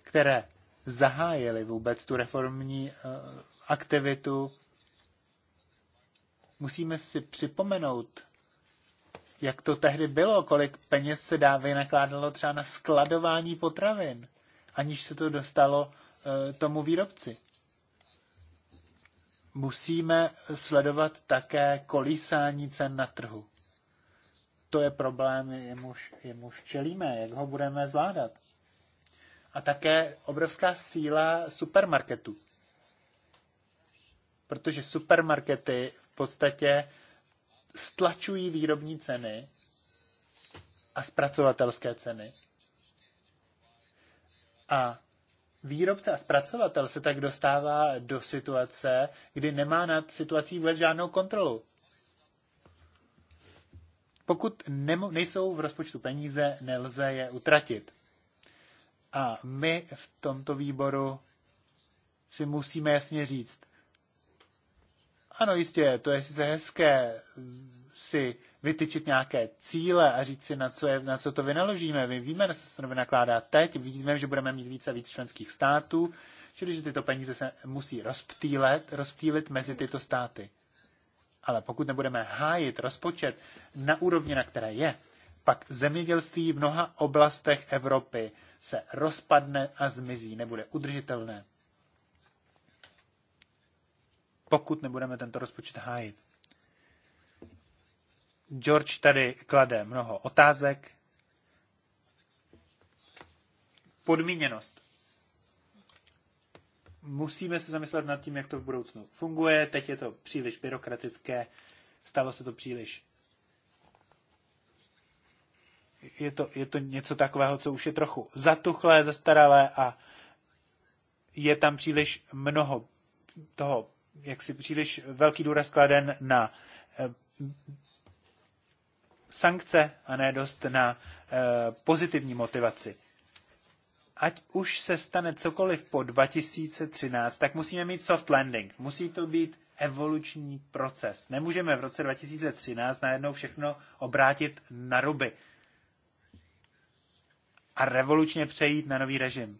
které zahájily vůbec tu reformní eh, aktivitu. Musíme si připomenout, jak to tehdy bylo, kolik peněz se dá vynakládalo třeba na skladování potravin, aniž se to dostalo e, tomu výrobci. Musíme sledovat také kolísání cen na trhu. To je problém, jemuž, jemuž čelíme, jak ho budeme zvládat. A také obrovská síla supermarketů protože supermarkety v podstatě stlačují výrobní ceny a zpracovatelské ceny. A výrobce a zpracovatel se tak dostává do situace, kdy nemá nad situací vůbec žádnou kontrolu. Pokud nejsou v rozpočtu peníze, nelze je utratit. A my v tomto výboru si musíme jasně říct, ano, jistě, to je sice hezké si vytyčit nějaké cíle a říct si, na co, je, na co to vynaložíme. My víme, že se to vynakládá teď, víme, že budeme mít více a víc členských států, čili že tyto peníze se musí rozptýlet, rozptýlit mezi tyto státy. Ale pokud nebudeme hájit rozpočet na úrovni, na které je, pak zemědělství v mnoha oblastech Evropy se rozpadne a zmizí, nebude udržitelné pokud nebudeme tento rozpočet hájit. George tady klade mnoho otázek. Podmíněnost. Musíme se zamyslet nad tím, jak to v budoucnu funguje. Teď je to příliš byrokratické, stalo se to příliš. Je to, je to něco takového, co už je trochu zatuchlé, zastaralé a je tam příliš mnoho toho jaksi příliš velký důraz kladen na eh, sankce a ne dost na eh, pozitivní motivaci. Ať už se stane cokoliv po 2013, tak musíme mít soft landing. Musí to být evoluční proces. Nemůžeme v roce 2013 najednou všechno obrátit na ruby a revolučně přejít na nový režim.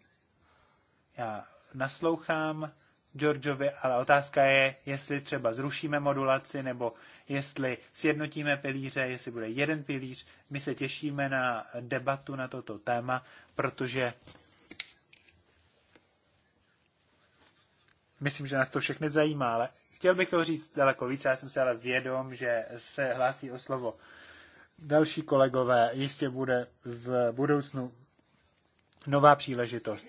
Já naslouchám Georgeovi, ale otázka je, jestli třeba zrušíme modulaci, nebo jestli sjednotíme pilíře, jestli bude jeden pilíř. My se těšíme na debatu na toto téma, protože myslím, že nás to všechny zajímá, ale chtěl bych toho říct daleko více, já jsem si ale vědom, že se hlásí o slovo další kolegové, jistě bude v budoucnu nová příležitost.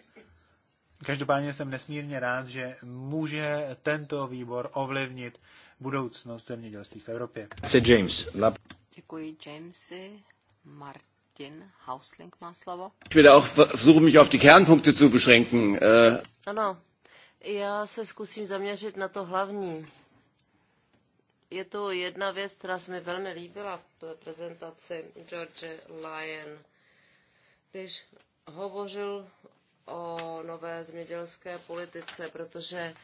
Každopádně jsem nesmírně rád, že může tento výbor ovlivnit budoucnost zemědělství v Evropě. James. Děkuji Jamesy. Martin Hausling má slovo. Äh. Ano, já se zkusím zaměřit na to hlavní. Je to jedna věc, která se mi velmi líbila v prezentaci George Lyon, když hovořil o nové zemědělské politice, protože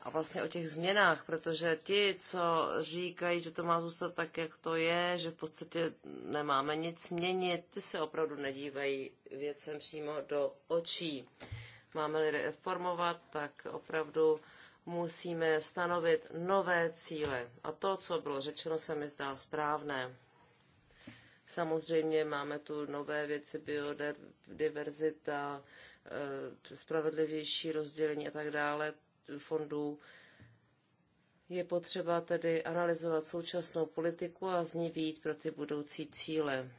a vlastně o těch změnách, protože ti, co říkají, že to má zůstat tak, jak to je, že v podstatě nemáme nic měnit, ty se opravdu nedívají věcem přímo do očí. Máme-li reformovat, tak opravdu musíme stanovit nové cíle. A to, co bylo řečeno, se mi zdá správné. Samozřejmě máme tu nové věci, biodiverzita, Eh, spravedlivější rozdělení a tak dále fondů. Je potřeba tedy analyzovat současnou politiku a z ní výjít pro ty budoucí cíle.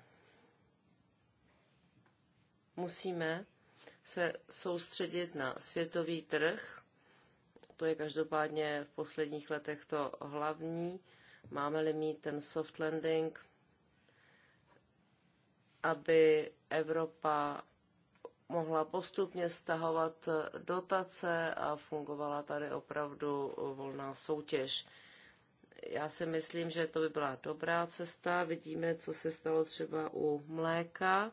Musíme se soustředit na světový trh. To je každopádně v posledních letech to hlavní. Máme-li mít ten soft landing, aby Evropa mohla postupně stahovat dotace a fungovala tady opravdu volná soutěž. Já si myslím, že to by byla dobrá cesta. Vidíme, co se stalo třeba u mléka.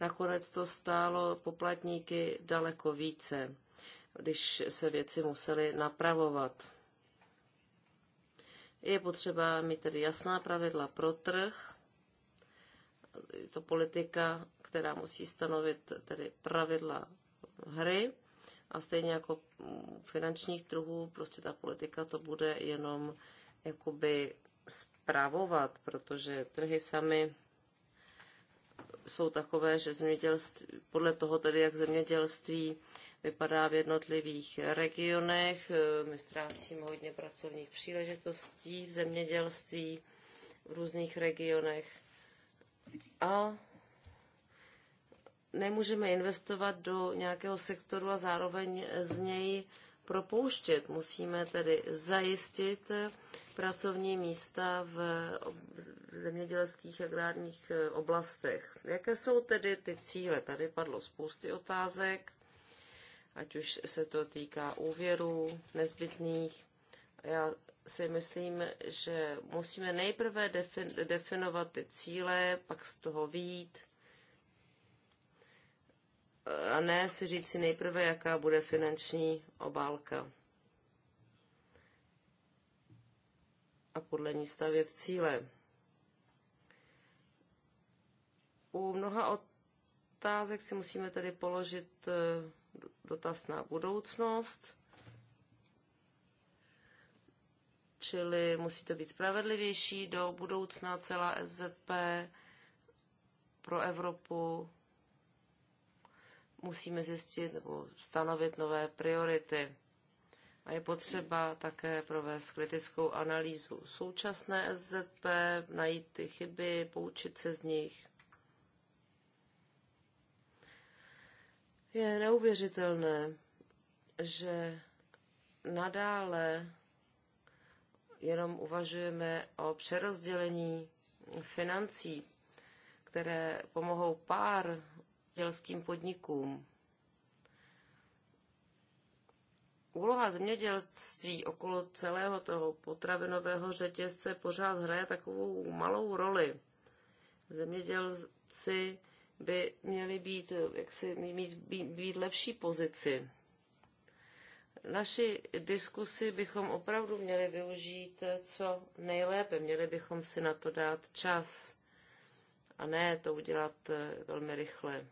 Nakonec to stálo poplatníky daleko více, když se věci musely napravovat. Je potřeba mít tedy jasná pravidla pro trh, je to politika která musí stanovit tedy pravidla hry a stejně jako u finančních trhů, prostě ta politika to bude jenom jakoby zpravovat, protože trhy sami jsou takové, že zemědělství, podle toho tedy, jak zemědělství vypadá v jednotlivých regionech, eh, my ztrácíme hodně pracovních příležitostí v zemědělství v různých regionech a nemůžeme investovat do nějakého sektoru a zároveň z něj propouštět. Musíme tedy zajistit pracovní místa v zemědělských agrárních eh, oblastech. Jaké jsou tedy ty cíle? Tady padlo spousty otázek, ať už se to týká úvěrů nezbytných. Já si myslím, že musíme nejprve defin- definovat ty cíle, pak z toho výjít a ne si říct si nejprve, jaká bude finanční obálka. A podle ní stavět cíle. U mnoha otázek si musíme tedy položit eh, dotaz na budoucnost, čili musí to být spravedlivější do budoucna celá SZP pro Evropu musíme zjistit nebo stanovit nové priority. A je potřeba také provést kritickou analýzu současné SZP, najít ty chyby, poučit se z nich. Je neuvěřitelné, že nadále jenom uvažujeme o přerozdělení financí, které pomohou pár zemědělským podnikům. Úloha zemědělství okolo celého toho potravinového řetězce pořád hraje takovou malou roli. Zemědělci by měli být, jak si, mít, být, být lepší pozici. Naši diskusy bychom opravdu měli využít co nejlépe. Měli bychom si na to dát čas a ne to udělat eh, velmi rychle.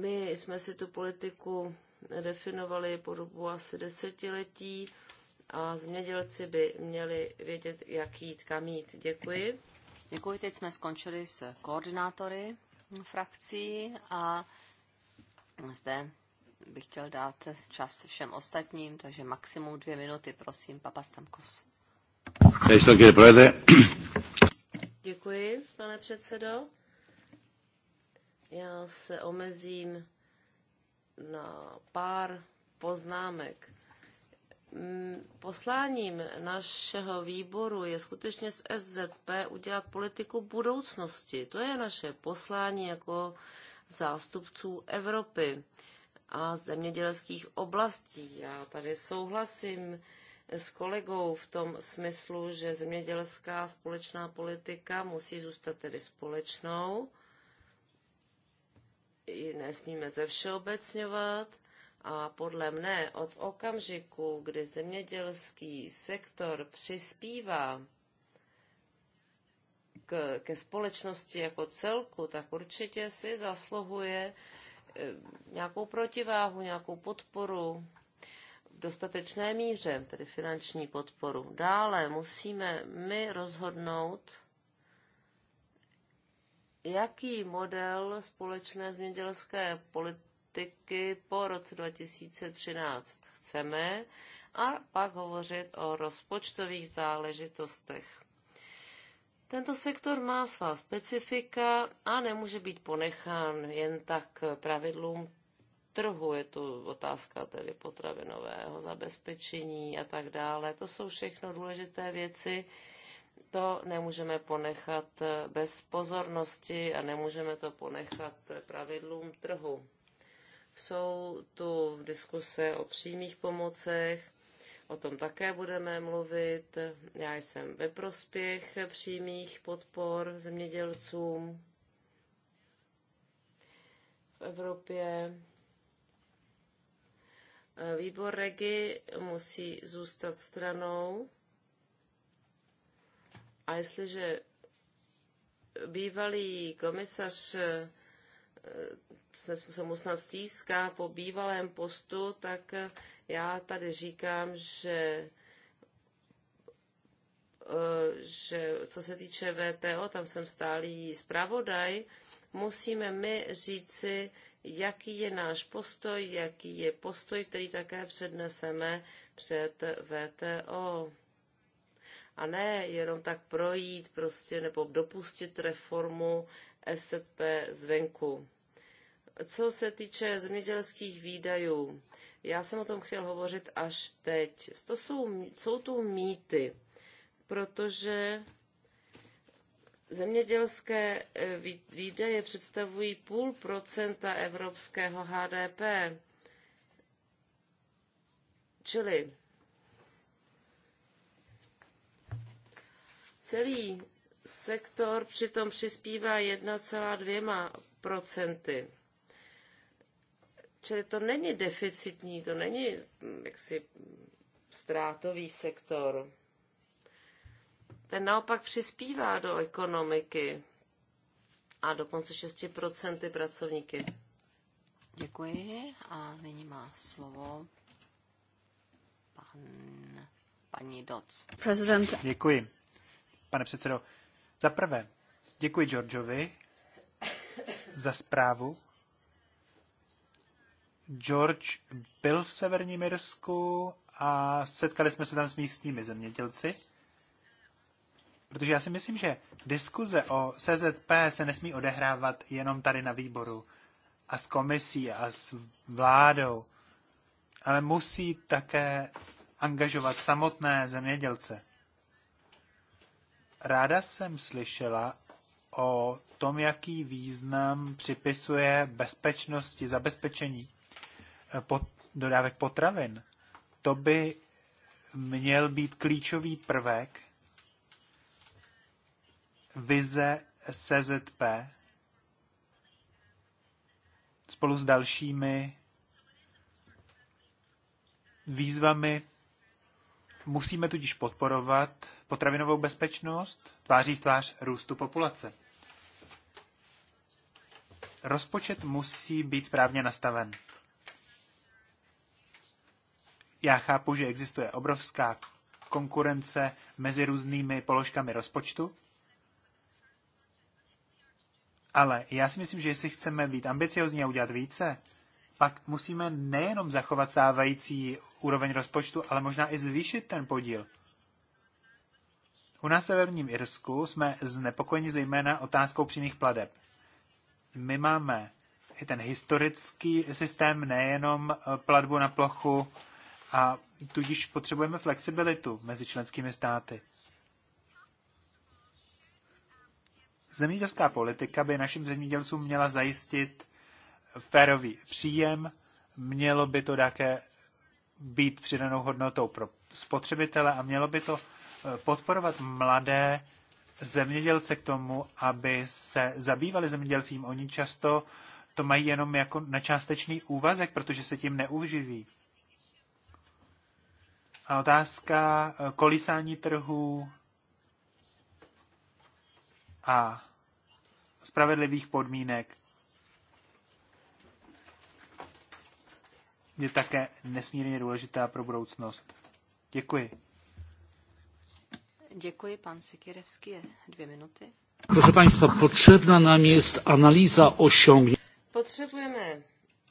My jsme si tu politiku definovali po dobu asi desetiletí a zemědělci by měli vědět, jak jít, kam jít. Děkuji. Děkuji, teď jsme skončili s koordinátory frakcí a zde bych chtěl dát čas všem ostatním, takže maximum dvě minuty, prosím, papa Stamkos. Děkuji, pane předsedo. Já se omezím na pár poznámek. Mm, posláním našeho výboru je skutečně z SZP udělat politiku budoucnosti. To je naše poslání jako zástupců Evropy a zemědělských oblastí. Já tady souhlasím s kolegou v tom smyslu, že zemědělská společná politika musí zůstat tedy společnou ji nesmíme zevšeobecňovat a podle mne od okamžiku, kdy zemědělský sektor přispívá k, ke společnosti jako celku, tak určitě si zasluhuje eh, nějakou protiváhu, nějakou podporu v dostatečné míře, tedy finanční podporu. Dále musíme my rozhodnout, jaký model společné zemědělské politiky po roce 2013 chceme a pak hovořit o rozpočtových záležitostech. Tento sektor má svá specifika a nemůže být ponechán jen tak pravidlům trhu, je tu otázka tedy potravinového zabezpečení a tak dále. To jsou všechno důležité věci, to nemůžeme ponechat eh, bez pozornosti a nemůžeme to ponechat eh, pravidlům trhu. Jsou tu diskuse o přímých pomocech, o tom také budeme mluvit. Já jsem ve prospěch přímých podpor zemědělcům v Evropě. Eh, výbor Regi musí zůstat stranou a jestliže bývalý komisař eh, se mu snad stýská po bývalém postu, tak já tady říkám, že eh, že co se týče VTO, tam jsem stálý zpravodaj, musíme my říci, jaký je náš postoj, jaký je postoj, který také předneseme před VTO a ne jenom tak projít prostě nebo dopustit reformu SZP zvenku. Co se týče zemědělských výdajů, já jsem o tom chtěl hovořit až teď. To jsou, jsou tu mýty, protože zemědělské eh, výdaje představují půl procenta evropského HDP. Čili Celý sektor přitom přispívá 1,2 procenty. Čili to není deficitní, to není mm, jaksi ztrátový sektor. Ten naopak přispívá do ekonomiky a dokonce 6% pracovníky. Děkuji a nyní má slovo pan, paní Doc. President. Děkuji pane předsedo. Za prvé, děkuji Georgeovi za zprávu. George byl v severním Irsku a setkali jsme se tam s místními zemědělci. Protože já si myslím, že diskuze o CZP se nesmí odehrávat jenom tady na výboru a s komisí a s vládou, ale musí také angažovat samotné zemědělce. Ráda jsem slyšela o tom, jaký význam připisuje bezpečnosti, zabezpečení eh, pot, dodávek potravin. To by měl být klíčový prvek vize SZP spolu s dalšími výzvami. Musíme tudíž podporovat potravinovou bezpečnost tváří v tvář růstu populace. Rozpočet musí být správně nastaven. Já chápu, že existuje obrovská konkurence mezi různými položkami rozpočtu, ale já si myslím, že jestli chceme být ambiciozní a udělat více, pak musíme nejenom zachovat stávající úroveň rozpočtu, ale možná i zvýšit ten podíl. U nás Severním Irsku jsme znepokojeni zejména otázkou přímých pladeb. My máme i ten historický systém, nejenom e, platbu na plochu, a tudíž potřebujeme flexibilitu mezi členskými státy. Zemědělská politika by našim zemědělcům měla zajistit férový příjem, mělo by to také být přidanou hodnotou pro spotřebitele a mělo by to podporovat mladé zemědělce k tomu, aby se zabývali zemědělcím. Oni často to mají jenom jako na částečný úvazek, protože se tím neuživí. A otázka eh, kolísání trhů a spravedlivých podmínek je také nesmírně důležitá pro budoucnost. Děkuji. Děkuji, pan Sikirevský, dvě minuty. Proszę Państwa, potrzebna nam jest analiza osiągnięć. Potrzebujemy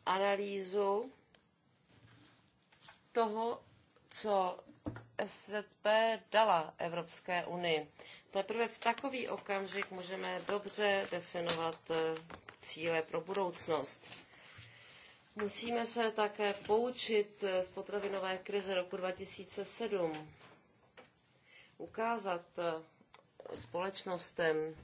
analýzu toho, co SZP dala Evropské unii. Teprve v takový okamžik můžeme dobře definovat eh, cíle pro budoucnost. Musíme se také poučit eh, z potravinové krize roku 2007 ukázat eh, společnostem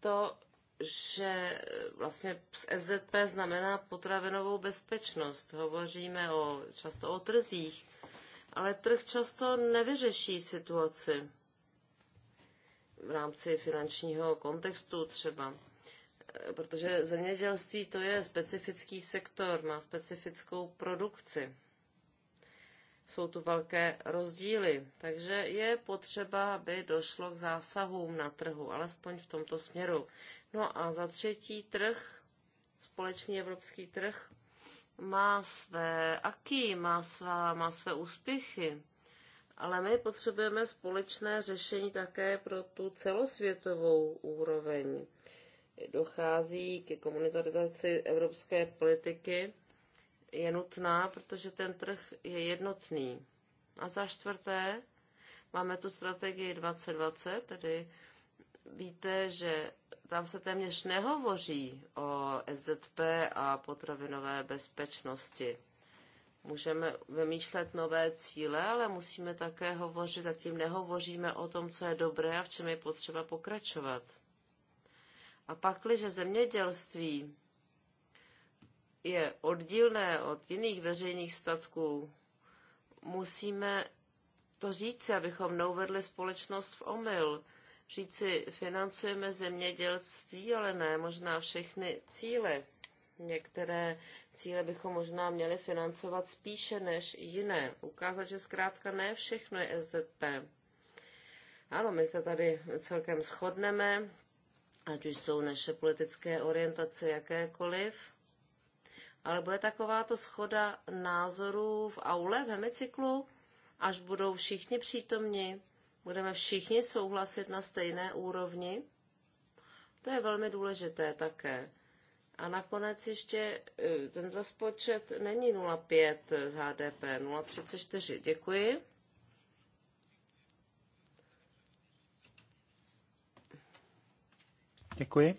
to, že eh, vlastně z SZP znamená potravinovou bezpečnost. Hovoříme o, často o trzích, ale trh často nevyřeší situaci v rámci finančního kontextu třeba. Eh, protože zemědělství to je specifický sektor, má specifickou produkci jsou tu velké rozdíly. Takže je potřeba, aby došlo k zásahům na trhu, alespoň v tomto směru. No a za třetí trh, společný evropský trh, má své aky, má, svá, má své úspěchy, ale my potřebujeme společné řešení také pro tu celosvětovou úroveň. Dochází ke komunitarizaci evropské politiky je nutná, protože ten trh je jednotný. A za čtvrté, máme tu strategii 2020, tedy víte, že tam se téměř nehovoří o SZP a potravinové bezpečnosti. Můžeme vymýšlet nové cíle, ale musíme také hovořit, a tím nehovoříme o tom, co je dobré a v čem je potřeba pokračovat. A pak, když zemědělství je oddílné od jiných veřejných statků, musíme to říci, abychom neuvedli společnost v omyl. Říci, financujeme zemědělství, ale ne možná všechny cíle. Některé cíle bychom možná měli financovat spíše než jiné. Ukázat, že zkrátka ne všechno je SZP. Ano, my se tady celkem shodneme, ať už jsou naše politické orientace jakékoliv, ale bude taková to schoda názorů v aule, v hemicyklu, až budou všichni přítomni, budeme všichni souhlasit na stejné úrovni. To je velmi důležité také. A nakonec ještě eh, ten rozpočet není 0,5 z HDP, 0,34. Děkuji. Děkuji.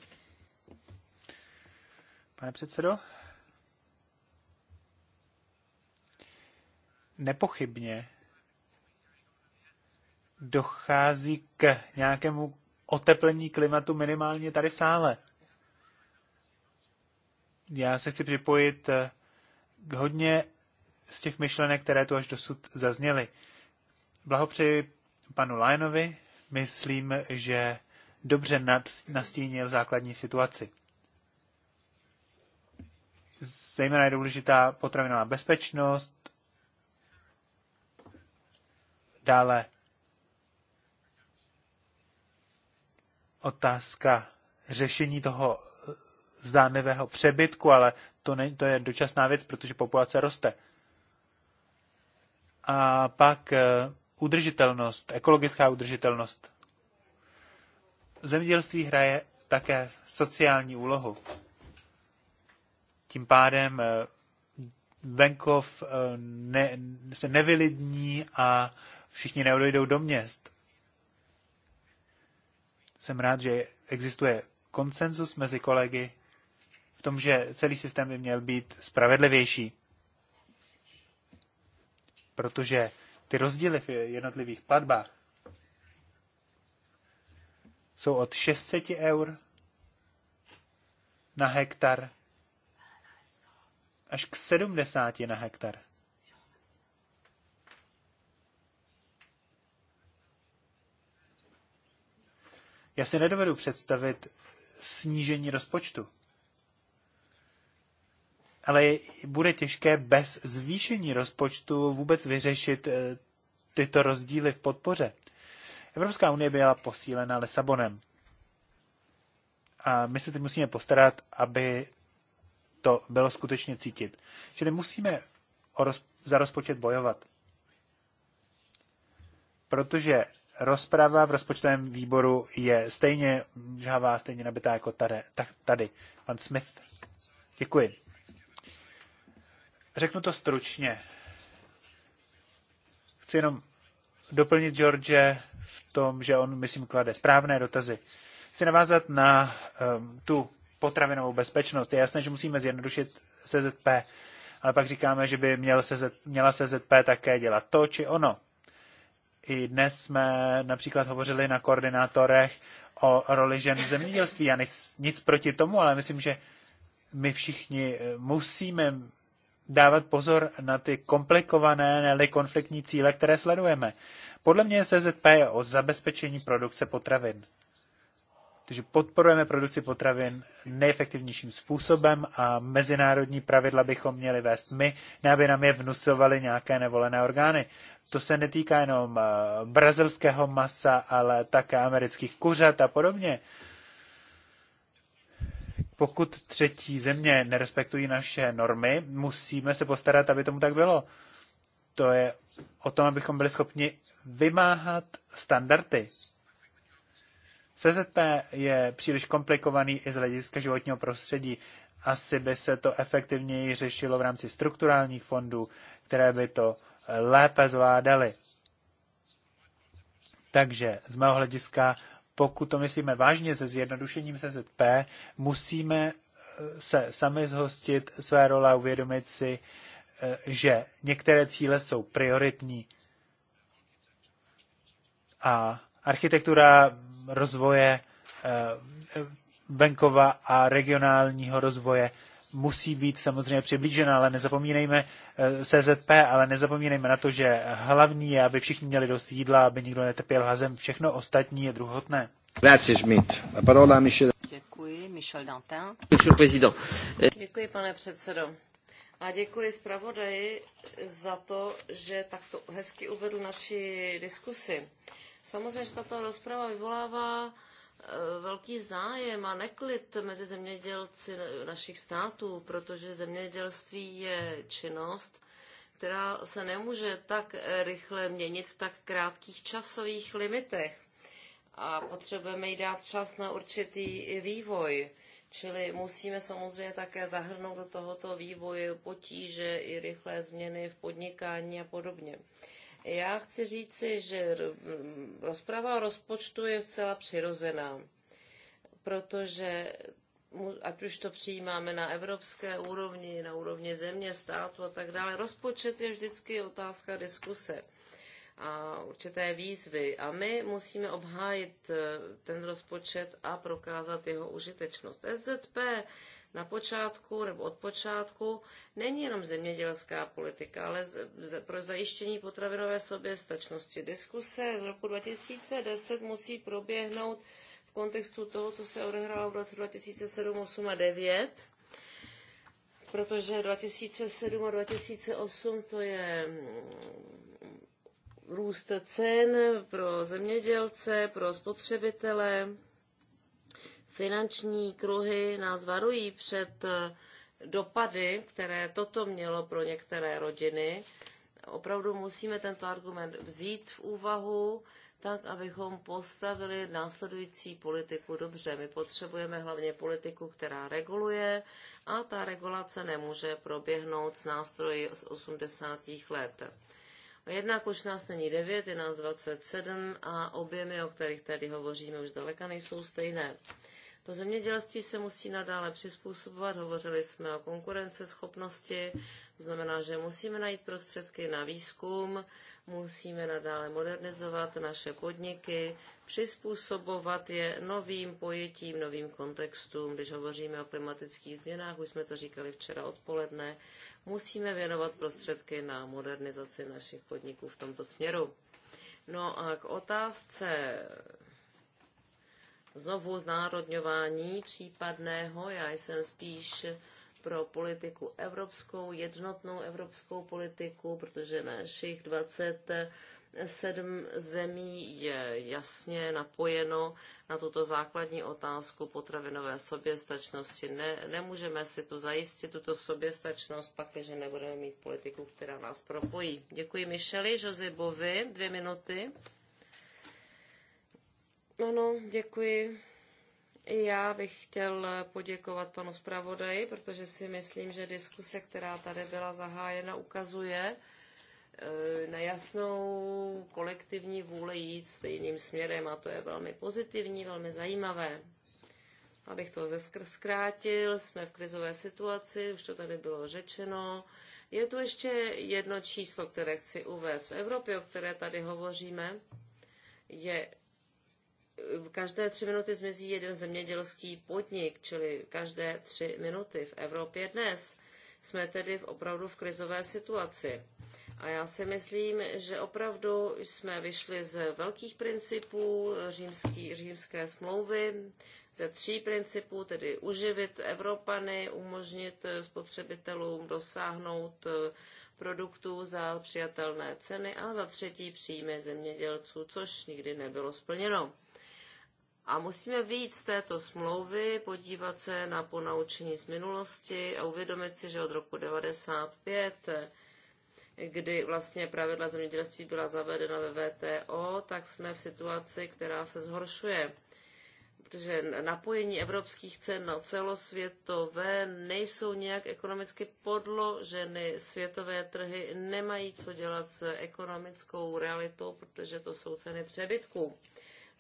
Pane předsedo, nepochybně dochází k nějakému oteplení klimatu minimálně tady v sále. Já se chci připojit eh, k hodně z těch myšlenek, které tu až dosud zazněly. Blahopřeji panu Lajnovi, myslím, že dobře nastínil základní situaci. Zejména je důležitá potravinová bezpečnost, Dále otázka řešení toho zdánlivého přebytku, ale to, ne, to je dočasná věc, protože populace roste. A pak eh, udržitelnost, ekologická udržitelnost. Zemědělství hraje také sociální úlohu. Tím pádem eh, venkov eh, ne, se nevylidní a všichni neodejdou do měst. Jsem rád, že existuje konsenzus mezi kolegy v tom, že celý systém by měl být spravedlivější. Protože ty rozdíly v jednotlivých platbách jsou od 600 eur na hektar až k 70 na hektar. Já si nedovedu představit snížení rozpočtu. Ale bude těžké bez zvýšení rozpočtu vůbec vyřešit eh, tyto rozdíly v podpoře. Evropská unie byla posílena Lisabonem. A my se teď musíme postarat, aby to bylo skutečně cítit. Čili musíme o roz, za rozpočet bojovat. Protože rozprava v rozpočtovém výboru je stejně žhavá, stejně nabitá jako tady. Tak tady. Pan Smith. Děkuji. Řeknu to stručně. Chci jenom doplnit George v tom, že on, myslím, klade správné dotazy. Chci navázat na um, tu potravinovou bezpečnost. Je jasné, že musíme zjednodušit SZP, ale pak říkáme, že by měl SZ, měla SZP také dělat to či ono. I dnes jsme například hovořili na koordinátorech o roli žen v zemědělství. Já nic proti tomu, ale myslím, že my všichni eh, musíme dávat pozor na ty komplikované, neli konfliktní cíle, které sledujeme. Podle mě SZP je o zabezpečení produkce potravin. Takže podporujeme produkci potravin nejefektivnějším způsobem a mezinárodní pravidla bychom měli vést my, ne aby nám je vnusovali nějaké nevolené orgány. To se netýká jenom eh, brazilského masa, ale také amerických kuřat a podobně. Pokud třetí země nerespektují naše normy, musíme se postarat, aby tomu tak bylo. To je o tom, abychom byli schopni vymáhat standardy SZP je příliš komplikovaný i z hlediska životního prostředí. Asi by se to efektivněji řešilo v rámci strukturálních fondů, které by to eh, lépe zvládaly. Takže z mého hlediska, pokud to myslíme vážně se zjednodušením SZP, musíme eh, se sami zhostit své role a uvědomit si, eh, že některé cíle jsou prioritní. A architektura rozvoje eh, venkova a regionálního rozvoje musí být samozřejmě přiblížena, ale nezapomínejme eh, CZP, ale nezapomínejme na to, že hlavní je, aby všichni měli dost jídla, aby nikdo netrpěl hazem. Všechno ostatní je druhotné. parola Děkuji, Michel Dantin. Děkuji, pane předsedo. A děkuji zpravodaji za to, že takto hezky uvedl naši diskusi. Samozřejmě, že tato rozprava vyvolává eh, velký zájem a neklid mezi zemědělci našich států, protože zemědělství je činnost, která se nemůže tak eh, rychle měnit v tak krátkých časových limitech. A potřebujeme jí dát čas na určitý vývoj. Čili musíme samozřejmě také zahrnout do tohoto vývoje potíže i rychlé změny v podnikání a podobně. Já chci říci, že rozprava o rozpočtu je zcela přirozená, protože ať už to přijímáme na evropské úrovni, na úrovni země, státu a tak dále, rozpočet je vždycky otázka diskuse a určité výzvy. A my musíme obhájit eh, ten rozpočet a prokázat jeho užitečnost. SZP na počátku nebo od počátku není jenom zemědělská politika, ale pro zajištění potravinové soběstačnosti. Diskuse z roku 2010 musí proběhnout v kontextu toho, co se odehrálo v roce 2007, 8 a 9, protože 2007 a 2008 to je mm, růst cen pro zemědělce, pro spotřebitele, Finanční kruhy nás varují před eh, dopady, které toto mělo pro některé rodiny. Opravdu musíme tento argument vzít v úvahu, tak abychom postavili následující politiku dobře. My potřebujeme hlavně politiku, která reguluje a ta regulace nemůže proběhnout s nástroji z 80. let. Jednak už nás není 9, je nás 27 a objemy, o kterých tady hovoříme, už zdaleka nejsou stejné. To zemědělství se musí nadále přizpůsobovat. Hovořili jsme o konkurenceschopnosti, to znamená, že musíme najít prostředky na výzkum, musíme nadále modernizovat naše podniky, přizpůsobovat je novým pojetím, novým kontextům. Když hovoříme o klimatických změnách, už jsme to říkali včera odpoledne, musíme věnovat prostředky na modernizaci našich podniků v tomto směru. No a k otázce znovu znárodňování případného. Já jsem spíš pro politiku evropskou, jednotnou evropskou politiku, protože našich 27 zemí je jasně napojeno na tuto základní otázku potravinové soběstačnosti. Ne, nemůžeme si tu zajistit, tuto soběstačnost, pakliže nebudeme mít politiku, která nás propojí. Děkuji Micheli, Josebovi, dvě minuty. Ano, děkuji. Já bych chtěl poděkovat panu zpravodaji, protože si myslím, že diskuse, která tady byla zahájena, ukazuje e, na jasnou kolektivní vůli jít stejným směrem a to je velmi pozitivní, velmi zajímavé. Abych to zkrátil, jsme v krizové situaci, už to tady bylo řečeno. Je tu ještě jedno číslo, které chci uvést. V Evropě, o které tady hovoříme, je každé tři minuty zmizí jeden zemědělský podnik, čili každé tři minuty v Evropě dnes. Jsme tedy opravdu v krizové situaci. A já si myslím, že opravdu jsme vyšli z velkých principů římský, římské smlouvy, ze tří principů, tedy uživit Evropany, umožnit spotřebitelům dosáhnout eh, produktů za přijatelné ceny a za třetí příjmy zemědělců, což nikdy nebylo splněno. A musíme vyjít z této smlouvy, podívat se na ponaučení z minulosti a uvědomit si, že od roku 95, kdy vlastně pravidla zemědělství byla zavedena ve VTO, tak jsme v situaci, která se zhoršuje protože napojení evropských cen na celosvětové nejsou nějak ekonomicky podloženy. Světové trhy nemají co dělat s ekonomickou realitou, protože to jsou ceny přebytků.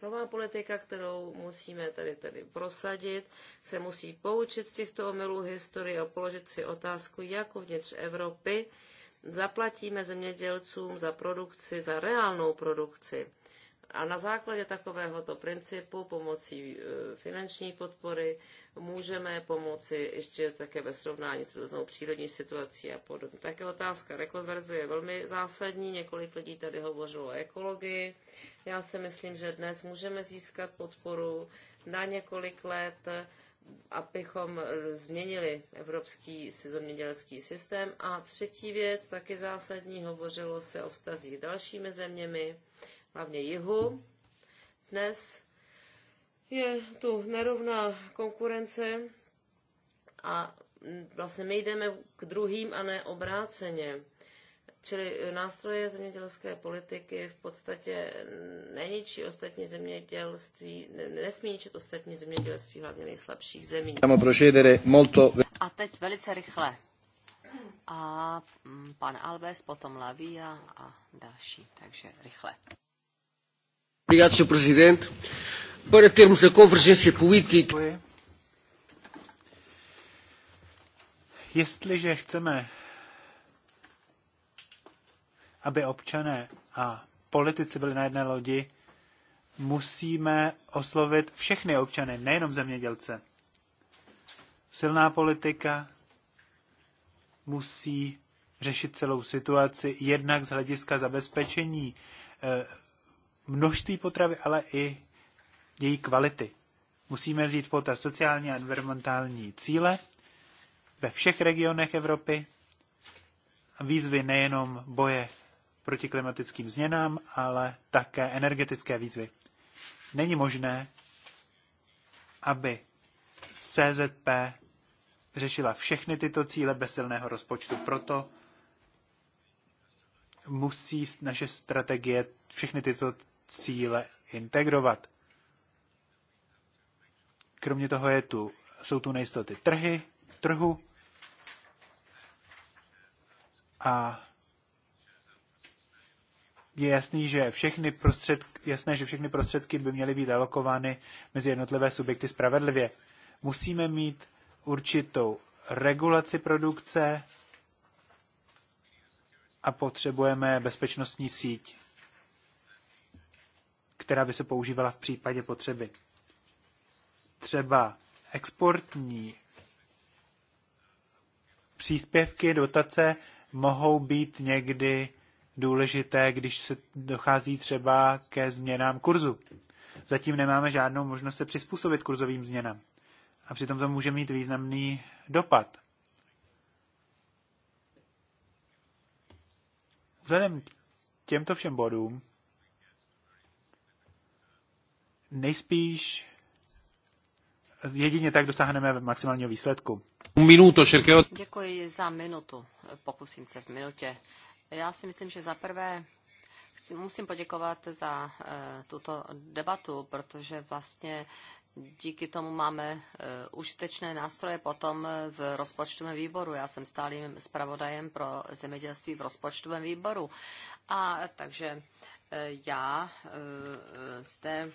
Nová politika, kterou musíme tady tady prosadit, se musí poučit z těchto omylů historie a položit si otázku, jak uvnitř Evropy zaplatíme zemědělcům za produkci, za reálnou produkci. A na základě takovéhoto principu pomocí e, finanční podpory můžeme pomoci ještě také ve srovnání s různou přírodní situací a podobně. Také otázka rekonverze je velmi zásadní. Několik lidí tady hovořilo o ekologii. Já si myslím, že dnes můžeme získat podporu na několik let, abychom změnili evropský zemědělský systém. A třetí věc, taky zásadní, hovořilo se o vztazích dalšími zeměmi hlavně jihu. Dnes je tu nerovná konkurence a vlastně my jdeme k druhým a ne obráceně. Čili nástroje zemědělské politiky v podstatě neničí ostatní zemědělství, nesmí ničit ostatní zemědělství, hlavně nejslabších zemí. A teď velice rychle. A mm, pan Alves, potom Lavia a další, takže rychle. Obrigado, Sr. Presidente. Para termos a convergência política. Jestliže chceme, aby občané a politici byli na jedné lodi, musíme oslovit všechny občany, nejenom zemědělce. Silná politika musí řešit celou situaci jednak z hlediska zabezpečení eh, množství potravy, ale i její kvality. Musíme vzít pota sociální a environmentální cíle ve všech regionech Evropy a výzvy nejenom boje proti klimatickým změnám, ale také energetické výzvy. Není možné, aby CZP řešila všechny tyto cíle bez silného rozpočtu. Proto musí naše strategie všechny tyto cíle integrovat. Kromě toho je tu, jsou tu nejistoty trhy, trhu a je jasný, že všechny prostředky, jasné, že všechny prostředky by měly být alokovány mezi jednotlivé subjekty spravedlivě. Musíme mít určitou regulaci produkce a potřebujeme bezpečnostní síť která by se používala v případě potřeby. Třeba exportní příspěvky, dotace mohou být někdy důležité, když se dochází třeba ke změnám kurzu. Zatím nemáme žádnou možnost se přizpůsobit kurzovým změnám. A přitom to může mít významný dopad. Vzhledem k těmto všem bodům nejspíš jedině tak dosáhneme maximálního výsledku. Minuto, širkého... Děkuji za minutu. Pokusím se v minutě. Já si myslím, že za prvé musím poděkovat za eh, tuto debatu, protože vlastně díky tomu máme eh, užitečné nástroje potom eh, v rozpočtovém výboru. Já jsem stálým zpravodajem pro zemědělství v rozpočtovém výboru. A takže já zde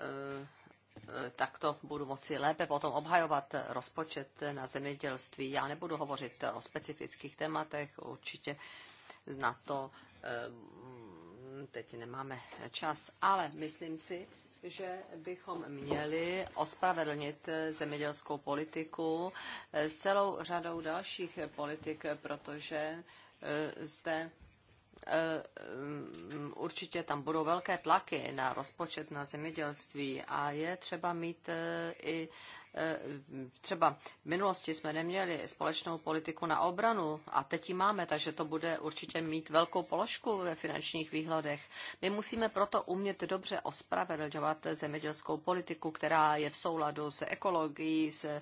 Eh, tak to budu moci lépe potom obhajovat rozpočet na zemědělství. Já nebudu hovořit o specifických tématech, určitě na to eh, teď nemáme čas, ale myslím si, že bychom měli ospravedlnit zemědělskou politiku s celou řadou dalších politik, protože eh, zde Eh, mm, určitě tam budou velké tlaky na rozpočet na zemědělství a je třeba mít eh, i eh, třeba v minulosti jsme neměli společnou politiku na obranu a teď ji máme, takže to bude určitě mít velkou položku ve finančních výhledech. My musíme proto umět dobře ospravedlňovat zemědělskou politiku, která je v souladu s ekologií, s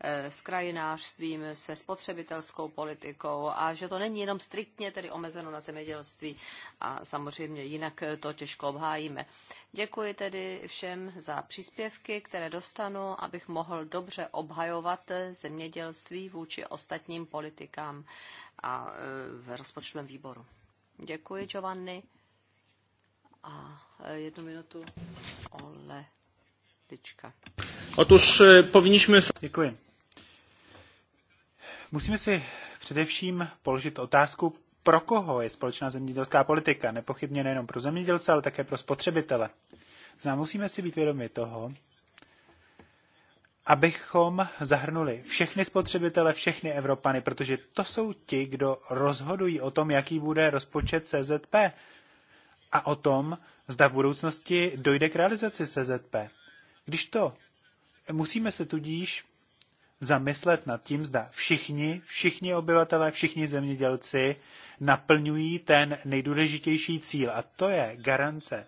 Eh, s krajinářstvím, se spotřebitelskou politikou a že to není jenom striktně tedy omezeno na zemědělství a samozřejmě jinak eh, to těžko obhájíme. Děkuji tedy všem za příspěvky, které dostanu, abych mohl dobře obhajovat eh, zemědělství vůči ostatním politikám a v rozpočtovém výboru. Děkuji, Giovanni. A jednu minutu Ole Otuž, Otóż powinniśmy... Děkuji. Musíme si především položit otázku, pro koho je společná zemědělská politika. Nepochybně nejenom pro zemědělce, ale také pro spotřebitele. Znám, musíme si být vědomi toho, abychom zahrnuli všechny spotřebitele, všechny Evropany, protože to jsou ti, kdo rozhodují o tom, jaký bude rozpočet CZP a o tom, zda v budoucnosti dojde k realizaci CZP. Když to, musíme se tudíž zamyslet nad tím, zda všichni, všichni obyvatelé, všichni zemědělci naplňují ten nejdůležitější cíl a to je garance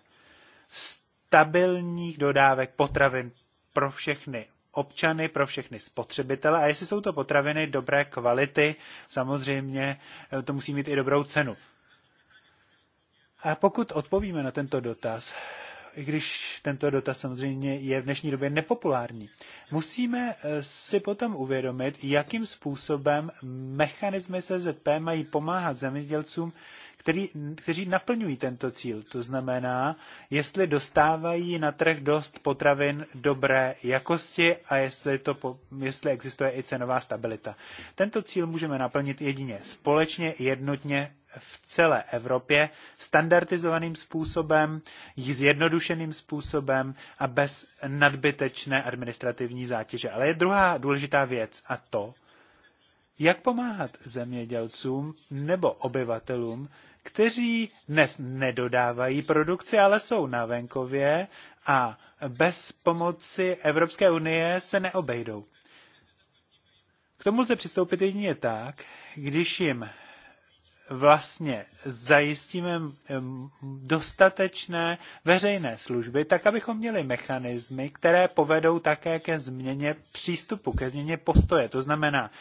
stabilních dodávek potravin pro všechny občany, pro všechny spotřebitele a jestli jsou to potraviny dobré kvality, samozřejmě eh, to musí mít i dobrou cenu. A pokud odpovíme na tento dotaz, i když tento dotaz samozřejmě je v dnešní době nepopulární, musíme eh, si potom uvědomit, jakým způsobem mechanismy SZP mají pomáhat zemědělcům, který, kteří naplňují tento cíl. To znamená, jestli dostávají na trh dost potravin dobré jakosti a jestli, to, po, jestli existuje i cenová stabilita. Tento cíl můžeme naplnit jedině společně, jednotně v celé Evropě standardizovaným způsobem, zjednodušeným způsobem a bez nadbytečné administrativní zátěže. Ale je druhá důležitá věc a to, jak pomáhat zemědělcům nebo obyvatelům, kteří dnes nedodávají produkci, ale jsou na venkově a bez pomoci Evropské unie se neobejdou. K tomu lze přistoupit jedině tak, když jim vlastně zajistíme dostatečné veřejné služby, tak abychom měli mechanismy, které povedou také ke změně přístupu, ke změně postoje. To znamená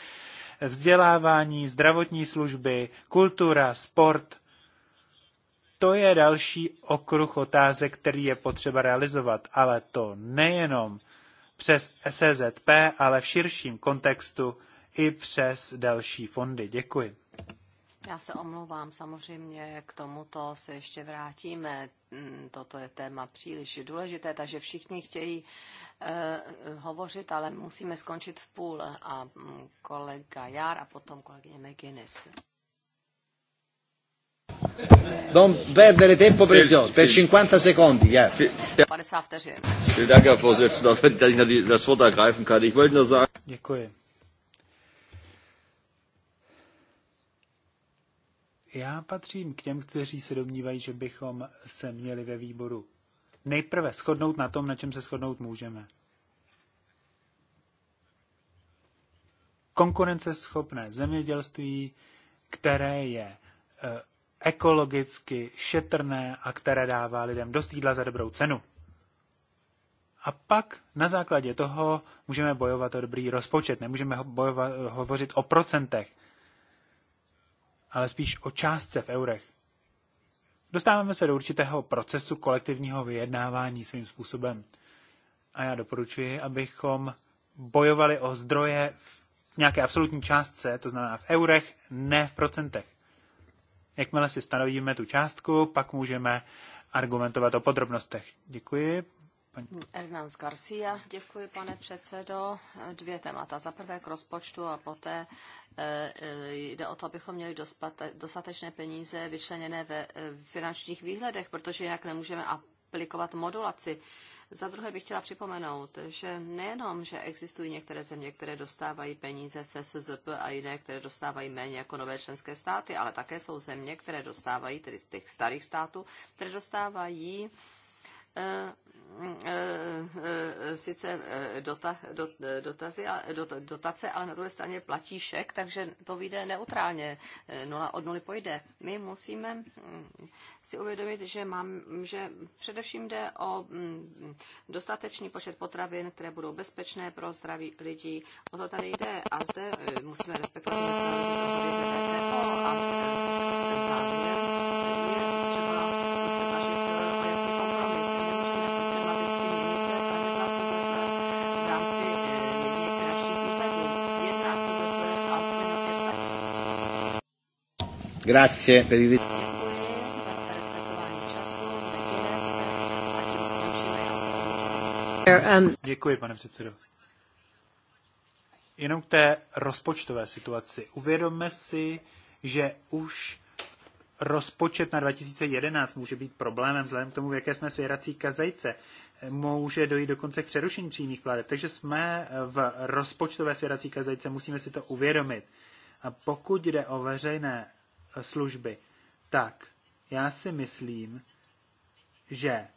vzdělávání, zdravotní služby, kultura, sport. To je další okruh otázek, který je potřeba realizovat, ale to nejenom přes SZP, ale v širším kontextu i přes další fondy. Děkuji. Já se omlouvám, samozřejmě k tomuto se ještě vrátíme. Mm, toto je téma příliš důležité, takže všichni chtějí uh, hovořit, ale musíme skončit v půl. A mm, kolega Jar a potom kolegyně McGuinness. Non perdere tempo prezioso, per 50 sekundi, ja. 50 vteřin. Vielen Dank, Herr Vorsitzender, dass ich das Wort ergreifen kann. Ich wollte nur sagen... Děkuji. Já patřím k těm, kteří se domnívají, že bychom se měli ve výboru nejprve shodnout na tom, na čem se shodnout můžeme. Konkurenceschopné zemědělství, které je eh, ekologicky šetrné a které dává lidem dost jídla za dobrou cenu. A pak na základě toho můžeme bojovat o dobrý rozpočet. Nemůžeme ho bojovat, hovořit o procentech, ale spíš o částce v eurech. Dostáváme se do určitého procesu kolektivního vyjednávání svým způsobem. A já doporučuji, abychom bojovali o zdroje v nějaké absolutní částce, to znamená v eurech, ne v procentech. Jakmile si stanovíme tu částku, pak můžeme argumentovat o podrobnostech. Děkuji. Paní... Ernans Garcia, děkuji pane předsedo. Dvě témata. Za prvé k rozpočtu a poté e, e, jde o to, abychom měli dostatečné peníze vyčleněné ve e, finančních výhledech, protože jinak nemůžeme aplikovat modulaci. Za druhé bych chtěla připomenout, že nejenom, že existují některé země, které dostávají peníze se SZP a jiné, které dostávají méně jako nové členské státy, ale také jsou země, které dostávají, tedy z těch starých států, které dostávají Eh, eh, sice eh, dota, dot, dotazy, dot, dotace, ale na druhé straně platí šek, takže to vyjde neutrálně. Nula od nuly pojde. My musíme mm, si uvědomit, že, mám, že především jde o mm, dostatečný počet potravin, které budou bezpečné pro zdraví lidí. O to tady jde a zde musíme respektovat mezinárodní dohody Grazie per il... Um, Děkuji, pane předsedo. Jenom k té rozpočtové situaci. Uvědomme si, že už rozpočet na 2011 může být problémem vzhledem k tomu, v jaké jsme svěrací kazajce. Může dojít dokonce k přerušení přímých plateb. Takže jsme v rozpočtové svěrací kazajce, musíme si to uvědomit. A pokud jde o veřejné služby, tak já si myslím, že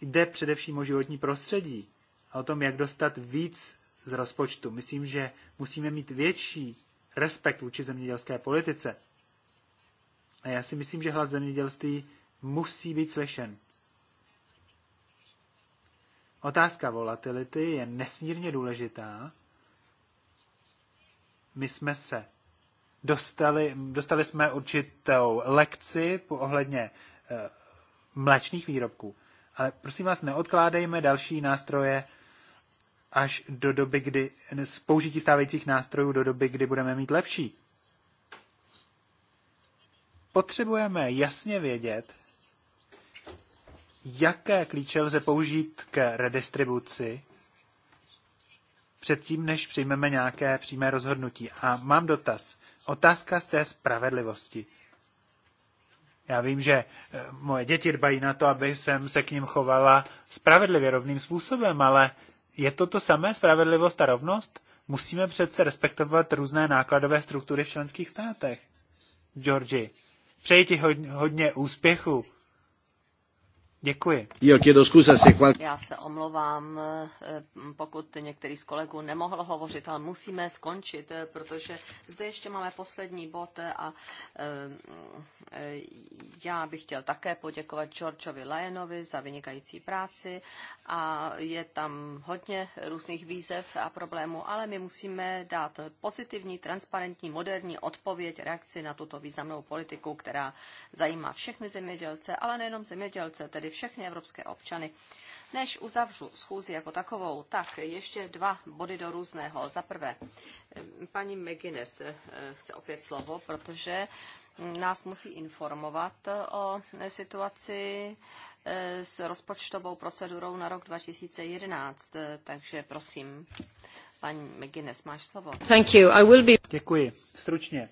jde především o životní prostředí a o tom, jak dostat víc z rozpočtu. Myslím, že musíme mít větší respekt vůči zemědělské politice. A já si myslím, že hlas zemědělství musí být slyšen. Otázka volatility je nesmírně důležitá. My jsme se Dostali, dostali jsme určitou lekci ohledně eh, mléčných výrobků. Ale prosím vás, neodkládejme další nástroje až do doby, kdy z použití stávajících nástrojů do doby, kdy budeme mít lepší. Potřebujeme jasně vědět, jaké klíče lze použít k redistribuci předtím, než přijmeme nějaké přímé rozhodnutí. A mám dotaz. Otázka z té spravedlivosti. Já vím, že eh, moje děti dbají na to, aby jsem se k ním chovala spravedlivě, rovným způsobem, ale je to to samé spravedlivost a rovnost? Musíme přece respektovat různé nákladové struktury v členských státech. Georgi, přeji ti hodně úspěchu Děkuji. Já se omlouvám, eh, pokud některý z kolegů nemohl hovořit, ale musíme skončit, eh, protože zde ještě máme poslední bod eh, a já bych chtěl také poděkovat Georgeovi Lyonovi za vynikající práci a je tam hodně různých výzev a problémů, ale my musíme dát pozitivní, transparentní, moderní odpověď, reakci na tuto významnou politiku, která zajímá všechny zemědělce, ale nejenom zemědělce, tedy všechny evropské občany. Než uzavřu schůzi jako takovou, tak ještě dva body do různého. Za prvé, paní McGuinness eh, chce opět slovo, protože nás musí informovat o situaci E, s rozpočtovou procedurou na rok 2011. E, takže prosím, paní McGuinness, máš slovo. Thank you. I will be... Děkuji. Stručně.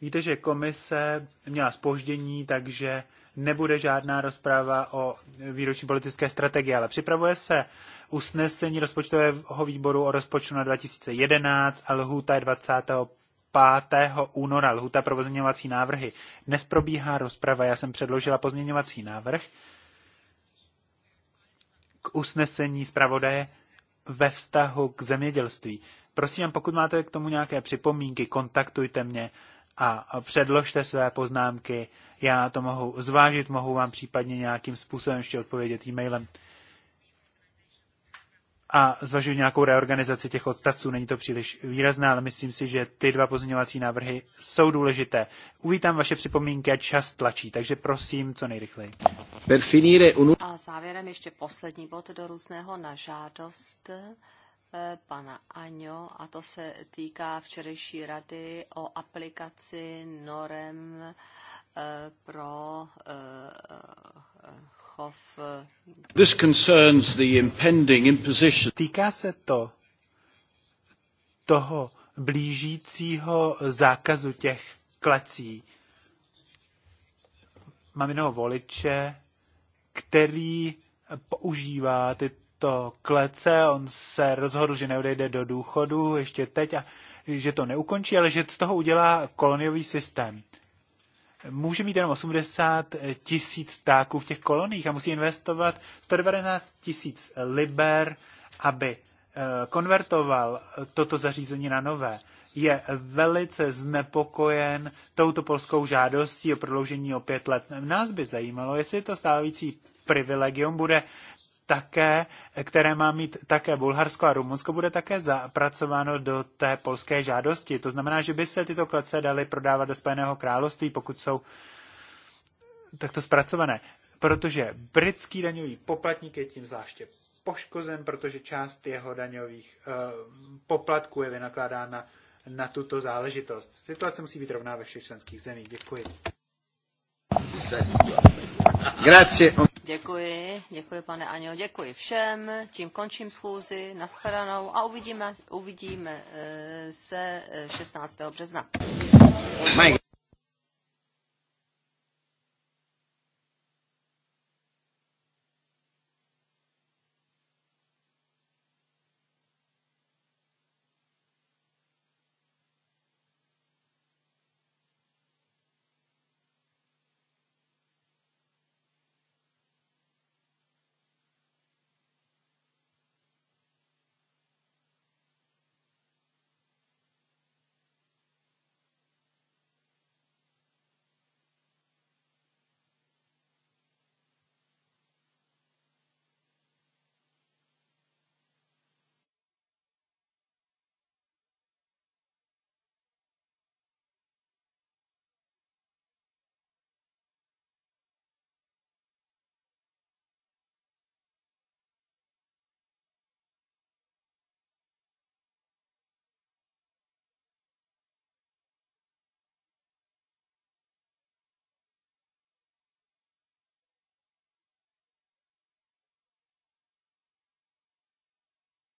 Víte, že komise měla spoždění, takže nebude žádná rozpráva o výroční politické strategii, ale připravuje se usnesení rozpočtového výboru o rozpočtu na 2011 a lhůta je 20. 5. února lhuta pro pozměňovací návrhy. Dnes probíhá rozprava, já jsem předložila pozměňovací návrh k usnesení zpravodaje ve vztahu k zemědělství. Prosím, pokud máte k tomu nějaké připomínky, kontaktujte mě a předložte své poznámky. Já to mohu zvážit, mohu vám případně nějakým způsobem ještě odpovědět e-mailem a zvažuji nějakou reorganizaci těch odstavců. Není to příliš výrazné, ale myslím si, že ty dva pozměňovací návrhy jsou důležité. Uvítám vaše připomínky a čas tlačí, takže prosím co nejrychleji. A závěrem ještě poslední bod do různého na žádost eh, pana Aňo a to se týká včerejší rady o aplikaci norem eh, pro eh, Eh, Týká se to toho blížícího zákazu těch klecí. Mám jednoho voliče, který používá tyto klece. On se rozhodl, že neodejde do důchodu ještě teď a že to neukončí, ale že z toho udělá koloniový systém může mít jenom 80 tisíc ptáků v těch koloních a musí investovat 119 tisíc liber, aby eh, konvertoval toto zařízení na nové. Je velice znepokojen touto polskou žádostí o prodloužení o pět let. Nás by zajímalo, jestli to stávající privilegium bude také, které má mít také Bulharsko a Rumunsko, bude také zapracováno do té polské žádosti. To znamená, že by se tyto klece daly prodávat do Spojeného království, pokud jsou takto zpracované. Protože britský daňový poplatník je tím zvláště poškozen, protože část jeho daňových uh, poplatků je vynakládána na tuto záležitost. Situace musí být rovná ve všech členských zemích. Děkuji. Grazie. Děkuji, děkuji pane Aňo, děkuji všem. Tím končím schůzi, nashledanou a uvidíme, uvidíme eh, se 16. Eh, března.